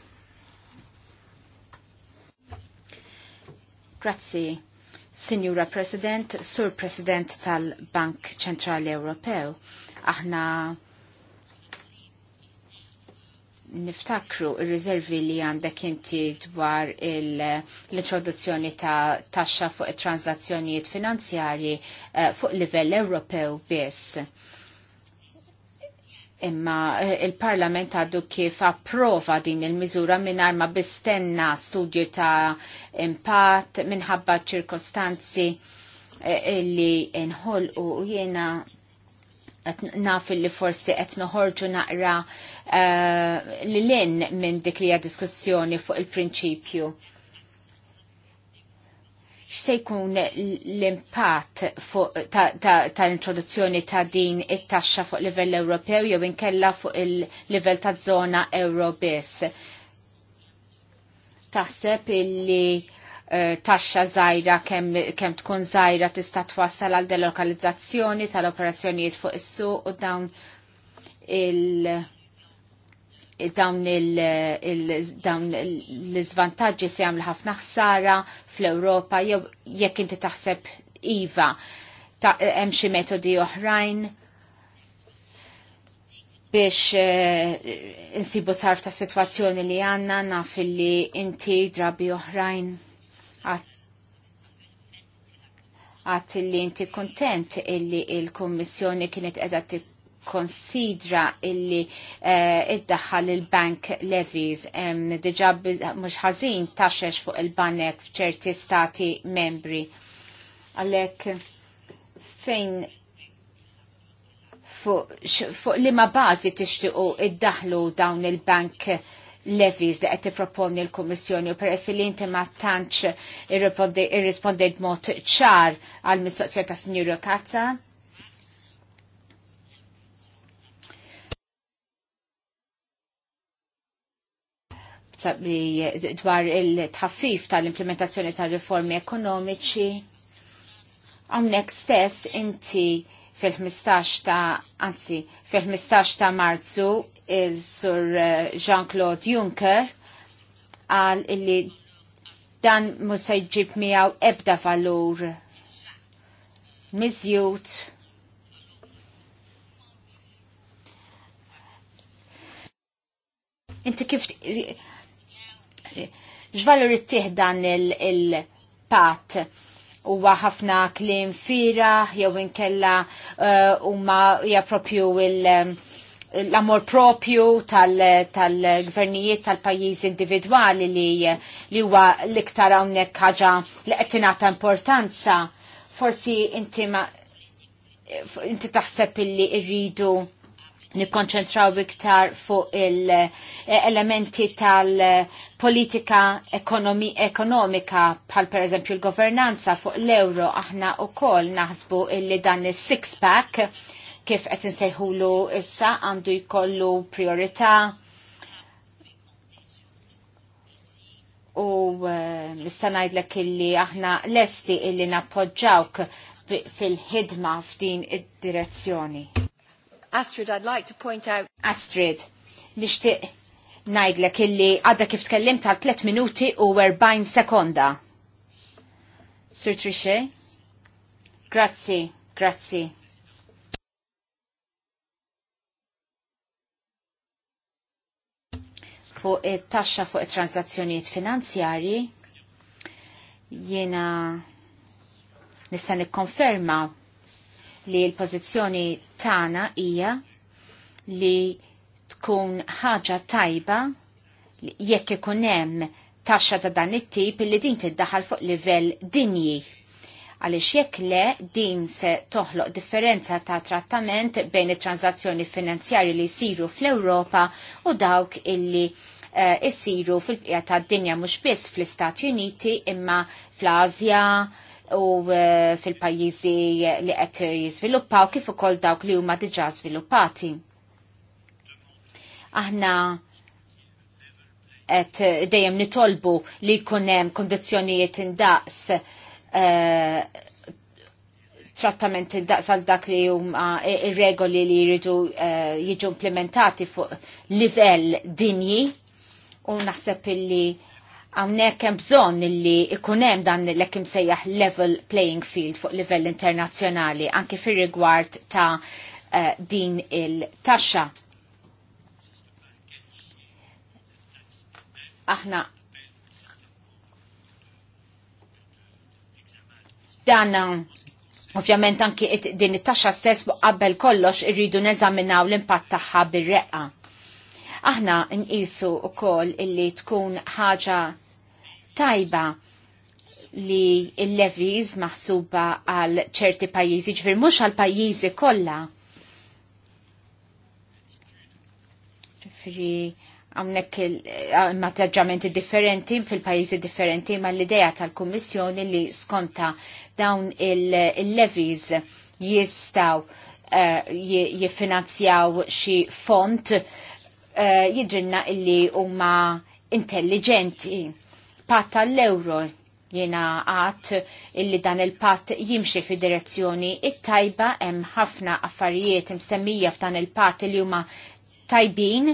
Grazzi, Signora President, Sur President tal-Bank Ċentrali Ewropew. Aħna niftakru il-rizervi li għandek inti dwar l-introduzzjoni ta' taxxa fuq transazzjonijiet finanzjarji eh, fuq livell Ewropew biss. Imma eh, il-Parlament għaddu kif approva din il-miżura mingħajr ma bistenna studju ta' impatt minħabba ċirkostanzi eh, illi li nħolqu jiena naf li forsi qed noħorġu naqra uh, eh, li lin minn dik li hija diskussjoni fuq il-prinċipju. X'se jkun l-impatt tal-introduzzjoni ta, ta' din it-taxxa fuq livell Ewropew jew inkella fuq il-livell ta' żona Euro biss? Taħseb illi Eh, taxxa żgħira kemm kem tkun żgħira tista' twassal għal delokalizzazzjoni tal-operazzjonijiet fuq is-suq u dawn il dawn l-iżvantaġġi se jagħmlu ħafna ħsara fl-Ewropa jew jekk inti taħseb iva hemm xi metodi oħrajn biex eh, insibu tarf ta' situazzjoni li għanna naf li inti drabi oħrajn għat li inti kontent illi il-Kommissjoni kienet edha konsidra illi id eh, iddaħħal il-bank levies um, diġa mux ħazin taxex fuq il-banek fċerti stati membri. Għalek fejn fuq li ma bazi tixtiqu iddaħlu dawn il-bank levies li għetti tipproponi l-Kummissjoni u peress li inti ma tantx irrispondejt mod ċar għal mistoqsija ta' Sinjur Kazza. dwar il-tħaffif tal-implementazzjoni tal reformi ekonomiċi. Għamnek stess inti fil-15 ta' anzi fil-15 ta' marzu il-sur eh, Jean-Claude Juncker għal illi dan musa jġib miegħu ebda valur Mizjut. Inti kif ġvalur ittih dan il-pat u huwa ħafna klim fira jew inkella eh, huma ma hija propju il- um, l-amor propju tal-gvernijiet tal tal-pajjiż individwali li li huwa l-iktar hawnhekk ħaġa li qed tingħata importanza. Forsi inti ma inti taħseb illi rridu nikkonċentraw iktar fuq il-elementi tal-politika ekonomika bħal per eżempju l-governanza fuq l-euro aħna u koll naħsbu illi dan is-six-pack kif qed insejħulu issa għandu jkollu priorità u eh, nista' ngħidlek illi aħna lesti illi nappoġġawk fil-ħidma f'din id-direzzjoni. Astrid, I'd like to point out. Astrid, nixtieq ngħidlek illi għadda kif tkellimt għal 3 minuti u 40 sekonda. Sir Trichet? Grazzi, grazzi. fuq it-taxxa fuq it-transazzjonijiet finanzjarji jiena nista' nikkonferma li l-pożizzjoni tagħna hija li tkun ħaġa tajba jekk ikun hemm taxxa ta' dan it-tip li din tiddaħħal fuq livell dinji għaliex jekk le din se toħloq differenza ta' trattament bejn it-transazzjoni finanzjarji li jsiru fl-Ewropa u dawk illi eh, jsiru uh, fil-qija tad-dinja mhux biss fl-Istati Uniti imma fl azja u eh, fil-pajjiżi li qed jiżviluppaw kif ukoll dawk li huma diġà żviluppati. Aħna qed dejjem nitolbu li jkun hemm kondizzjonijiet indaqs Eh, trattament daqsal dak li huma ir-regoli li jridu eh, jiġu implementati fuq livell dinji u naħseb illi għamnek hemm bżonn illi ikun hemm dan l-ek imsejjaħ level playing field fuq livell internazzjonali anke fir-rigward ta' eh, din il-taxxa. Aħna Dan ovvjament anki din it-taxxa stess qabel kollox irridu neżaminaw l-impatt tagħha bir-reqqa. Aħna nqisu wkoll illi tkun ħaġa tajba li l-levies maħsuba għal ċerti pajjiżi, ġifir mhux għal pajjiżi kollha għamnek il-matteġġamenti differenti fil-pajizi differenti ma l-ideja tal-Kommissjoni li skonta dawn il-levies jistaw eh, jiffinanzjaw xi font eh, jidrinna illi huma intelligenti. Pat l-euro jena għat illi dan il-pat jimxie fi direzzjoni it-tajba hemm ħafna affarijiet msemmija f'dan il-pat li huma tajbin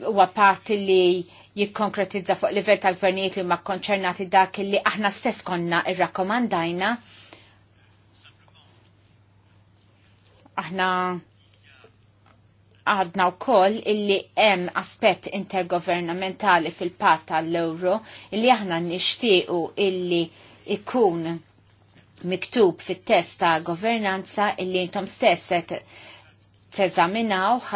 huwa parti li jikkonkretizza fuq livell tal-gvernijiet li huma konċernati dak li aħna stess konna irrakkomandajna. Aħna għadna u koll illi hemm aspett intergovernamentali fil-pat tal-euro illi aħna nishtiqu illi ikun miktub fit-test ta' governanza illi intom stess teżaminawħ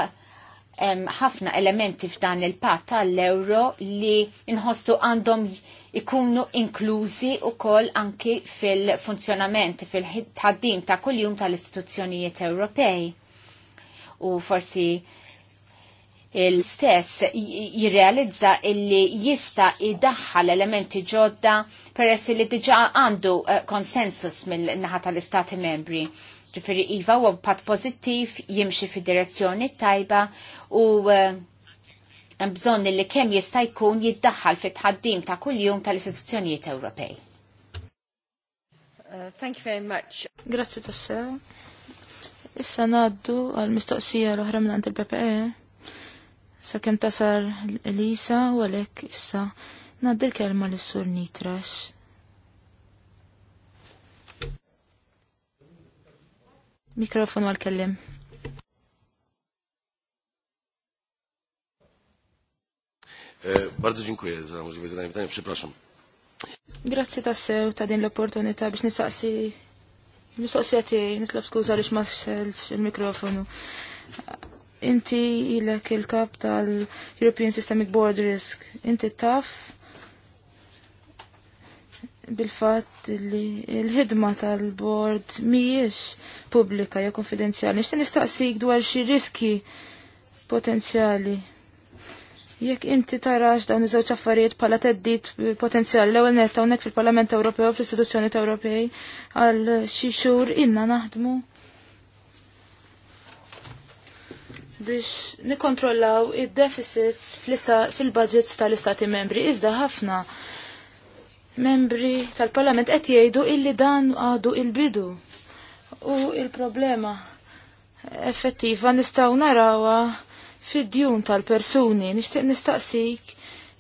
ħafna elementi f'dan il-pat tal-euro li nħossu għandhom ikunu inklużi u kol anki fil-funzjonament, fil-ħaddim ta' kull-jum tal-istituzzjonijiet Ewropej. U forsi il-stess jirrealizza illi jista l elementi ġodda peress li diġa għandu eh, konsensus mill-naħa tal-istati membri Ġifiri Iva u pat pozittiv jimxi fi direzzjoni tajba u eh, bżon li kemm jista' jkun jiddaħħal fit tħaddim ta' kuljum tal-istituzzjonijiet Ewropej.
Uh, thank you very much. Grazzi tassew. Issa naddu għal-mistoqsija l-oħra minn il-PPE. Sa kem tasar Elisa u għalek issa naddil l-kelma l-sur Nitras. Mikrofon għal-kellim.
E, bardzo dziękuję za możliwość zadania pytania. Przepraszam.
Grazie ta' sew ta' din l-opportunità biex nistaqsi mistoqsija tiegħi nitlob skuża għaliex ma xelx il-mikrofonu. Inti ilek il-kap tal-European Systemic Board Risk. Inti taf bil-fatt li l-ħidma tal-bord mhijiex pubblika jew konfidenzjali. Nixtieq nistaqsik dwar xi riski potenzjali. Jekk inti tarax dawn iż-żewġ affarijiet bħala teddit potenzjali l-ewwel nett hawnhekk fil-Parlament Ewropew fl-istituzzjoni Ewropej għal xi xhur inna naħdmu biex nikontrollaw id-deficits fil-budgets tal-istati membri. Iżda ħafna membri tal-Parlament qed jgħidu illi dan għadu il-bidu. U il-problema effettiva nistgħu narawha fid-djun tal-persuni. Nixtieq nistaqsik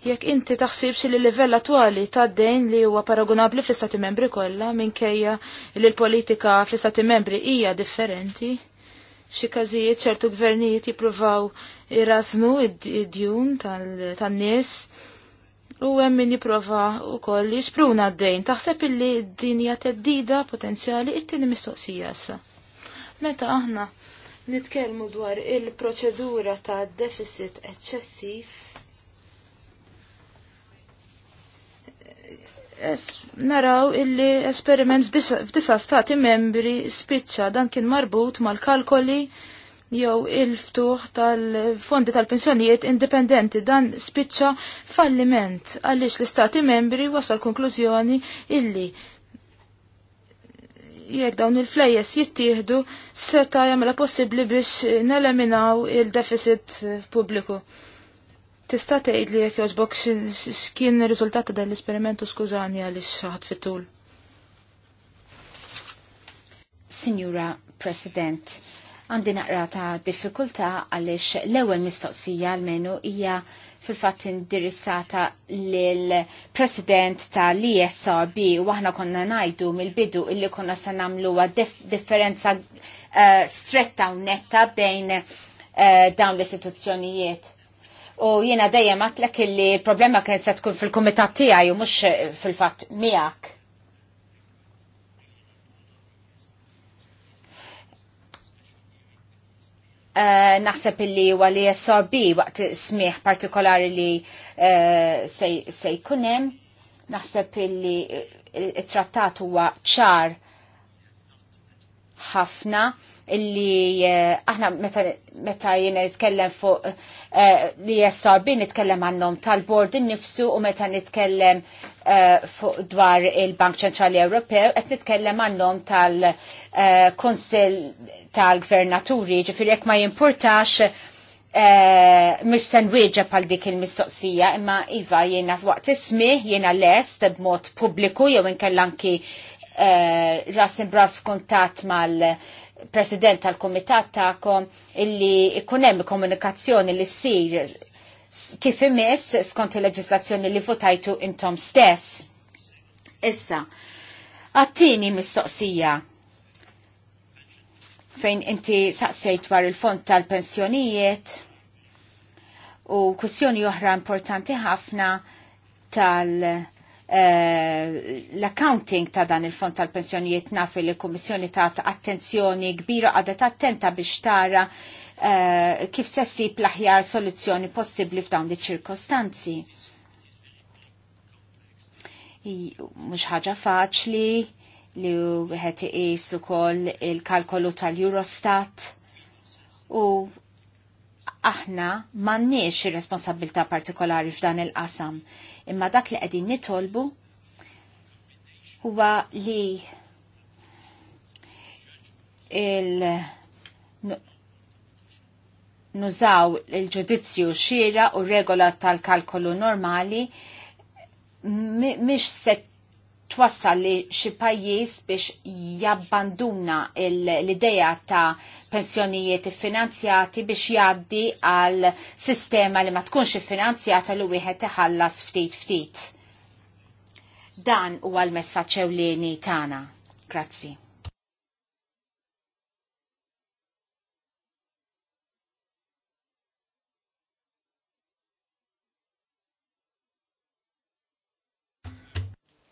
jekk inti taħsibx li l-livell attwali ta' dejn li huwa paragunabli fl-istati membri kollha minkejja li l-politika fl-istati membri hija differenti. Xi każijiet ċertu gvernijiet jippruvaw jrażnu id-djun tan-nies. Tal u hemm min jipprova wkoll jispruna d-dejn. Taħseb illi dinja hija teddida potenzjali it-tieni mistoqsija issa. Meta aħna nitkellmu dwar il-proċedura ta' deficit eċċessiv Es, naraw illi esperiment f'disa stati membri spiċċa dan kien marbut mal-kalkoli jew il-ftuħ tal-fondi tal-pensjonijiet indipendenti dan spiċċa falliment għaliex l-istati membri wasal konklużjoni illi jekk dawn il-flejjes jittieħdu seta jagħmilha possibbli biex neleminaw il-deficit pubbliku. Tista' tgħid li jekk jogħġbok x'kien ir-riżultat ta' dan l-esperimentu skużani għaliex ħadd fit-tul.
Signora President, għandi naqra ta' diffikultà għaliex l-ewwel mistoqsija għal-menu hija fil-fatt indirizzata l president tal-ESRB u aħna konna ngħidu mill-bidu illi konna se nagħmluha differenza uh, stretta u netta bejn uh, dawn l-istituzzjonijiet. U jiena dejjem għatlek illi problema kien se tkun fil-kumitat tiegħi u mhux fil-fatt miak. Eh, naħseb illi huwa li SRB waqt smieħ partikolari li eh, se jkunem, naħseb illi eh, il trattat huwa ċar ħafna illi eh, aħna meta jiena nitkellem fuq eh, li SRB nitkellem għannom tal-bord innifsu u meta nitkellem eh, fuq dwar il-Bank Ċentrali Ewropew qed nitkellem għannom tal-Kunsill tal-Gvernaturi ġifieri jekk ma jimpurtax mux senwieġa pal dik il-mistoqsija, imma Iva jena waqt ismi, jena lest b'mod publiku, jew inkellanki uh, ras bras f'kuntat mal president tal-komitat ta'kom illi ikunem komunikazzjoni li sir kif imiss skont il-leġislazzjoni li votajtu intom stess. Issa, għattini mis-soqsija fejn inti saqsejt dwar il-fond tal-pensjonijiet u kwestjoni oħra importanti ħafna tal- Eh, l-accounting ta' dan il-fond tal-pensjonijiet naf li l-Kummissjoni ta' attenzjoni kbira għadet attenta biex tara eh, kif se ssib l-aħjar soluzzjoni possibbli f'dawn iċ-ċirkostanzi. Mhux ħaġa faċli li wieħed iqis ukoll il-kalkolu tal-Eurostat u aħna m'għandniex ir-responsabilità partikolari f'dan il-qasam, imma dak li qegħdin nitolbu huwa li il nużaw il-ġudizzju xira u regola tal-kalkolu normali miex set twassal li xi pajjiż biex jabbanduna l-idea ta' pensjonijiet iffinanzjati biex jgħaddi għal sistema li ma tkunx iffinanzjata li wieħed iħallas ftit ftit. Dan huwa l-messaġġ ewlieni tagħna. Grazzi.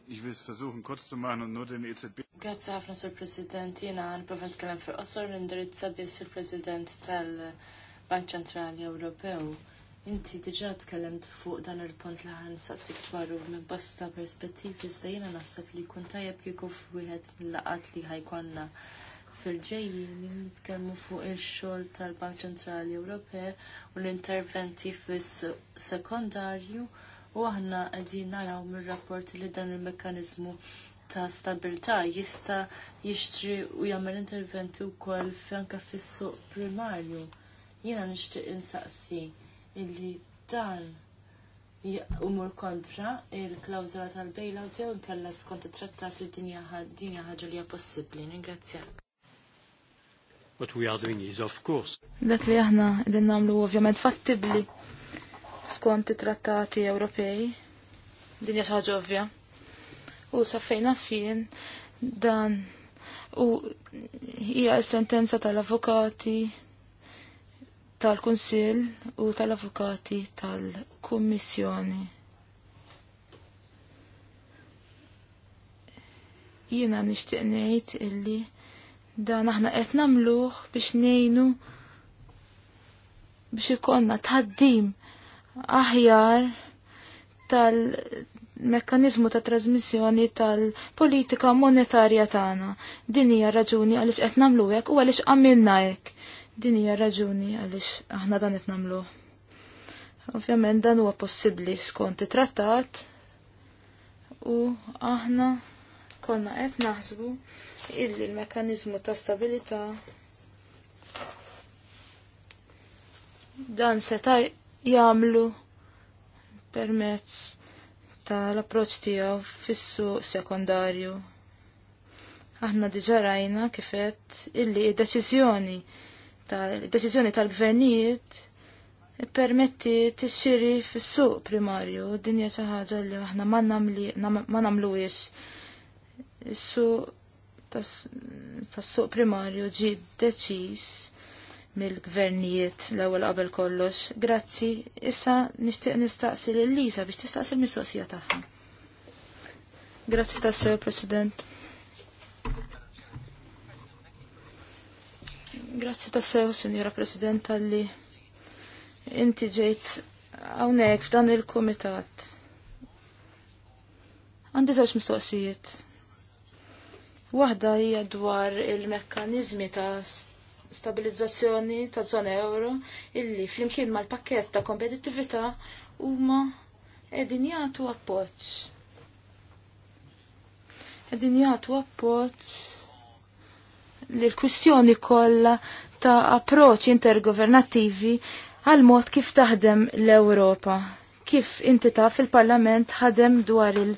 Ich will es versuchen kurz zu machen und nur den EZB.
Grazie ħafna sur President, jena għan provent kellem fil in l-indirizza biss il-President tal-Bank Ċentrali Ewropew. Inti diġa tkellemt fuq dan il-punt li ħan saqsik dwaru minn bosta perspettivi iżda jena naħseb li kun tajjeb kieku wieħed mill-laqat li ħajkonna fil-ġejjin nitkellmu fuq il-xogħol tal-Bank Ċentrali Ewropew u l-interventi fis-sekondarju U aħna qegħdin naraw mir-rapport li dan il-mekkaniżmu ta' stabilta' jista' jixtri u jagħmel interventi wkoll anke fis-suq primarju. Jiena nixtieq insaqsi illi dan umur kontra il-klawżola tal-bailout jew inkella skont it-trattati din hija ħaġa li hija possibbli. Ningrazzjak.
What we are doing is of
course. Dak li aħna qegħdin nagħmlu ovvjament fattibbli skont it-trattati Ewropej. Dinja xaġa ovvja. U saffejna fien dan u hija sentenza tal-avukati tal-Kunsill u tal-avukati tal-Kummissjoni. Jiena nixtieq ngħid illi dan aħna qed nagħmluh biex ngħinu biex ikonna tħaddim aħjar tal-mekkanizmu ta' trasmissjoni tal-politika monetarja tagħna. Din hija raġuni għaliex qed nagħmlu hekk u għaliex għamilna hekk. Din hija raġuni għaliex aħna dan qed nagħmlu. Ovvjament dan huwa possibbli skont it-trattat u aħna konna qed naħsbu illi l-mekanizmu ta' stabilità dan seta' jagħmlu permezz tal-approċċ tiegħu fis-suq sekondarju. Aħna diġà rajna kif illi d-deċiżjoni tal-deċiżjoni tal-gvernijiet permetti t-xiri fil-suq primarju, dinja ċaħġa li aħna ma namluwiex. Is-suq tas-suq primarju ġi deċis mill-gvernijiet l-ewwel qabel kollox. Grazzi, issa nixtieq nistaqsi lil Lisa biex tistaqsi l-mistoqsija tagħha. Grazzi sew President. Grazzi tassew, sew, President, Presidenta li inti ġejt hawnhekk f'dan il-kumitat. Għandi żewġ mistoqsijiet. Waħda hija dwar il-mekkaniżmi ta' stabilizzazzjoni ta' zona euro illi flimkien mal-pakket ta' kompetittività huma qegħdin jagħtu appoġġ. Qegħdin jagħtu appoġġ li l-kwistjoni kollha ta' approċċ intergovernattivi għal mod kif taħdem l-Ewropa. Kif inti taf il-Parlament ħadem dwar il-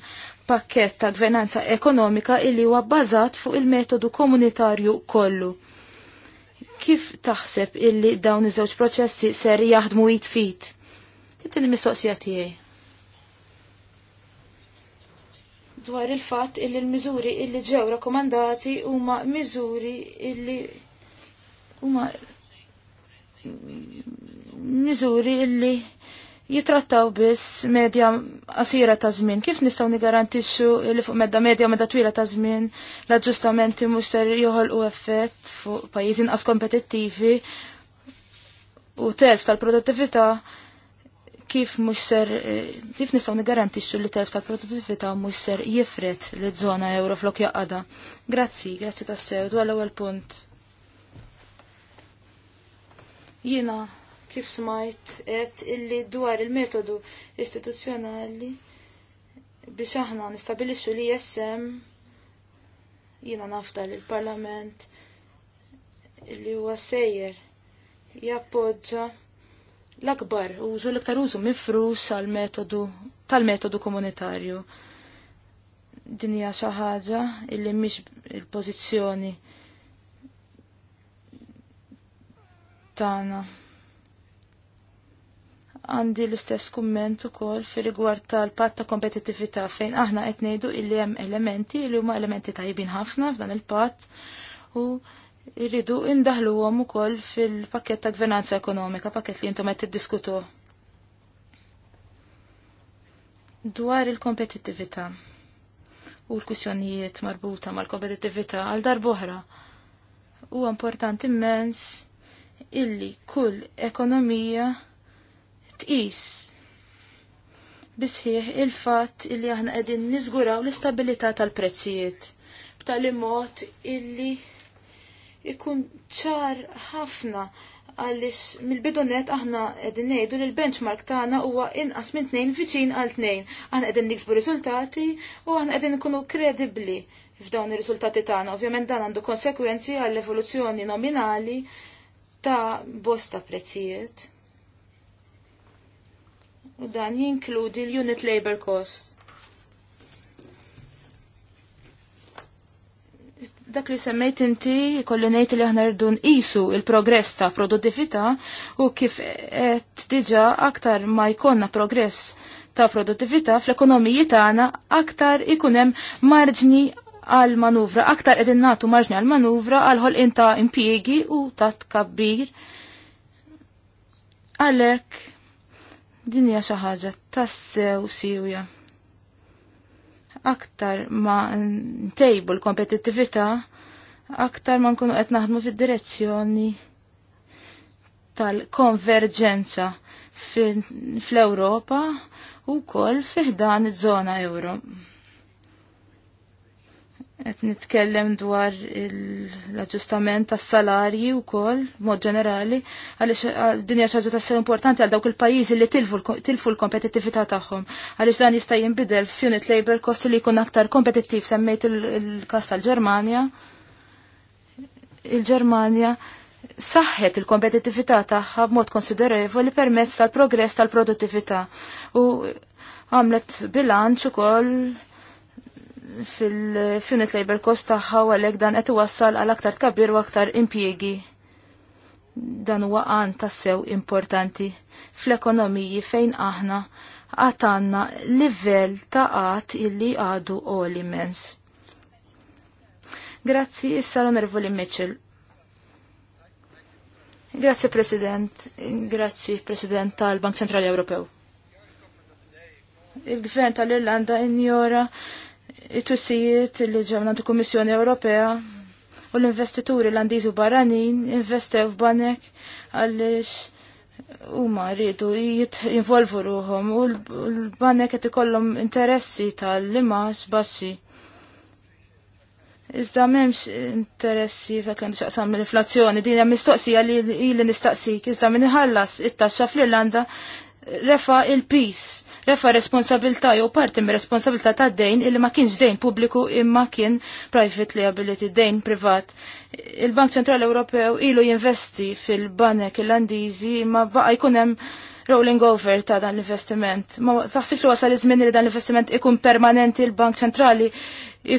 pakket ta' gvernanza ekonomika illi huwa bbażat fuq il-metodu komunitarju kollu. Kif taħseb illi dawn iż-żewġ proċessi ser jaħdmu jitfit? Ittin mistoqsija tiegħi. Dwar il-fatt illi l-miżuri illi ġew rakkomandati huma miżuri illi huma miżuri illi jitrattaw biss medja qasira ta' żmien. Kif nistgħu nigarantixxu li fuq medda medja medda twila ta' żmien l-aġġustamenti mhux ser joħolqu effett fuq pajjiżi inqas kompetittivi u telf tal-produttività kif mhux ser eh, kif nistgħu nigarantixxu li telf tal-produttività mhux ser jifret li żona euro flok jaqada. Grazzi, grazzi tas-sew dwar l-ewwel punt. Jiena kif smajt et illi dwar il-metodu istituzzjonali biex aħna nistabilixxu li jessem jiena nafta li l-Parlament li huwa sejjer jappoġġa l-akbar użu l-iktar użu mifrus għal metodu tal-metodu komunitarju. Din hija xi ħaġa illi mhix il-pożizzjoni tagħna Għandi l-istess kumment ukoll fi rigward tal-patt ta' kompetittività fejn aħna qed ngħidu illi hemm elementi li huma elementi tajbin ħafna f'dan il-patt u rridu indaħluhom ukoll fil-pakket ta' gvernanza ekonomika, pakket li intom qed tiddiskutuh. Dwar il-kompetittività u l-kussjonijiet marbuta mal-kompetittività għal darboħra. U importanti immens illi kull ekonomija tqis bisħieħ il-fatt illi aħna qegħdin niżguraw l-istabilità tal-prezzijiet b'tali mod illi ikun ċar ħafna għalix mill-bidonet aħna edin nejdu li l-benchmark tagħna huwa inqas minn tnejn viċin għal tnejn. Aħna qegħdin niksbu riżultati u aħna qegħdin ikunu kredibbli f'dawn ir-riżultati tagħna. Ovvjament dan għandu konsekwenzi għall evoluzzjoni nominali ta' bosta prezzijiet u dan jinkludi l-unit labor cost. Dak li semmejt inti kolli ngħid li aħna rridu nqisu il-progress ta' produttività u kif qed diġà aktar ma jkollna progress ta' produttività fl-ekonomiji tagħna aktar ikun hemm marġni għal manuvra, aktar edin natu marġni għal manuvra għal ħol inta impiegi u ta' tkabbir. Għalek, Din hija xi ħaġa tassew siwja. Aktar ma ntejbu l-kompetittività, aktar ma nkunu qed naħdmu fid-direzzjoni tal-konverġenza fl-Ewropa u kol fiħdan iż-żona Ewro qed nitkellem dwar l-aġġustament tas-salarji wkoll mod ġenerali għaliex din hija ċaġa importanti għal dawk il-pajjiżi li tilfu l kompetittivita tagħhom għaliex dan jista' jinbidel f'unit labor cost li jkun aktar kompetittiv semmejt il-każ tal-Ġermanja. Il-Ġermanja saħħet il b tagħha b'mod li permezz tal-progress tal-produttività u għamlet bilanċ ukoll fil-unit labor cost tagħha u għalhekk dan qed iwassal għal aktar kabir u aktar impjiegi. Dan huwa għan tassew importanti fl-ekonomiji fejn aħna għatanna livell ta' għat illi għadu għol immens. Grazzi, issa l-onorevoli Mitchell. Grazzi, President. Grazzi, President tal-Bank Centrali Ewropew. Il-Gvern tal-Irlanda injora it-twissijiet li ġemna ta' Kummissjoni Ewropea u l-investituri l-andizu barranin investew f'banek għaliex huma rridu jinvolvu ruhom u l-banek qed ikollhom interessi tal-limax baxxi. Iżda m'hemmx interessi fekken xaqsam l-inflazzjoni, din hemm mistoqsija li ili nistaqsik, iżda min iħallas it-taxxa fl-Irlanda refa il-peace refa responsabilta jew parti mir responsabilta ta' dejn illi ma kienx dejn pubbliku imma kien private liability, dejn privat. Il-Bank Ċentrali Ewropew ilu jinvesti fil-banek irlandiżi imma baqa jkun hemm rolling over ta' dan l-investiment. Ma taħsib li wasal iż-żmien li dan l-investiment ikun permanenti l-Bank Ċentrali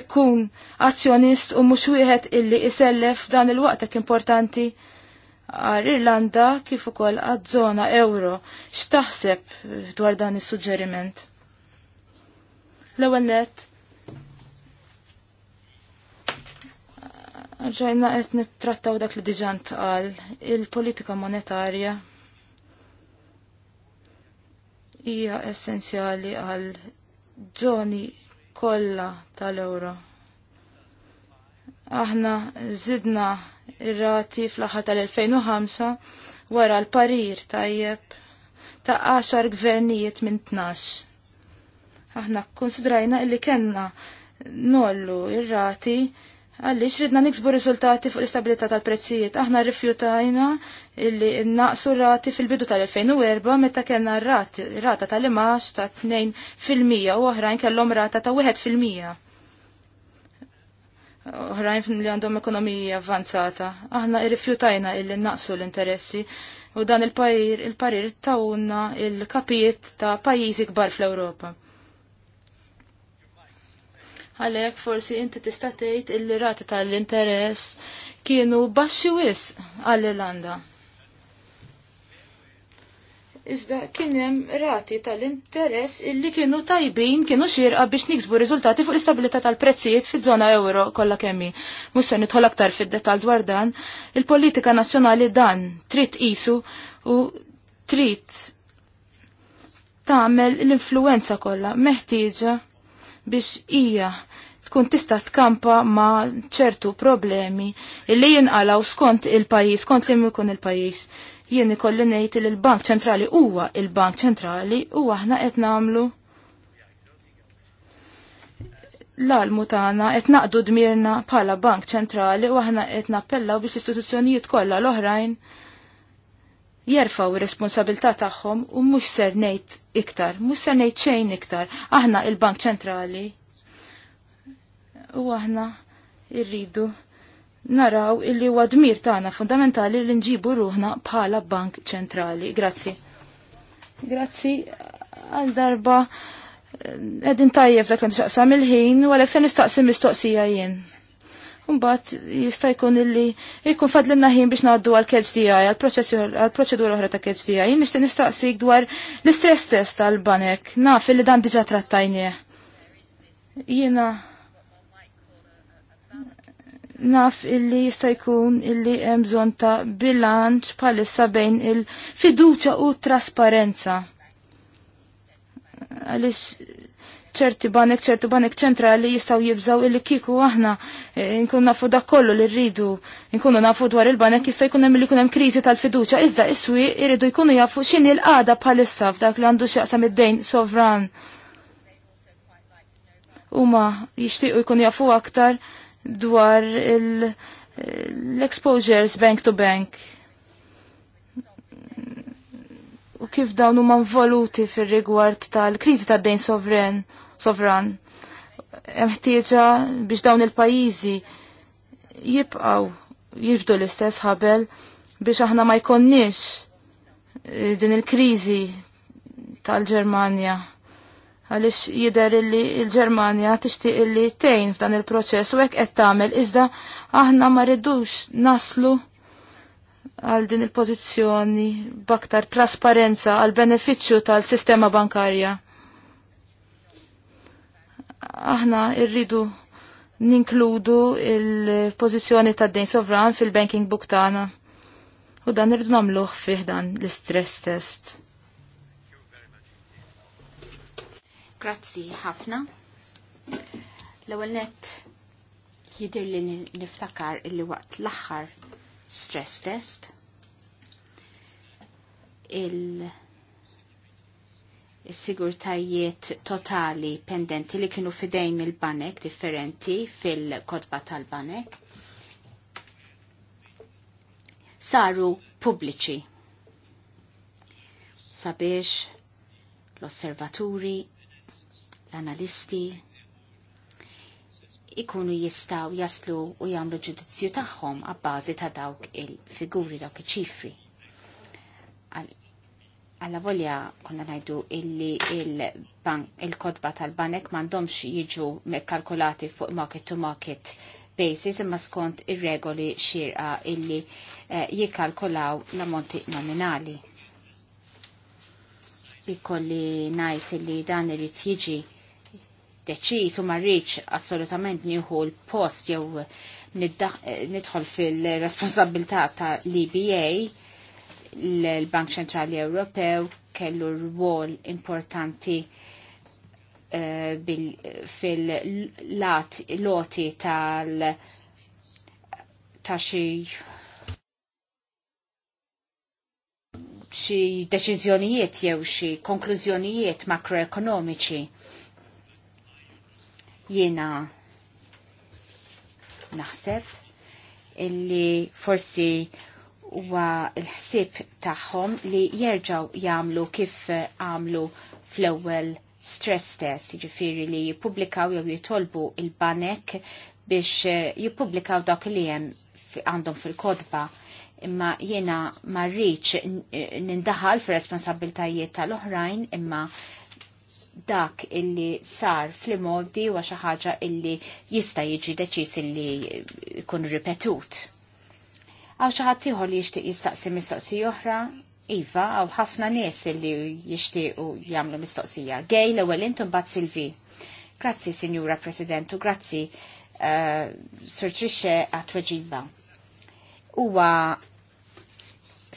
ikun azzjonist u mhux wieħed illi isellef dan il-waqt hekk importanti għal Irlanda kif ukoll għad żona euro. X'taħseb dwar dan is-suġġeriment? L-ewwel nett ġajna qed nittrattaw dak li diġà ntqal il-politika monetarja hija essenzjali għal żoni kollha tal-euro aħna zidna ir-rati fl-aħħar tal-2005 wara l-parir tajjeb ta' 10 gvernijiet minn 12. Aħna konsidrajna illi kenna nollu ir-rati għaliex ridna niksbu riżultati fuq l-istabilità tal-prezzijiet. Aħna rrifjutajna illi naqsu rati fil-bidu tal-2004 meta kellna rata tal-imax ta' 2% u oħrajn kellhom rata ta' 1% oħrajn li għandhom ekonomija avvanzata. Aħna irrifjutajna illi naqsu l-interessi u dan il-parir il-parir tawna il-kapijiet ta' pajjiżi kbar fl-Ewropa. Għalek forsi inti tista' tgħid illi rati tal-interess kienu baxxi wis għall-Irlanda iżda kien hemm rati tal-interess illi kienu tajbin, kienu xirqa biex niksbu riżultati fuq l-istabilità tal-prezzijiet fiż-żona euro kollha kemm hi. Mhux se nidħol aktar fid-dettall dwar dan, il-politika nazzjonali dan trid qisu u trid tagħmel l-influenza kollha meħtieġa biex hija tkun tista' tkampa ma' ċertu problemi illi jinqalaw skont il-pajjiż, skont li jkun il-pajjiż jien ikolli ngħid li l-Bank Ċentrali huwa il-Bank Ċentrali u aħna qed nagħmlu l-almu tagħna qed naqdu dmirna bħala Bank Ċentrali u aħna qed nappellaw biex istituzzjonijiet kollha l-oħrajn jerfaw ir-responsabilità tagħhom u mhux ser ngħid iktar, mhux ser ngħid xejn iktar. Aħna il-Bank Ċentrali u aħna irridu naraw illi huwa dmir tagħna fundamentali li nġibu ruħna bħala bank ċentrali. Grazzi. Grazzi għal darba eh, edin tajjeb dak li xaqsam il-ħin u għalek se nistaqsim mistoqsija jien. Umbat jista' jkun illi jkun fadlinna ħin biex ngħaddu għal catch DI għal proċedura oħra ta' catch DI. Jien nixtieq nistaqsik dwar l-istress test tal-banek. Naf li dan diġà trattajnieh. Jiena naf illi jista' jkun illi hemm bżonn ta' bilanċ bħalissa bejn il-fiduċja u trasparenza. Għaliex ċerti banek, ċertu banek ċentrali jistgħu jibżaw illi kiku aħna eh, nkun nafu dak kollu li rridu, nkunu nafu dwar il-banek jista' jkun hemm li jkun hemm kriżi tal-fiduċja, iżda iswi irridu jkunu jafu x'inhi l qada bħalissa f'dak li għandu x'jaqsam id-dejn sovran. Huma jixtiequ jkunu jafu aktar dwar l-exposures bank to bank u kif dawn huma involuti fir-rigward tal-kriżi tad-dejn sovran sovran. Hemm ħtieġa biex dawn il-pajjiżi jibqgħu jibdu l-istess ħabel biex aħna ma jkonniex eh, din il-kriżi tal-Ġermanja għalix jider illi il-Germania tixtieq illi tejn f'dan il-proċess u hekk qed tagħmel iżda aħna ma rridux naslu għal din il-pożizzjoni b'aktar trasparenza għal benefiċċju tal-sistema bankarja. Aħna rridu ninkludu il-pożizzjoni tad-dejn sovran fil-banking Buktana, U dan irridu nagħmluh fih dan l-istress test.
Grazzi ħafna. L-ewwel net jidir li niftakar illi waqt l-aħħar stress test il sigurtajiet totali pendenti li kienu fidejn il-banek differenti fil-kodba tal-banek saru pubbliċi sabiex l-osservaturi l-analisti ikunu jistaw jaslu u jamlu ġudizzju tagħhom għabbażi ta' dawk il-figuri dawk iċ-ċifri. Alla volja konna najdu illi il-kodba il tal-banek mandomx jiġu kalkulati fuq market to market basis imma skont ir-regoli xirqa illi eh, jikkalkulaw l-ammonti nominali. Bikolli najt illi dan irrit jiġi deċiż u ma rridx assolutament nieħu l-post jew nidħol fil-responsabilità ta' l-EBA l-Bank Centrali Ewropew kellu rwol importanti eh, fil-loti tal ta' xi deċiżjonijiet jew xi konklużjonijiet makroekonomiċi Jiena naħseb illi forsi huwa l-ħsieb tagħhom li jerġgħu jagħmlu kif għamlu fl-ewwel stress test, jiġifieri li jippubblikaw jew jitolbu il-banek biex jippubblikaw dak li hemm għandhom fil-kodba imma jiena ma rridx nindaħal fir responsabiltajiet tal-oħrajn imma dak illi sar fl-modi wa xi ħaġa illi jista' jiġi deċis illi jkun ripetut. Għaw xi ħadd ieħor li jixtieq jistaqsi mistoqsi oħra, iva għaw ħafna nies illi jixtiequ jagħmlu mistoqsija. Gej l-ewwel intum bat Silvi. Grazzi, Sinjura Presidentu, grazzi, uh, Sir Trisce, għat-tweġiba. Huwa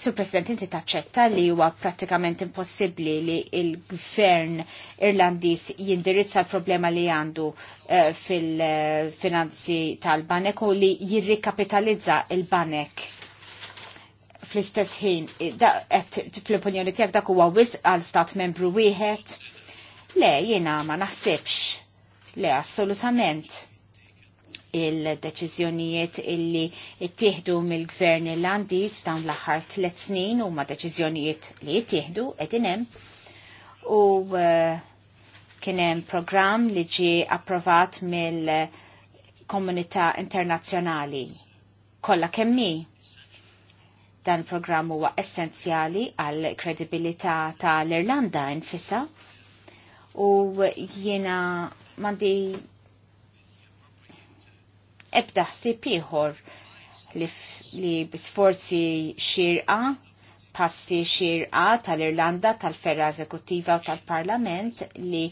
Sur President, inti taċċetta li huwa pratikament impossibbli li il-gvern Irlandis jindirizza l-problema li għandu uh, fil-finanzi tal-banek u li jirrikapitalizza il-banek fl-istess ħin. Fl-opinjoni tiegħek dak huwa wisq għal stat membru wieħed? Le, jiena ma naħsibx. Le, assolutament il-deċizjonijiet illi ittieħdu mill-gvern irlandiż f'dawn l-aħħar tliet snin huma deċiżjonijiet li jittieħdu qegħdin hemm u eh, kien hemm programm li ġie approvat mill-komunità internazzjonali kollha kemm dan programm huwa essenzjali għal kredibilità tal-Irlanda infissa u jiena mandi ebda ħsib ieħor li, li b'sforzi xirqa passi xirqa tal-Irlanda, tal-Ferra Eżekuttiva u tal-Parlament li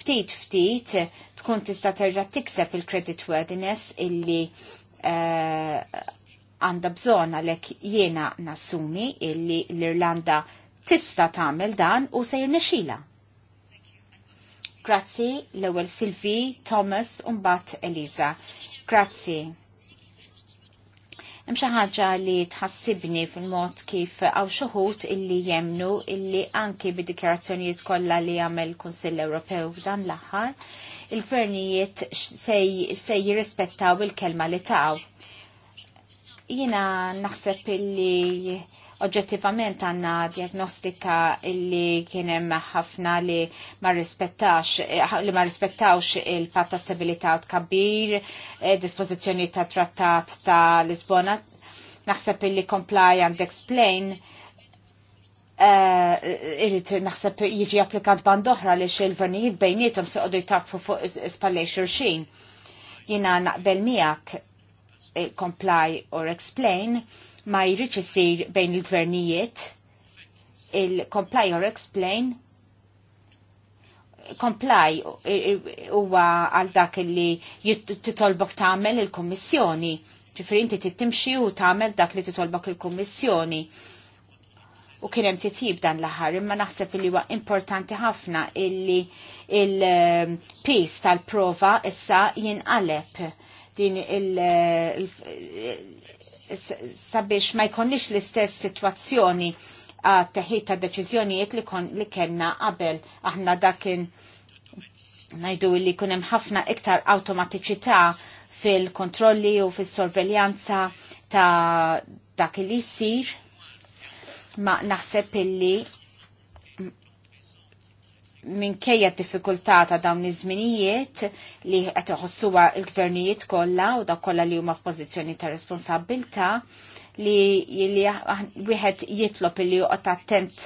ftit ftit tkun tista' terġa' tikseb il-credit worthiness illi eh, għanda uh, bżonn għalhekk jiena nassumi illi l-Irlanda tista' tagħmel dan u se jirnexxila. Grazzi l-ewwel Silvi, Thomas u mbagħad Eliza. Grazzi. Hemm xi ħaġa li tħassibni fil-mod kif għaw xuħut illi jemnu illi anki bid dikjarazzjoniet kollha li għamel Kunsill Ewropew f'dan l-aħħar, il-gvernijiet se jirrispettaw il-kelma li taw. Jina naħseb illi Oġġettivament għanna diagnostika illi kienem ħafna li ma rispettax, eh, li ma rispettawx il-patta stabilita u tkabbir, eh, dispozizjoni ta' trattat ta' Lisbona. Naħseb illi comply and explain eh, irrit naħseb jiġi applikat band oħra li xil-vernijiet bejnietom se għoddu jtakfu fuq spallej xurxin. Jina naqbel miak comply or explain ma jridx isir bejn il-gvernijiet il-comply or explain comply huwa għal dak li titolbok tagħmel il-Kummissjoni. Ġifieri inti titimxi u tagħmel dak li titolbok il-Kummissjoni. U kien hemm titjib dan l-aħħar, imma naħseb li huwa importanti ħafna illi il-pis tal-prova issa jinqaleb din il- sabiex ma jkonniex l-istess situazzjoni għat teħid ta' deċiżjonijiet li, li kena qabel aħna dakin najdu li kunem ħafna iktar automatiċità fil-kontrolli u fil-sorveljanza ta' dak li sir ma naħseb illi kejja diffikultà ta' dawn iż-żminijiet li qed iħossuha l-gvernijiet kollha u dak kollha li huma f'pożizzjoni ta' responsabilità li wieħed jitlob li joqgħod attent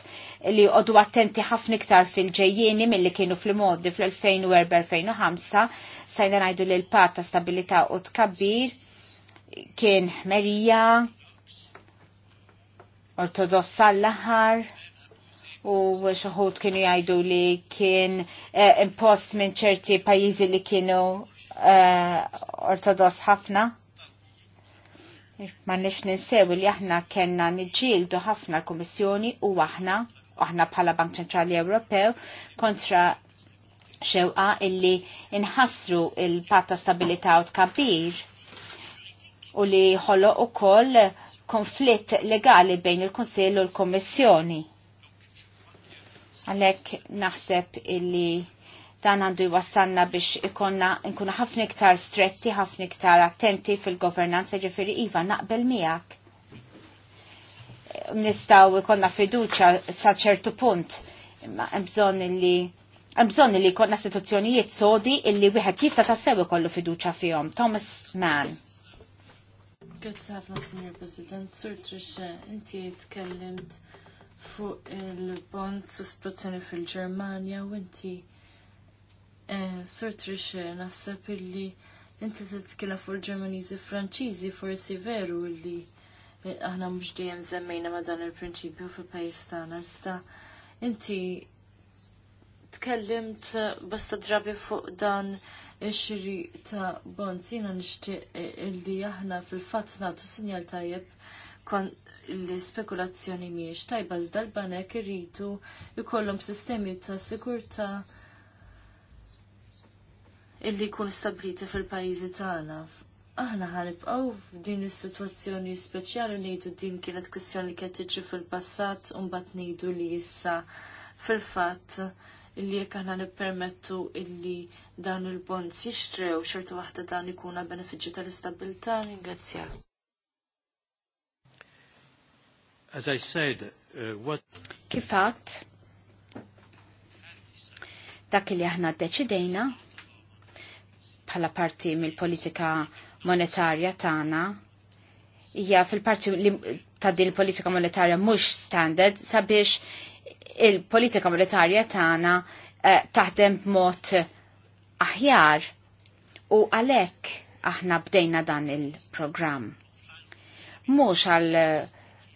li joqogħdu attenti ħafna iktar fil-ġejjieni milli kienu fl modi fl fl-2004-2005 sajna ngħidu li l-pat ta' stabilità u tkabbir kien ħmerija ortodossa l-aħħar u xaħut kienu jgħidu li kien uh, impost minn ċerti pajizi li kienu uh, eh, ortodos ħafna. Ma nix ninsew li aħna kena nġildu ħafna l-Komissjoni u aħna, aħna bħala Bank Ċentrali Ewropew kontra xewqa illi inħassru il-patta stabilita u tkabbir u li ħolo u koll konflitt legali bejn il-Konsil u l-Komissjoni Għalek naħseb illi dan għandu jwassanna biex ikonna nkunu ħafna iktar stretti, ħafna iktar attenti fil-governanza ġifiri Iva naqbel miegħek. Nistaw ikonna fiduċa sa ċertu punt, ma bżonn illi bżonn li jkollna istituzzjonijiet sodi illi wieħed jista' tassew ikollu fiduċja fihom. Thomas Mann.
Grazzi ħafna, Sinjor President. Sur Trisha, inti tkellimt fuq il-bond sostituzzjoni fil-Ġermanja u inti eh, sur trixe naħseb illi inti titkellem fuq il-Ġermaniżi Franċiżi forsi veru illi eh, aħna mhux dejjem żemmejna ma' dan il-prinċipju fil-pajjiż tagħna inti tkellimt basta drabi fuq dan ix-xiri ta' bonds jiena nixtieq eh, illi aħna fil-fatt nagħtu sinjal tajjeb l-spekulazzjoni miex tajba zdalbanek irridu jkollhom sistemi ta' sigurtà illi kun stabliti fil-pajjiżi tagħna. Aħna ħanibqgħu f'din is-sitwazzjoni speċjali ngħidu din kienet kwistjoni li qed tiġi fil-passat u mbagħad ngħidu li issa fil-fatt illi jekk aħna nippermettu illi dawn il-bonds jixtrew xorta waħda dan ikuna benefiċċju tal-istabilità, ringrazzjak
as I said, uh,
what... Kifat, dak li aħna
deċidejna bħala parti mill-politika monetarja tagħna hija fil-parti ta' din il-politika monetarja mhux standard sabiex il-politika monetarja tagħna eh, taħdem b'mod aħjar u għalhekk aħna bdejna dan il-programm. Mhux għal uh,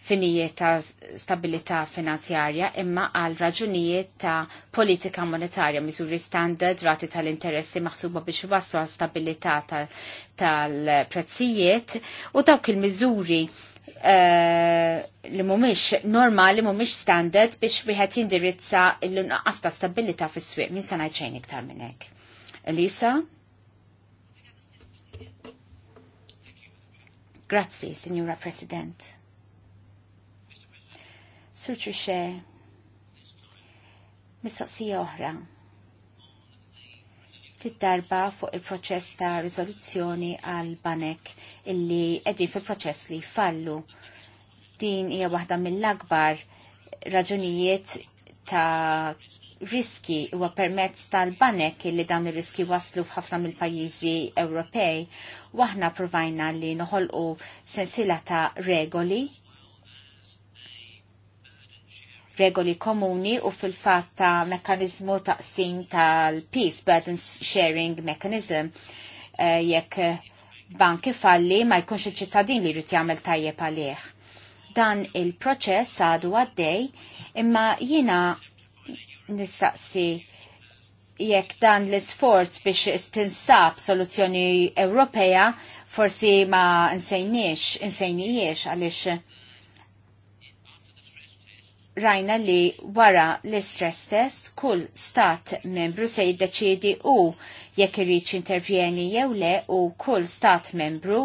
finijiet ta' stabilità finanzjarja imma għal raġunijiet ta' politika monetarja, miżuri standard, rati tal-interessi maħsuba biex waslu għal stabilità tal-prezzijiet u dawk il-miżuri eh, li mumiex normali, mumiex standard biex wieħed jindirizza l-inqas ta' stabilità fis-swieq. Min se ngħid xejn iktar minn hekk. Elisa? Grazzi, Signora President. Surċu xe mistoqsija oħra. Tid-darba fuq il-proċess ta' rizoluzzjoni għal banek illi edin fil proċess li fallu. Din hija waħda mill-akbar raġunijiet ta' riski huwa permezz tal-banek illi dawn ir-riski waslu f'ħafna mill-pajjiżi Ewropej. Waħna provajna li noħolqu sensila ta' regoli regoli komuni u fil fatta ta' mekanizmu taqsim tal-peace burden sharing mechanism eh, jekk banki falli ma jkunx iċ-ċittadin li jrid jagħmel tajjeb għalih. Dan il-proċess għadu għaddej imma jiena nistaqsi jekk dan l-isforz biex tinsab soluzzjoni Ewropea forsi ma nsejniex, nsejnijiex għaliex rajna li wara l-istress test kull stat membru se jiddeċiedi u jekk irrid intervjeni jew le u kull stat membru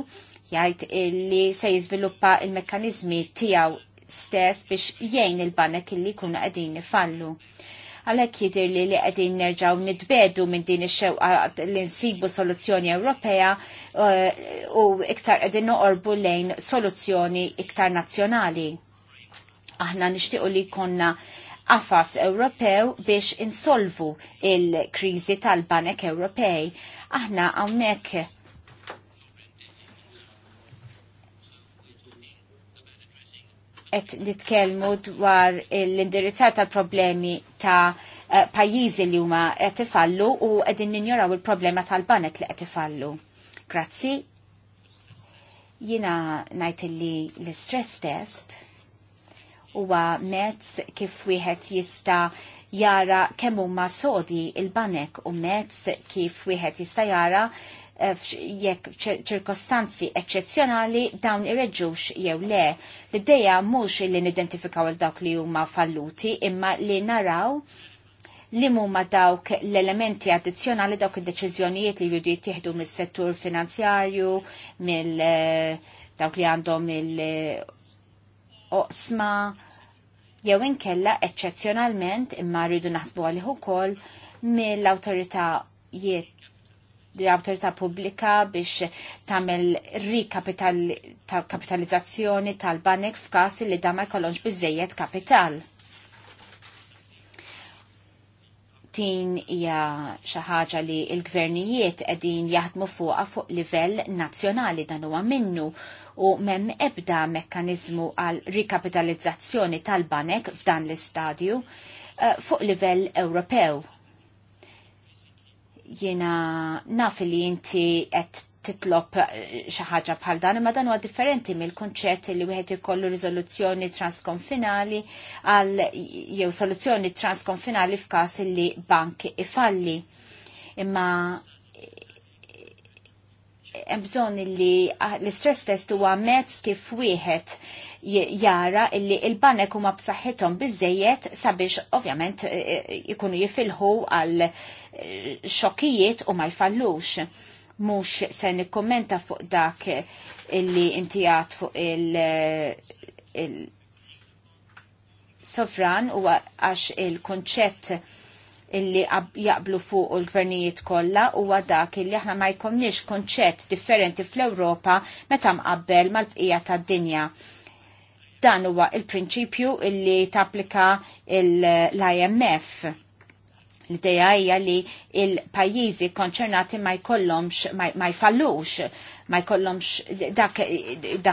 jgħid li se jiżviluppa il-mekkaniżmi tiegħu stess biex jgħin il-banek illi kuna qegħdin nifallu. Għalhekk jidir li li qegħdin nerġgħu nitbedu minn din ix-xewqa li nsibu soluzzjoni Ewropea uh, u iktar qegħdin noqorbu lejn soluzzjoni iktar nazzjonali Aħna nixtiequ li konna għafas Ewropew biex insolvu il-kriżi tal-Banek Ewropej. Aħna hawnhekk qed nitkellmu dwar l-indirizzar tal-problemi ta' eh, pajjiżi li huma qed ifallu u qegħdin ninjoraw il-problema tal-banek li qed ifallu. Grazzi. Jiena ngħid li l-stress test huwa mezz kif wieħed jista' jara kemm huma sodi il-banek u mezz kif wieħed jista' jara eh, jekk ċirkostanzi eċċezzjonali dawn irreġux jew le. L-ideja mhux li nidentifikaw il dawk li huma falluti imma li naraw li huma dawk l-elementi addizzjonali dawk id-deċiżjonijiet li jridu jittieħdu mis-settur finanzjarju, mill eh, dawk li għandhom il- oqsma jew inkella eċċezzjonalment imma rridu naħsbu għalih ukoll mill-awtoritajiet l-autorità pubblika biex tagħmel rikapitalizzazzjoni tal-banek f'każ li da ma jkollhomx biżejjed kapital. Tin hija xi ħaġa li l-gvernijiet qegħdin jaħdmu fuqha fuq livell nazzjonali dan huwa minnu u mem ebda mekkanizmu għal rikapitalizzazzjoni tal-banek f'dan l-istadju eh, fuq livell Ewropew. Jena naf li inti qed titlob eh, xi ħaġa bħal dan, imma dan huwa differenti mill-kunċett li wieħed ikollu riżoluzzjoni transkonfinali għal jew soluzzjoni transkonfinali f'każ li bank ifalli. Imma bżon li ah, l-stress test huwa mezz kif wieħed jara li il-banek huma b'saħħithom biżejjed sabiex ovvjament eh, eh, ikunu jifilħu għal eh, xokkijiet u ma jfallux. Mhux se nikkommenta fuq dak illi inti għat fuq il-sovran il u għax il-konċett il il konċett illi jaqblu fuq u l-gvernijiet kollha huwa dak illi aħna ma jkomniex konċett differenti fl-Ewropa meta mqabbel mal-bqija tad-dinja. Dan huwa il-prinċipju illi tapplika l-IMF. L-ideja hija li il-pajjiżi konċernati ma jkollhomx ma jfallux ma jkollhomx dak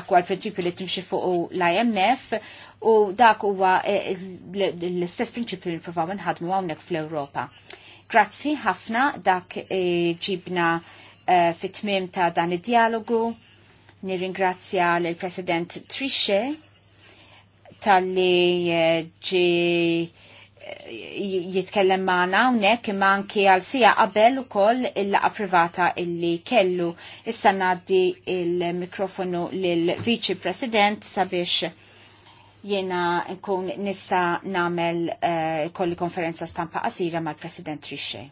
huwa l-prinċipju li timxi fuq l-IMF u dak huwa eh, l-istess prinċipju li nipprovaw nħadmu hawnhekk fl-Ewropa. Grazzi ħafna dak eh, ġibna eh, fit-tmiem ta' dan id-dialogu. Nirringrazzja l-President Trichet tal-li ġi jitkellem maħna unnek imma anki għal sija qabel u koll il-laqa privata illi kellu. Issa naddi il-mikrofonu lil-Viċi President sabiex jena nkun nista namel uh, kolli konferenza stampa qasira mal-President Trixie.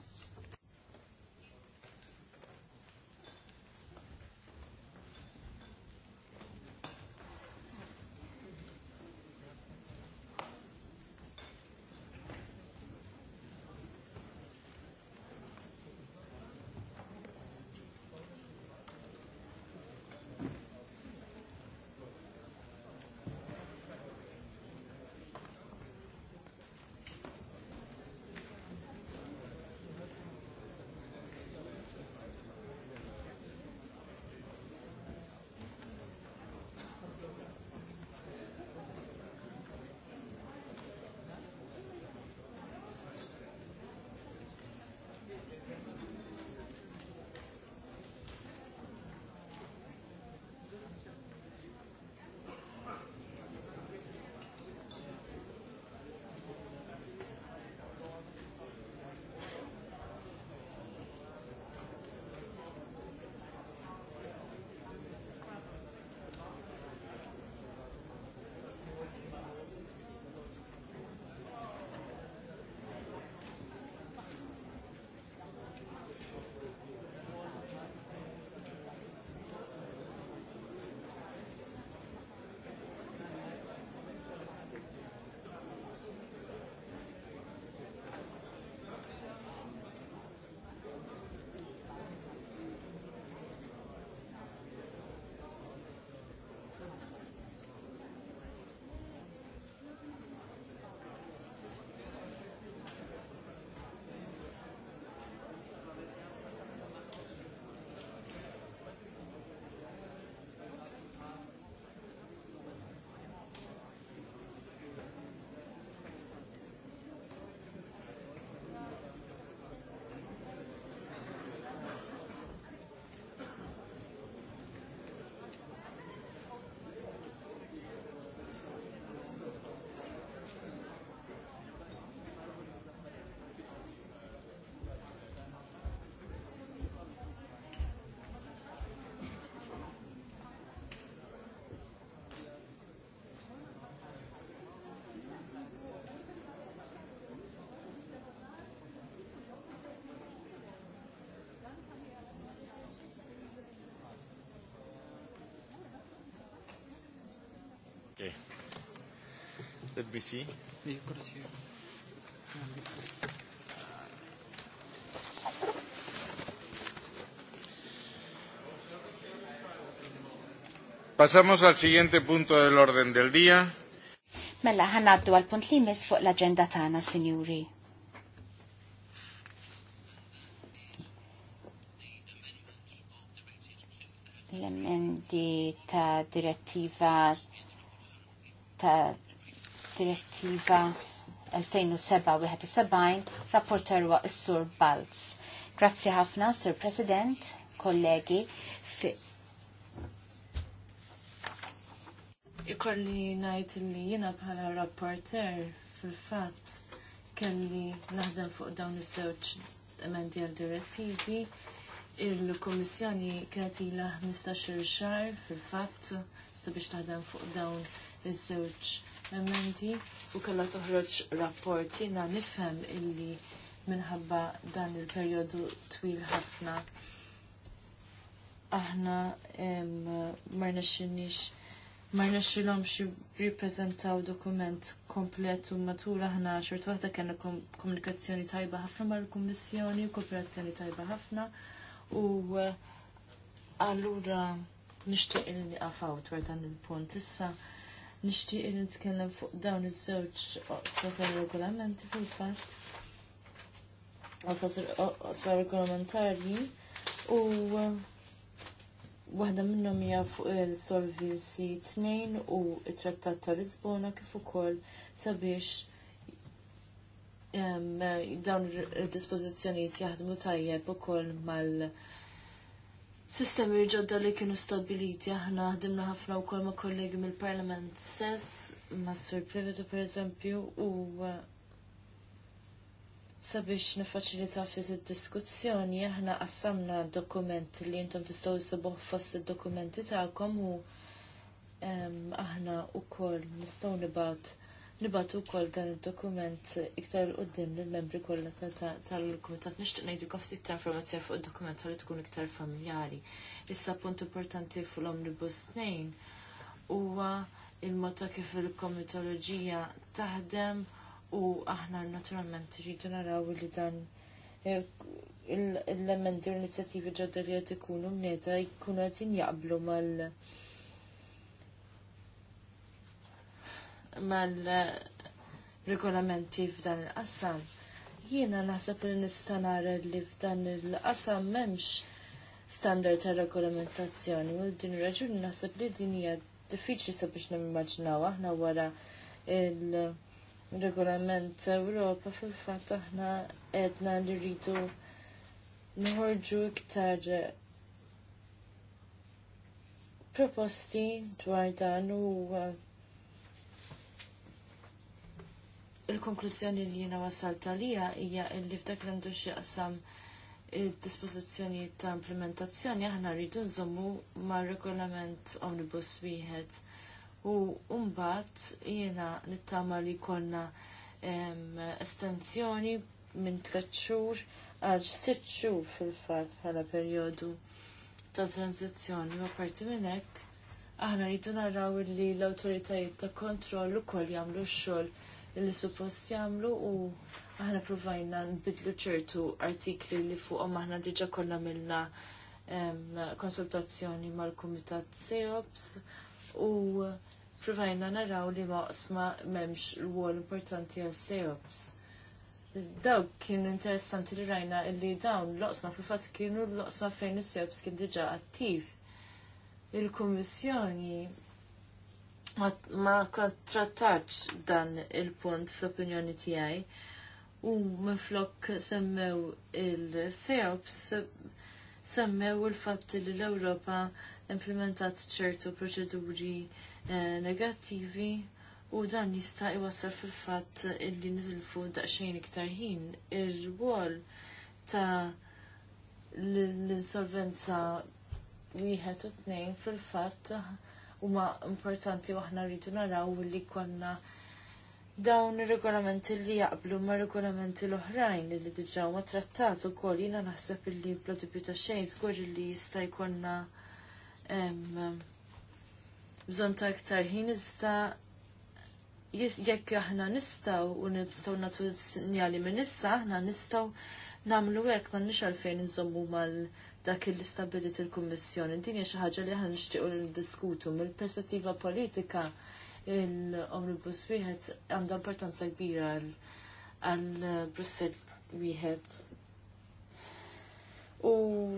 let Pasamos al siguiente punto del orden del día.
Mela, ħanaddu għal punt li mis fuq l-agenda tana, signori. L-emendi ta' direttiva ta' direttiva 2007-71, rapporter wa sur Balz. Grazie ħafna, Sir President, kollegi.
Ikolli najt li jina bħala rapporter fil-fat kelli naħdem fuq dawn is żewġ emendi għal direttivi. il komissjoni kienet ilha 15-il xahar fil-fatt sabiex taħdem fuq dawn iż-żewġ emendi u kellha toħroġ rapporti, na nifhem illi minħabba dan il-perjodu twil ħafna aħna marna xinix marna xilom xie riprezentaw dokument komplet u matur aħna xort waħda kena komunikazzjoni tajba ħafna mar kummissjoni u kooperazzjoni tajba ħafna u eh, allura nishtiq il-li għafaw dwar dan il-punt issa nixtieq li nitkellem fuq dawn iż-żewġ oqsfa tal-regolamenti fil-fatt oqsfa regolamentarji u waħda minnhom hija fuq il-Solvency 2 u it-Trattat ta' Lisbona kif ukoll sabiex dawn id-dispożizzjonijiet jaħdmu tajjeb ukoll mal- sistemi ġodda li kienu stabiliti aħna ħdimna ħafna u kolma ma kollegi mill-parlament sess, ma s-sur privetu per eżempju, u uh, sabiex nifacilita ftit id diskussjoni aħna qassamna dokument li intom tistgħu jsibuh fost id-dokumenti tagħkom u aħna u koll nistgħu nibgħat nibatu wkoll dan id dokument iktar l-qoddim l-membri kollha tal-komitat nixtieq ngħidu kif iktar informazzjoni fuq id dokument għalli tkun iktar familjari. Issa punt importanti fuq l-omnibus 2 huwa il mota kif il-komitoloġija taħdem u aħna naturalment rridu naraw li dan eh, l-emendi l-inizjativi ġodda li qed ikunu mneta jkunu qed jinjaqblu mal- mal-regolamenti f'dan il-qasam. Jiena naħseb li nista' nara li f'dan il-qasam m'hemmx standard ta' regolamentazzjoni u din ir-raġuni naħseb li din hija diffiċli sabiex nimmaġinaw aħna wara il-regolament Ewropa fil-fatt aħna edna li rridu nħorġu iktar proposti dwar dan u il-konklużjoni li jiena wasalt għalija hija li f'dak li għandu xi qasam il-dispożizzjoni ta' implementazzjoni aħna rridu nżommu mar regolament omnibus wieħed u mbagħad jiena nittama li jkollna estensjoni minn tliet xhur għal sitt xhur fil-fatt bħala perjodu ta' tranzizzjoni u apparti minn hekk aħna rridu naraw li l-awtoritajiet ta' kontroll ukoll jagħmlu x-xogħol li suppost jagħmlu u aħna provajna nbidlu ċertu artikli li fuqhom aħna diġà kollha milna konsultazzjoni mal-Kumitat SEOPS u provajna naraw li ma qsma memx rwol importanti għal SEOPS. Daw kien interessanti li rajna illi dawn l-oqsma fil-fat kienu l-oqsma fejn is-sebs kien diġa attiv. Il-Kummissjoni ma kontrattax dan il-punt fl-opinjoni tiegħi u minflok semmew il-SEOPS semmew il-fatt li l-Ewropa implementat ċertu proċeduri eh, negattivi u dan jista' iwassal fil-fatt illi nitilfu daqsxejn iktar ħin ir-rwol ta' l-insolvenza wieħed u tnejn fil-fatt huma importanti waħna aħna rridu naraw li konna dawn ir-regolamenti li jaqblu ma' regolamenti l-oħrajn li diġà ma trattat ukoll jina naħseb illi bla dubju ta' xejn zgur li jista' jkollna bżonn ta' iktar ħin iżda jekk aħna nistaw u nistaw natu sinjali minn issa, aħna nistaw namlu hekk ma nix għalfejn inżommu mal dak il stabilit il-Kummissjoni. Din hija xi ħaġa li aħna nixtiequ niddiskutu mill-perspettiva politika l-omnibus wieħed għandha importanza kbira għal Brussel wieħed. U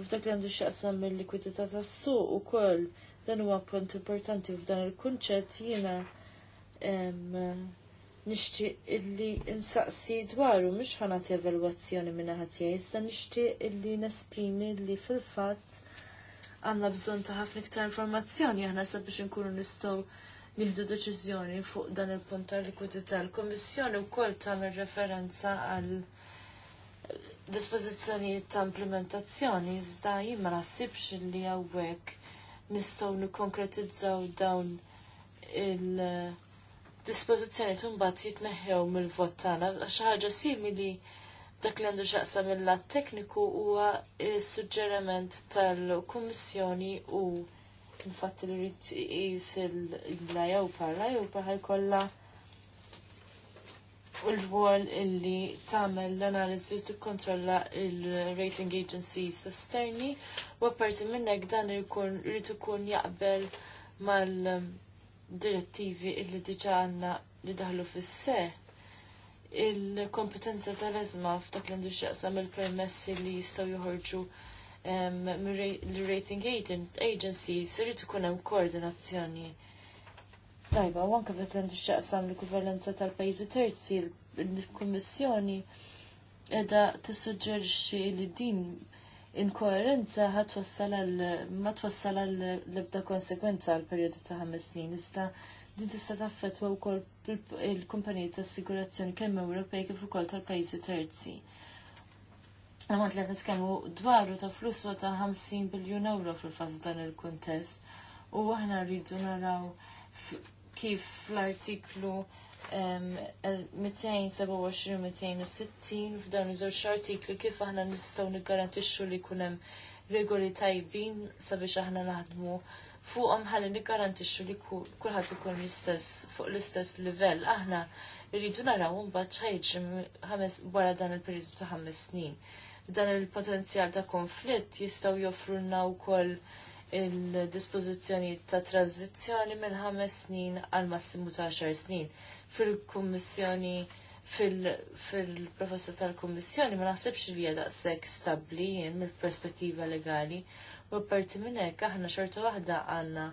dak li għandu x'jaqsam mill-likwidità tas-suq ukoll dan huwa punt importanti f'dan il-kunċett jiena nixtieq illi insaqsi dwaru mux ħanat evalwazzjoni minn ħatijaj, iżda nixtieq illi nesprimi li fil-fatt għandna bżonn ta' ħafna iktar informazzjoni aħna sabiex inkunu nistgħu nieħdu deċiżjoni fuq dan il-punt tal-likwidità. l kommissjoni wkoll tagħmel referenza għal dispożizzjonijiet ta' implementazzjoni, iżda jien ma naħsibx li hawnhekk nistgħu nikkonkretizzaw dawn il- dispożizzjoni tumbat jitneħħew mill-vot tagħna għax ħaġa simili dak li għandu xaqsa mill-lat tekniku huwa suġġerament tal-Kummissjoni u infatti li rrid qis il-la l parla jew l-rwol illi tagħmel l-analiżi u tikkontrolla l rating agencies esterni u apparti minnek dan irid ikun jaqbel mal- direttivi illi diġa għanna li daħlu fis-se il-kompetenza tal-ezma f'dak l-għandu xaqsam il-permessi li jistaw joħorġu l-rating agencies irrid ikun hemm koordinazzjoni. Tajba, u anke f'dak l-għandu xaqsam l kuvalenza tal-pajjiżi terzi, l-Kummissjoni edha tissuġġerixxi li din inkoerenza ħatwassal għal ma twassal għal l-ebda konsekwenza għal perjodu ta' ħames snin. Iżda din tista' taffettwa wkoll il-kumpaniji ta' assigurazzjoni kemm Ewropej kif ukoll tal-pajjiżi terzi. Għamant li nitkellmu dwaru ta' flus ta' 50 biljun euro fil-fatt dan il-kuntest u aħna rridu naraw kif l-artiklu 227-260 f'dawn iż-żewġ artikli kif aħna nistgħu niggarantixxu li jkun hemm regoli tajbin sabiex aħna naħdmu fuqhom ħalli niggarantixxu li kulħadd ikun l-istess fuq l-istess livell. Aħna rridu naraw mbagħad xejn wara dan il-perjodu ta' ħames snin. Dan il-potenzjal ta' konflitt jistgħu joffrulna wkoll il dispożizzjonijiet ta' tranzizjoni minn ħames snin għal massimu ta' 10 snin fil-Kummissjoni fil professor tal-Kummissjoni ma naħsibx li hija daqshekk stabbli mill-perspettiva legali. U parti minn hekk aħna xorta waħda għandna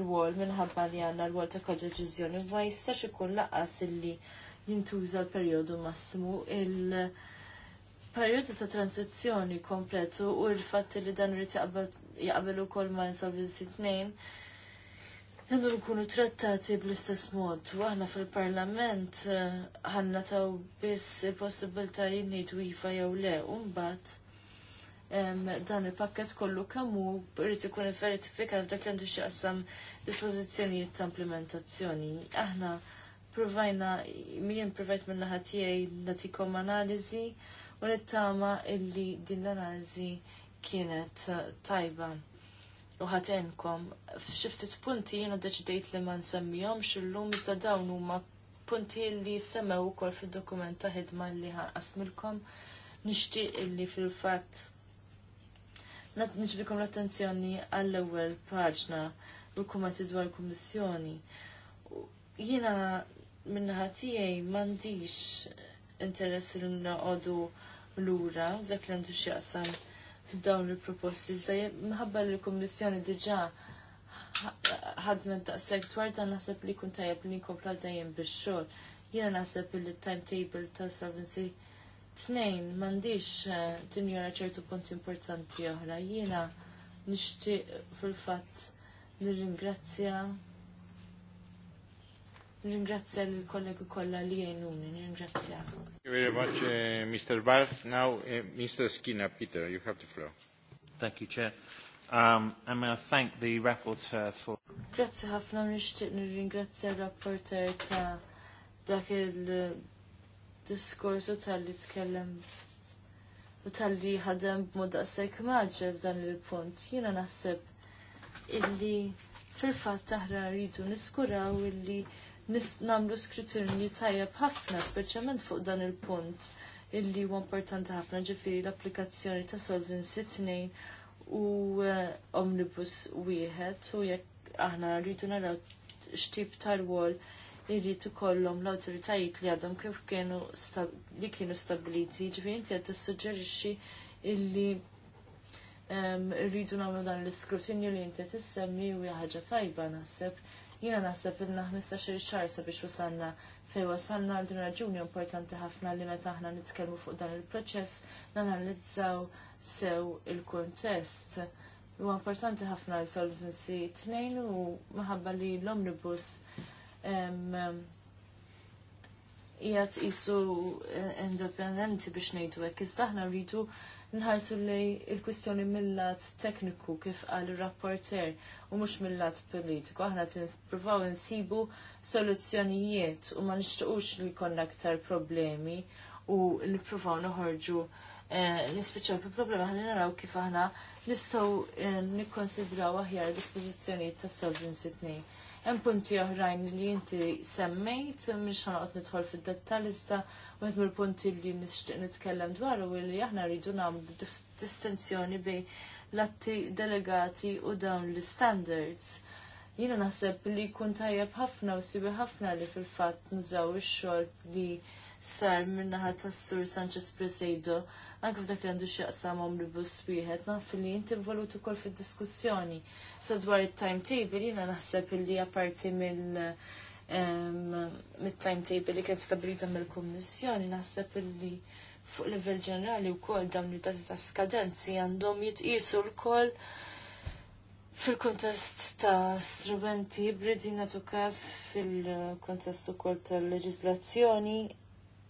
rwol minħabba li għandna wol ta' kodeċiżjoni ma jistax ikun laqas illi jintuża l-perjodu massimu il- periodu ta' transizzjoni kompletu u l-fatt li dan rrit jaqbel ukoll ma' insolvency 2 għandu nkunu trattati bl-istess mod. U aħna fil-parlament għanna eh, taw biss il-possibilta jinnit wifa jew le. Umbat dan il-pakket kollu kamu rrit ikun verifikat dak li għandu xaqsam dispożizzjonijiet ta' implementazzjoni. Aħna provajna, min provajt minna ħatijaj natikom analizi u nittama illi din l-analizi kienet eh, tajba u ħatenkom. F'xiftit punti jiena deċidejt li ma nsemmihomx illum iżda dawn huma punti li semmew ukoll fid-dokument ta' ħidma li ħanqasmilkom. Nixtieq illi fil-fatt nġbikom l-attenzjoni għall-ewwel paġna u l dwar kummissjoni. Jiena minnaħa tiegħi m'għandix interess li noqogħdu lura dak li għandu x'jaqsam dawn il-proposti. Iżda minħabba li l-Kummissjoni diġà ħadmet daqshekk dwar dan naħseb li jkun tajjeb li nkompla dejjem bix-xogħol. Jiena naħseb li timetable ta' Solvency tnejn m'għandix eh, tinjora ċertu punti importanti oħra. Jiena nixtieq fil-fatt nirringrazzja Ringrazzja l-kollegu kollha li jgħinuni, ringrazzjaku. Thank you very much, uh, eh, Mr. Barth. Now, uh, eh, Mr. Skinner, Peter, you have
the floor. Thank you, Chair. Um, I'm going to thank the rapporteur for...
Grazie ħafna nishtiq nirringrazzja l-rapporteur ta' dak il-diskorsu tal-li tkellem u tal-li ħadem b'mod daqshekk maġġel f'dan il-punt. Jiena naħseb illi fil-fatt aħna rridu niskuraw illi namlu skrutinju tajjeb ħafna, speċjalment fuq dan il-punt illi huwa importanti ħafna ġifiri l-applikazzjoni ta' Solvency 2 u eh, Omnibus wieħed u jekk aħna rridu naraw x'tip tal-wol irrid ikollhom l-awtoritajiet li għadhom kif kienu li kienu stabiliti, ġifieri inti qed tissuġġerixxi illi ehm, rridu nagħmlu dan l-iskrutinju li inti tissemmi u hija ħaġa tajba naħseb Jiena naħseb ilna 15-il xahar sabiex wasalna fejn wasalna għal raġuni importanti ħafna li meta aħna nitkellmu fuq dan il-proċess nanalizzaw sew il-kuntest. Huwa importanti ħafna l-solvency tnejn u maħabba li l-omnibus jgħat jisu eh, indipendenti biex ngħidu hekk iżda aħna rridu nħarsu li il-kwistjoni mill-lat tekniku kif għal rapporter u mux mill-lat politiku. Aħna t-provaw nsibu soluzzjonijiet u ma nishtuqux li konna aktar problemi u niprovaw nħorġu eh, nispiċaw pi problema aħna naraw kif aħna nistaw eh, nikkonsidraw aħjar dispożizzjonijiet ta' solvin sitni. Hemm punti oħrajn li inti semmejt mhix ħanoqgħod nidħol fid-dettall iżda wieħed mill-punti li nixtieq nitkellem dwar u li aħna rridu nagħmlu distinzjoni bejn l-atti delegati u dawn l-standards Jiena naħseb li kun tajjeb ħafna u sibi ħafna li fil fatt nużaw ix-xogħol li sar min-naħa tas-Sur Sanchez Presedo anke f'dak li għandu x'jaqsam omnibus wieħed naf li inti involut ukoll fid-diskussjoni. Sadwar il timetable jiena naħseb li apparti mill mit-timetable li kien stabilita mill-Kummissjoni naħseb li fuq level ġenerali wkoll dawn li dati ta' skadenzi għandhom jitqisu l-koll fil-kontest ta' strumenti ibridi natu każ fil-kontest ukoll tal leġizlazzjoni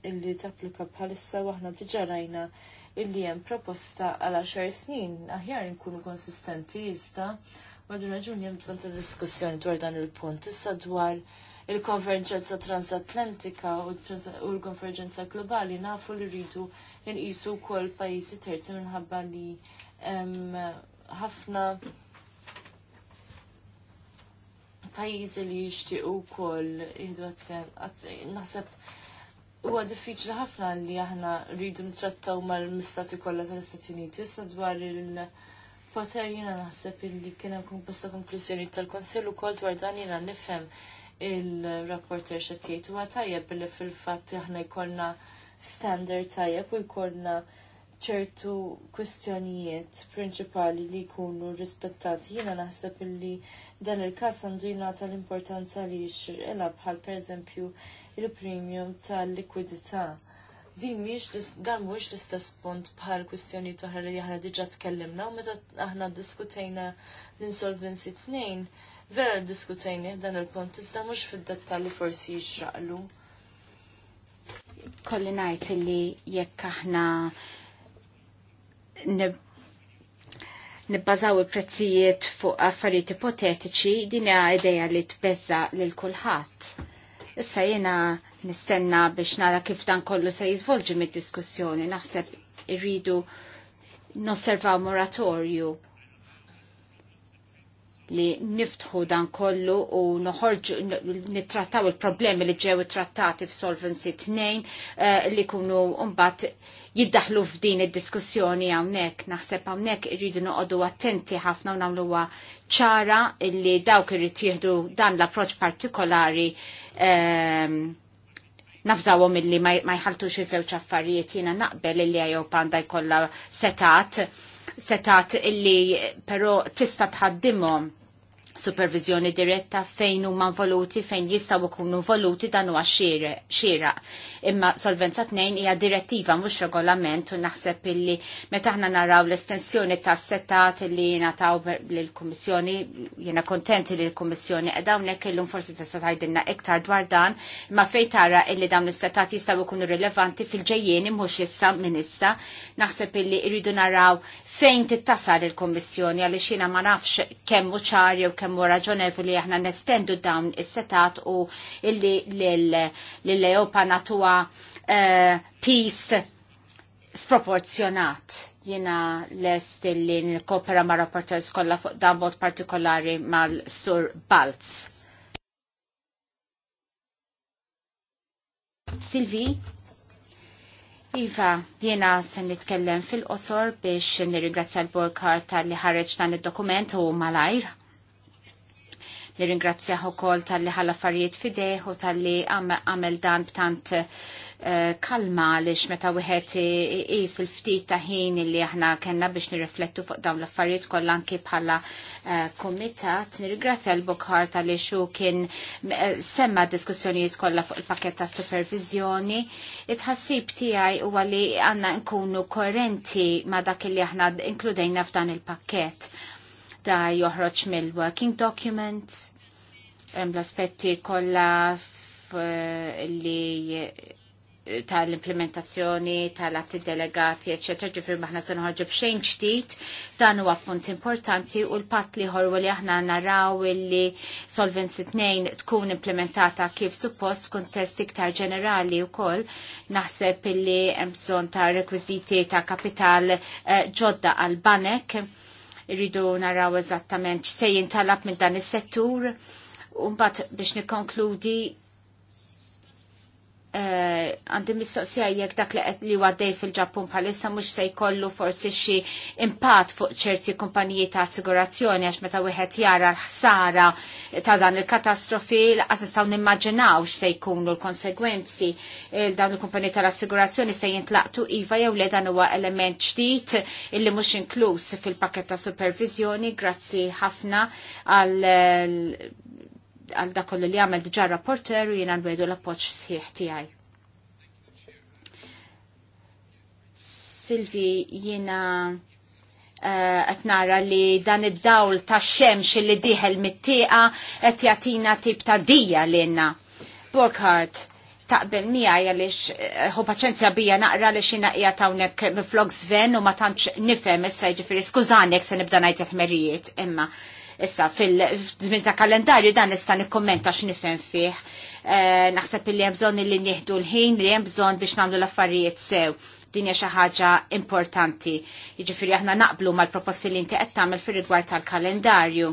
illi tapplika bħalissa waħna diġarajna rajna illi hemm proposta għal xar snin aħjar nkunu konsistenti jista, Madru raġuni hemm bżonn ta' diskussjoni dwar dan il-punt issa dwar il-konverġenza transatlantika u l-konverġenza globali nafu li rridu nqisu wkoll pajjiżi terzi minħabba li ħafna pajizi li jishtiqu kol jihdu għazzen, naħseb huwa diffiċli ħafna li aħna rridu ntrattaw mal-mistati kollha tal-Istati Uniti issa dwar il-poter jiena naħseb illi kien hemm komposta konklużjoni tal konsell ukoll dwar dan jiena nifhem il-rapporter xed jgħid huwa tajjeb billi fil-fatt aħna jkollna standard tajjeb u jkollna ċertu kwistjonijiet prinċipali li jkunu rispettati jiena naħseb illi dan il-każ għandu jingħata l-importanza li jxirqilha bħal pereżempju il-premium tal-likwidità. Din mhix dan mhuwiex l-istess punt bħal kwistjonijiet oħra li aħna diġà tkellimna u meta aħna diskutejna l-insolvency tnejn, vera ddiskutejna dan il-punt iżda mhux fid-dettalji forsi jixraqlu.
Kolli ngħid li jekk aħna nibbażaw il-prezzijiet fuq affarijiet ipotetiċi din hija idea li tbeżza lil kulħadd. Issa jiena nistenna biex nara kif dan kollu se jizvolġi mid-diskussjoni. Naħseb irridu nosservaw moratorju li niftħu dan kollu u noħorġu nittrattaw il-problemi li ġew trattati f'Solvency 2 uh, eh, li kunu mbagħad jiddaħlu f'din id-diskussjoni hawnhekk. Naħseb hawnhekk irridu noqogħdu attenti ħafna u nagħmluha ċara illi dawk irid jieħdu dan l-approċċ partikolari ehm, nafżawhom illi ma jħaltux iż-żewġ affarijiet jiena naqbel illi għajob panda jkollha setat setat illi però tista' tħaddimhom supervizjoni diretta fejn huma involuti, fejn jistgħu jkunu voluti dan huwa xira. Imma solvenza tnejn hija direttiva mhux regolament u naħseb illi meta aħna naraw l-estensjoni ta' settat li nataw lill-Kummissjoni, jiena kontenti li l-Kummissjoni qed hawnhekk illum forsi tista' tgħidilna iktar dwar dan, imma fejn tara illi dawn l-istattat jistgħu jkunu rilevanti fil-ġejjieni mhux issa minn issa, naħseb illi rridu naraw fejn tittasar il-Kummissjoni għaliex jiena ma nafx kemm u ċar jew kemm kemm hu raġonevoli aħna nestendu dawn is-setat u illi l-Ejopa natuwa eh, peace sproporzjonat jina lest li nkopera ma' rapporters kollha fuq dan vot partikolari mal-Sur Balz. Silvi, Iva, jiena se nitkellem fil-qosor biex nirringrazzja l-Burkhardt tal-li ħareġ dan id-dokument u malajr Nirringrazzjaħ ukoll tal-li ħalla affarijiet fideħ u tal-li għamel dan b'tant eh, kalma għaliex meta wieħed iqis il-ftit ta' ħin li aħna kellna biex nirriflettu fuq dawn l-affarijiet kollha anki bħala eh, kumitat. Nirringrazzja l bokhar tal-li xu kien eh, semma diskussjonijiet kollha fuq il-pakket ta' supervizjoni. It-ħassib tiegħi huwa li għandna nkunu koerenti ma' dak li aħna inkludejna f'dan il-pakket da joħroġ mill-working document, l-aspetti kollha li tal-implementazzjoni, tal-atti delegati, ecc. ġifir maħna se nħorġu b'xejn ġdid, dan huwa punt importanti u l-patt li ħorwu li aħna naraw li Solvency 2 tkun implementata kif suppost kuntest iktar ġenerali wkoll naħseb li hemm bżonn ta' rekwiżiti ta' kapital eh, ġodda għal banek irridu naraw eżattament x'se jintalab minn dan is-settur. mbagħad biex nikkonkludi. Eh, għandi uh, mistoqsija jekk dak li qed li għaddej fil-Ġappun bħalissa mhux se jkollu forsi xi impatt fuq ċerti kumpaniji ta' assigurazzjoni għax meta wieħed jara l-ħsara ta' dan il-katastrofi laqas nistgħu nimmaġinaw se jkunu l-konsegwenzi eh, dawn il-kumpaniji tal-assigurazzjoni se jintlaqtu iva jew le dan huwa element ġdid illi mhux inkluż fil-pakket ta' supervizjoni grazzi ħafna għal għal dak kollu li għamel diġà rapporter u jiena nwedu l-appoġġ sħiħ tiegħi. Silvi jiena eh, qed nara li dan id-dawl tax-xemx li diħel mit-tieqa qed jagħtina tip ta' dija lilna. Burkhardt, taqbel mija għalix hu eh, paċenzja bija naqra li xina ija tawnek miflok Sven u ma tantx nifem issa ġifiri skużani jek se nibda najt il-ħmerijiet imma Issa, fil-żmien ta' kalendarju dan issa nikkommenta x'nifhem fih. Eh, naħseb li hemm bżonn li nieħdu l-ħin li hemm bżonn biex nagħmlu l-affarijiet sew din hija xi ħaġa importanti. Jiġifieri aħna naqblu mal-proposti li inti qed tagħmel fir-rigward tal-kalendarju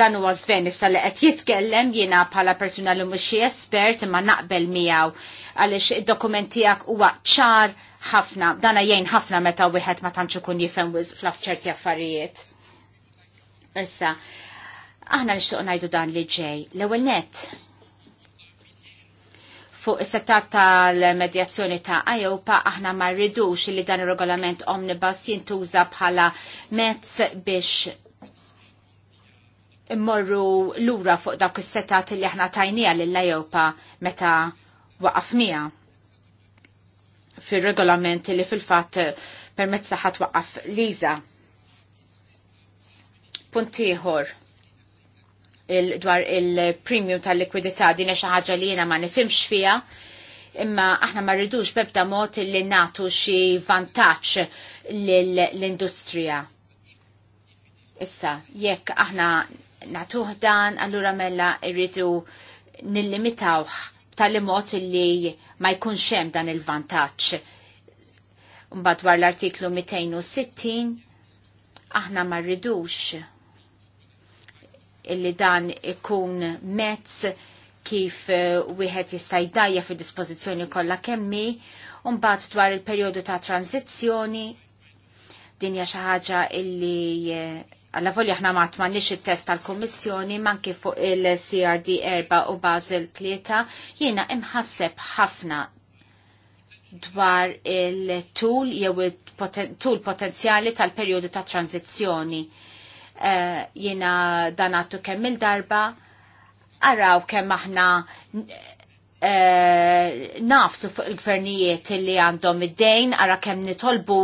dan huwa żven issa li qed jitkellem jiena bħala persuna li mhux xi espert imma naqbel miegħu għaliex id-dokument tiegħek huwa ċar ħafna, Dan jgħin ħafna meta wieħed ma tantx ikun jifhem fl-afċerti affarijiet. Issa, aħna nixtuq najdu dan li ġej. L-ewel net, fuq is-settat tal-medjazzjoni ta' Ajopa aħna ma rridux li dan ir-regolament omnibus jintuża bħala mezz biex immorru lura fuq dawk is-settat li aħna tajnija lill ajopa meta waqafnija fir-regolamenti li fil-fatt permezz ħadd waqaf liża. Puntiħor il dwar il-premium tal-likwidità din xi ħaġa li jiena ma nifhimx fiha, imma aħna ma rridux bebda mod li nagħtu xi vantaġġ l-industrija. Issa, jekk aħna nagħtuh dan, allura mella rridu nillimitawh tal-mod li ma jkunx hemm dan il-vantaġġ. Mbagħad dwar l-artiklu 260 aħna ma rridux illi dan ikun mezz kif uh, wieħed jista' jdajja fid-dispożizzjoni kollha kemmi u mbagħad dwar il-perjodu ta' tranzizzjoni din hija xi ħaġa illi eh, għalla volja aħna ma tmanniex il-test tal-Kommissjoni kif fuq il-CRD 4 u Basel 3 jiena imħasseb ħafna dwar il-tul jew il-tul potenzjali tal-perjodu ta' tranzizzjoni. Ta Eh, jiena dan għattu kemm il-darba, araw kemm aħna Eh, nafsu fuq il-gvernijiet li għandhom id-dejn għara kem nitolbu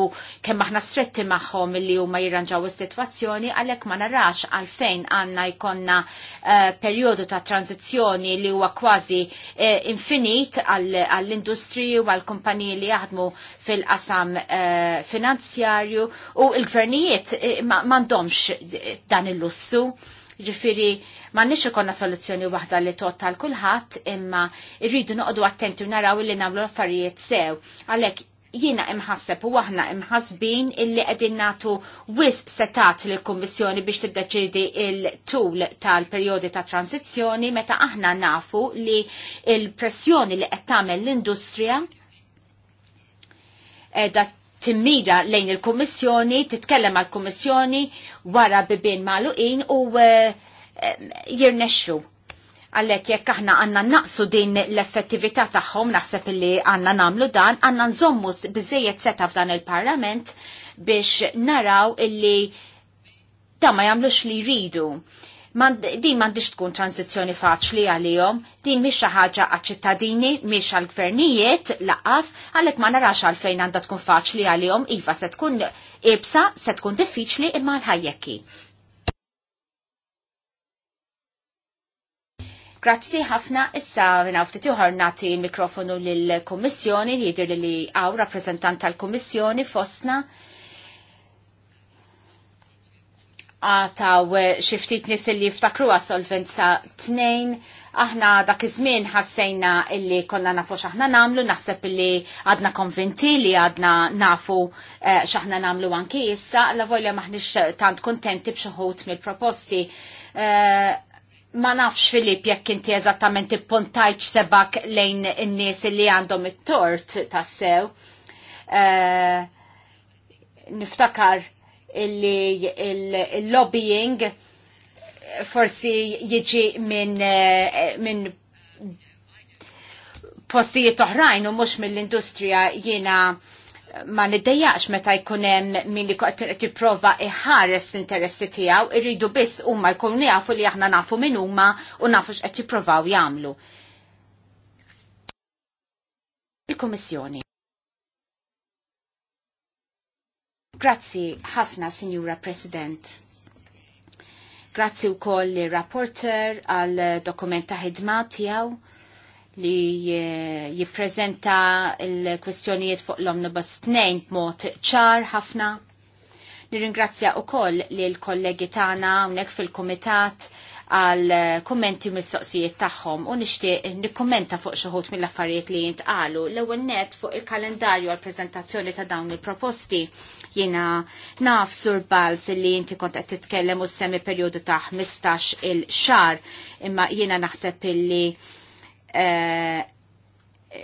kem aħna stretti maħħom li huma jirranġaw is-sitwazzjoni għalhekk ma narax għalfejn għandna jkonna periodu eh, perjodu ta' tranzizjoni li huwa kważi eh, infinit għall-industri u għall-kumpaniji li jaħdmu fil-qasam finanzjarju u l-gvernijiet m'għandhomx dan il-lussu ġifiri Ma nix ikonna soluzzjoni waħda li tot tal kulħadd imma irridu noqdu attenti u naraw li nagħmlu affarijiet sew. Għalhekk jina imħasseb u aħna imħasbin illi qegħdin nagħtu wis setat li kummissjoni biex tiddeċidi il-tul tal-perjodi ta' transizzjoni meta aħna nafu li il-pressjoni li qed tagħmel l-industrija da timmira lejn il-Kummissjoni, titkellem għal-Kummissjoni wara bibien maluqin u uh, jirnexxu għallek jekk aħna għanna naqsu din l-effettività tagħhom naħseb li għanna namlu dan, għanna nżommu biżejjed seta f'dan il-parlament biex naraw illi ta' ma jagħmlux li jridu. din m'għandix tkun tranzizzjoni faċli għalihom, din mhix xi ħaġa għaċ-ċittadini, mhix għall-gvernijiet laqas, għalhekk ma narax għalfejn għandha tkun faċli għalihom, iva se tkun ibsa, se tkun diffiċli imma l-ħajjekki. Grazzi ħafna issa minna ftit uħar nati mikrofonu lill komissjoni jidir li għaw rappresentant tal komissjoni fosna għataw xiftit nis li jiftakru għas-solvenza nejn aħna dak iż-żmien ħassejna illi konna nafu x'aħna namlu, naħseb illi għadna konvinti li għadna nafu eh, x'aħna namlu anki issa, la vojla maħniex tant kontenti b'xi mill-proposti. Eh, Ma nafx Filip jekk inti eżattament ippuntajċ sebak lejn in-nies li għandhom it-tort tassew. Eh, niftakar illi il-lobbying forsi jiġi minn eh, min postijiet oħrajn u mhux mill-industrija jiena ma niddejjaqx meta jkun hemm min li tipprova iħares l-interessi tiegħu, irridu biss huma jkunu jafu li aħna nafu min huma u nafu x'qed jippruvaw jagħmlu. Il-Kummissjoni. Grazzi ħafna, Signora President. Grazzi wkoll koll rapporter għal dokumenta ħidma tiegħu li eh, jipprezenta l-kwestjonijiet fuq l-omnibus 2 b'mod ċar ħafna. Nirringrazzja u koll li l-kollegi tagħna hawnhekk fil-kumitat għal eh, kommenti mis-soqsijiet tagħhom u nixtieq nikkommenta fuq xi ħut mill-affarijiet li jintqalu. L-ewwel net fuq il-kalendarju għal preżentazzjoni ta' dawn il-proposti jiena naf sur Balz li inti kont qed titkellem u semi perjodu ta' 15 il-xar imma jiena naħseb illi Eh,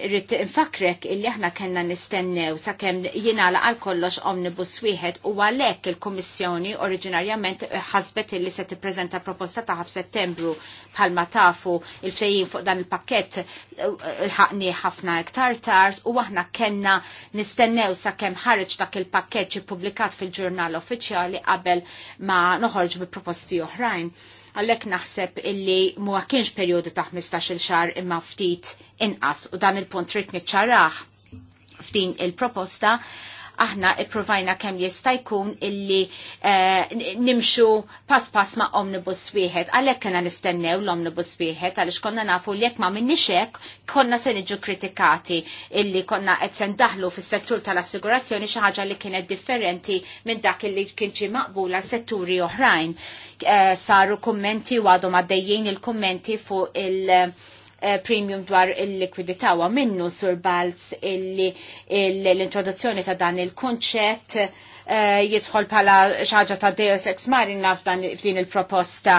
rrit infakrek illi aħna kena nistennew sa' kem jinala għal kollox omnibus wieħed u għalek il-Komissjoni oriġinarjament ħasbet illi se tippreżenta proposta ta' settembru bħalma tafu il-fejjin fuq dan il-pakket il-ħakni eh, ħafna iktar tard u aħna kena nistennew sa' kem ħarġ dak il-pakket ġi publikat fil-ġurnal uffiċjali qabel ma noħorġ bi proposti oħrajn għallek naħseb illi muwa kienx periodu ta' 15 xar imma ftit inqas u dan il-punt rritni ċarraħ f'din il-proposta aħna ipprovajna kemm jista' jkun illi eh, nimxu pass pass ma' omnibus wieħed. Għalhekk kena nistennew l-omnibus wieħed għaliex konna nafu li jekk ma minnix hekk konna se niġu kritikati illi konna qed se ndaħlu fis-settur tal-assigurazzjoni xi ħaġa li kienet differenti minn dak illi kien xi maqbula setturi oħrajn. Eh, saru kummenti u għadhom għaddejjin il-kummenti fuq il-, il Eh, premium dwar il-likwidità u minnu sur balz l-introduzzjoni ta' dan il-konċett eh, jidħol pala xaġa ta' Deus Ex Marina f'din il-proposta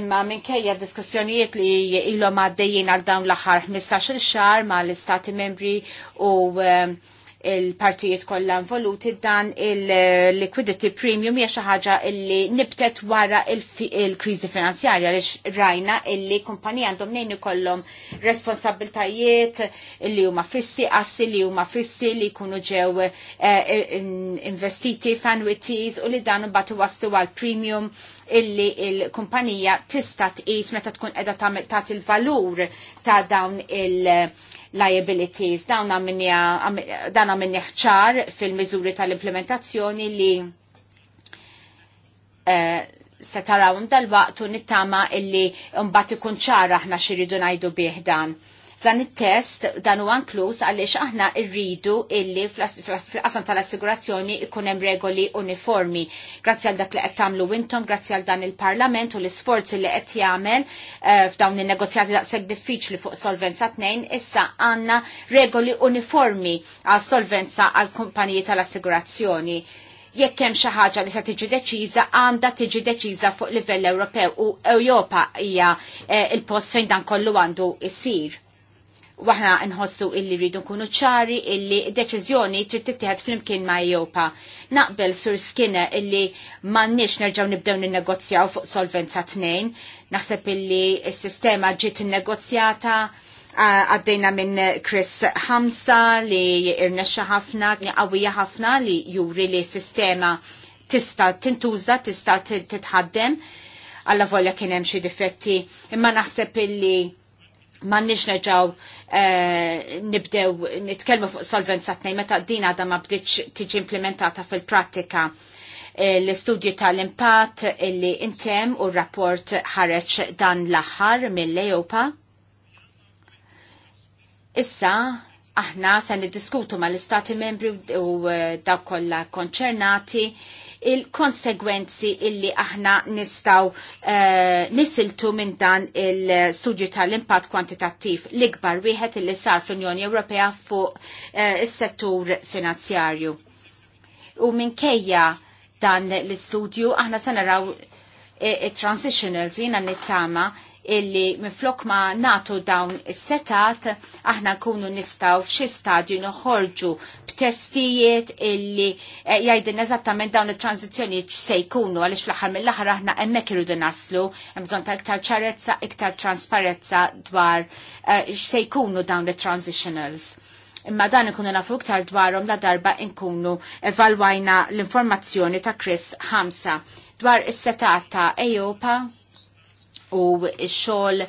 imma minkejja diskussjonijiet li ilhom għaddejjin għal dawn l-aħħar 15-il xahar mal istati membri u eh, il-partijiet kollha involuti dan il-liquidity premium hija xi ħaġa li nibtet wara il-kriżi finanzjarja għaliex rajna illi kumpanija għandhom nejn ikollhom responsabiltajiet li huma fissi assi li huma fissi li jkunu ġew eh, investiti f'annuities u li dan imbagħad waslu għal premium illi il-kumpanija tista' tqis meta tkun qiegħda tagħmel tagħti il-valur ta' dawn il- liabilities. Dawn għamminja minni ħċar fil-mizuri tal-implementazzjoni li eh, se tarawm dal-waqtu nittama illi mbagħad ikun ċar aħna xiridu ngħidu bih dan. Dan it-test dan huwa għanklus għaliex aħna rridu illi fl-qasam tal-assigurazzjoni ikunem hemm regoli uniformi. Grazzi għal dak li qed tagħmlu Wintom, grazzi għal dan il-Parlament u l-isforzi li qed jagħmel eh, f'dawn in-negozjati daqshekk diffiċli fuq Solvenza 2 issa għandna regoli uniformi għal solvenza għal kumpaniji tal-assigurazzjoni jekk hemm xi ħaġa li se tiġi deċiża għandha tiġi deċiża fuq livell Ewropew u Ewropa hija eh, il-post fejn dan kollu għandu jsir waħna nħossu illi rridu nkunu ċari illi deċiżjoni trid tittieħed flimkien ma' Ewropa. Naqbel sur Skinner illi m'għandniex nerġgħu nibdew ninnegozjaw fuq solvenza tnejn. Naħseb illi s-sistema ġiet innegozjata għaddejna minn Chris Hamsa li irnexxa ħafna, qawwija ħafna li juri li s-sistema tista' tintuża, tista' titħaddem. Alla volja kien hemm xi difetti, imma naħseb illi ma nix nerġaw eh, nibdew nitkelmu fuq solvenza t meta din għadha ma bdiċ tiġi implementata fil-prattika eh, l-istudju tal-impatt illi intem u rapport ħareċ dan l-aħħar mill-Ejopa. Issa, aħna se niddiskutu mal istati membri u eh, dawk kollha konċernati il-konsegwenzi illi aħna nistaw eh, nisiltu minn dan il-studju tal-impatt kwantitattiv l-ikbar wieħed illi sar fl-Unjoni Ewropea fuq eh, is-settur finanzjarju. U minkejja dan l-istudju aħna se naraw it eh, transitionals jina nittama illi minflok ma natu dawn is-setat aħna nkunu nistaw f'xi stadju noħorġu b'testijiet illi eh, jgħidin eżattament dawn it-tranzizzjoni x'se jkunu għaliex fl-aħħar mill-aħħar aħna hemmhekk irridu naslu hemm bżonn ta' iktar ċarezza, iktar transparenza dwar eh, x'se jkunu dawn it-transitionals imma dan ikunu nafu iktar dwarhom la darba inkunu evalwajna l-informazzjoni ta' Chris Hamsa dwar is-setat ta' Ejopa u xogħol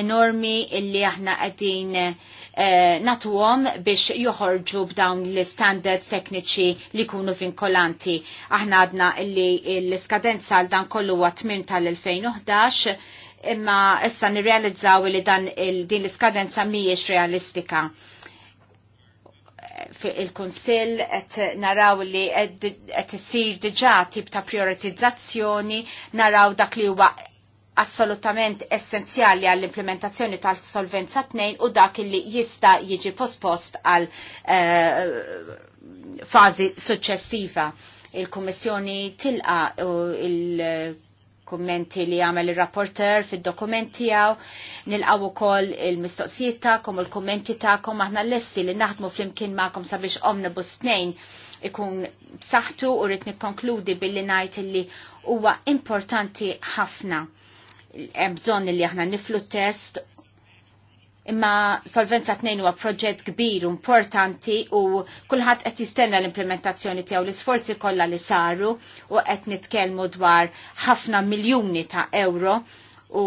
enormi illi aħna qegħdin eh, natuhom biex joħorġu b'dawn l-standards tekniċi li jkunu vinkolanti. Aħna għadna illi l-skadenza għal dan kollu huwa tal-2011 imma issa nirrealizzaw li dan din l-iskadenza mhijiex realistika il-Konsil qed naraw li qed sir diġa' tip ta' prioritizzazzjoni, naraw dak li huwa assolutament essenzjali għall-implementazzjoni tal-solvenza 2 u dak li jista jiġi pospost għal uh, fazi successiva. Il-Kommissjoni tilqa eh, il- kummenti li għamel il-rapporter fil-dokumenti għaw, nilqaw ukoll il-mistoqsijiet ta'kom, il-kommenti ta'kom, aħna l-essi li naħdmu fl-imkien ma'kom sabiex omnibus 2 ikun b'saħħtu u rrit nikkonkludi billi ngħid li huwa importanti ħafna hemm li aħna niflu test imma Solvenza 2 huwa proġett kbir u importanti u kulħadd qed jistenna l-implementazzjoni tiegħu l-isforzi kollha li saru u qed nitkellmu dwar ħafna miljuni ta' euro u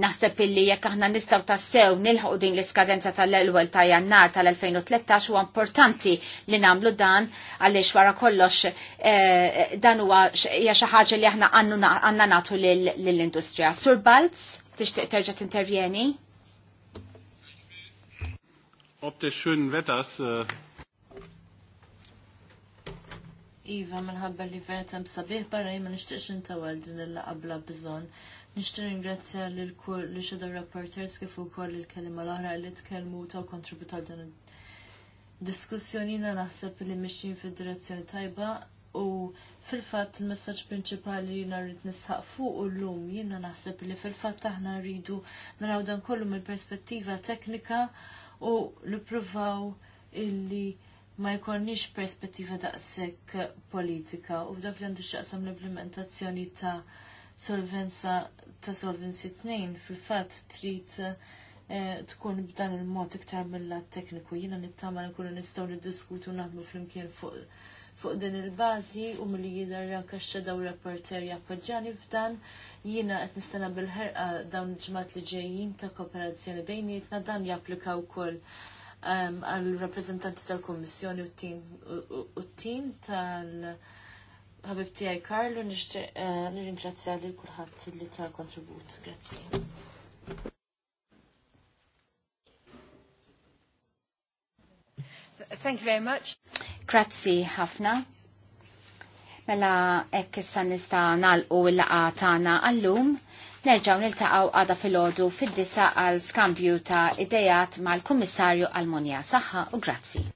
Naħseb illi jekk aħna nistgħu tassew nilħu din l-iskadenza tal-ewwel ta' Jannar tal-2013 huwa importanti li nagħmlu dan għaliex wara kollox eh, eh, dan huwa hija xi ħaġa li aħna għandna nagħtu lill-industrija. Sur Balz, tixtieq terġa' tintervjeni?
Ob des schönen Wetters äh.
Iva, minħabba li verta m'sabiħ, sabiħ barra ma nishtiqx intawal din il-qabla bżon. Nixtieq ringrazzja li shadow rapporters kif ukoll il-kelima l-oħra li tkellmu ta' kontributa dan diskussjonina naħseb li mixin fil direzzjoni tajba u fil-fatt il-messaġġ prinċipali li rrid nisħaq fuq u llum jiena naħseb li fil-fatt aħna rridu naraw dan kollu mill-perspettiva teknika u nippruvaw illi ma jkollniex perspettiva daqshekk politika u f'dak li għandu xaqsam l-implementazzjoni ta' solvenza ta' Solvency 2 fil fat trid eh, tkun b'dan il-mod iktar mill-lat tekniku. Jiena nittama nkunu nistgħu niddiskutu naħdmu flimkien fuq fuq din il-bażi u milli jidher anke x-shadow reporter jappoġġjani f'dan jiena qed nistenna bil-ħerqa dawn il ġmat li ġejjin ta' kooperazzjoni bejnietna dan japplika wkoll ehm, għal rappreżentanti tal-Kummissjoni u t-tim tal- ħabib tiegħi Karlu eh, nirringrazzja lil kulħadd li ta' kontribut. Grazzi.
Thank you very much. Grazzi ħafna. Mela hekk issa nista' nagħlqu l-laqgħa tagħna għallum. Nerġgħu niltaqgħu għada filgħodu fid-disa għal skambju ta' idejat mal-Kummissarju Almonja. Saħħa u grazzi.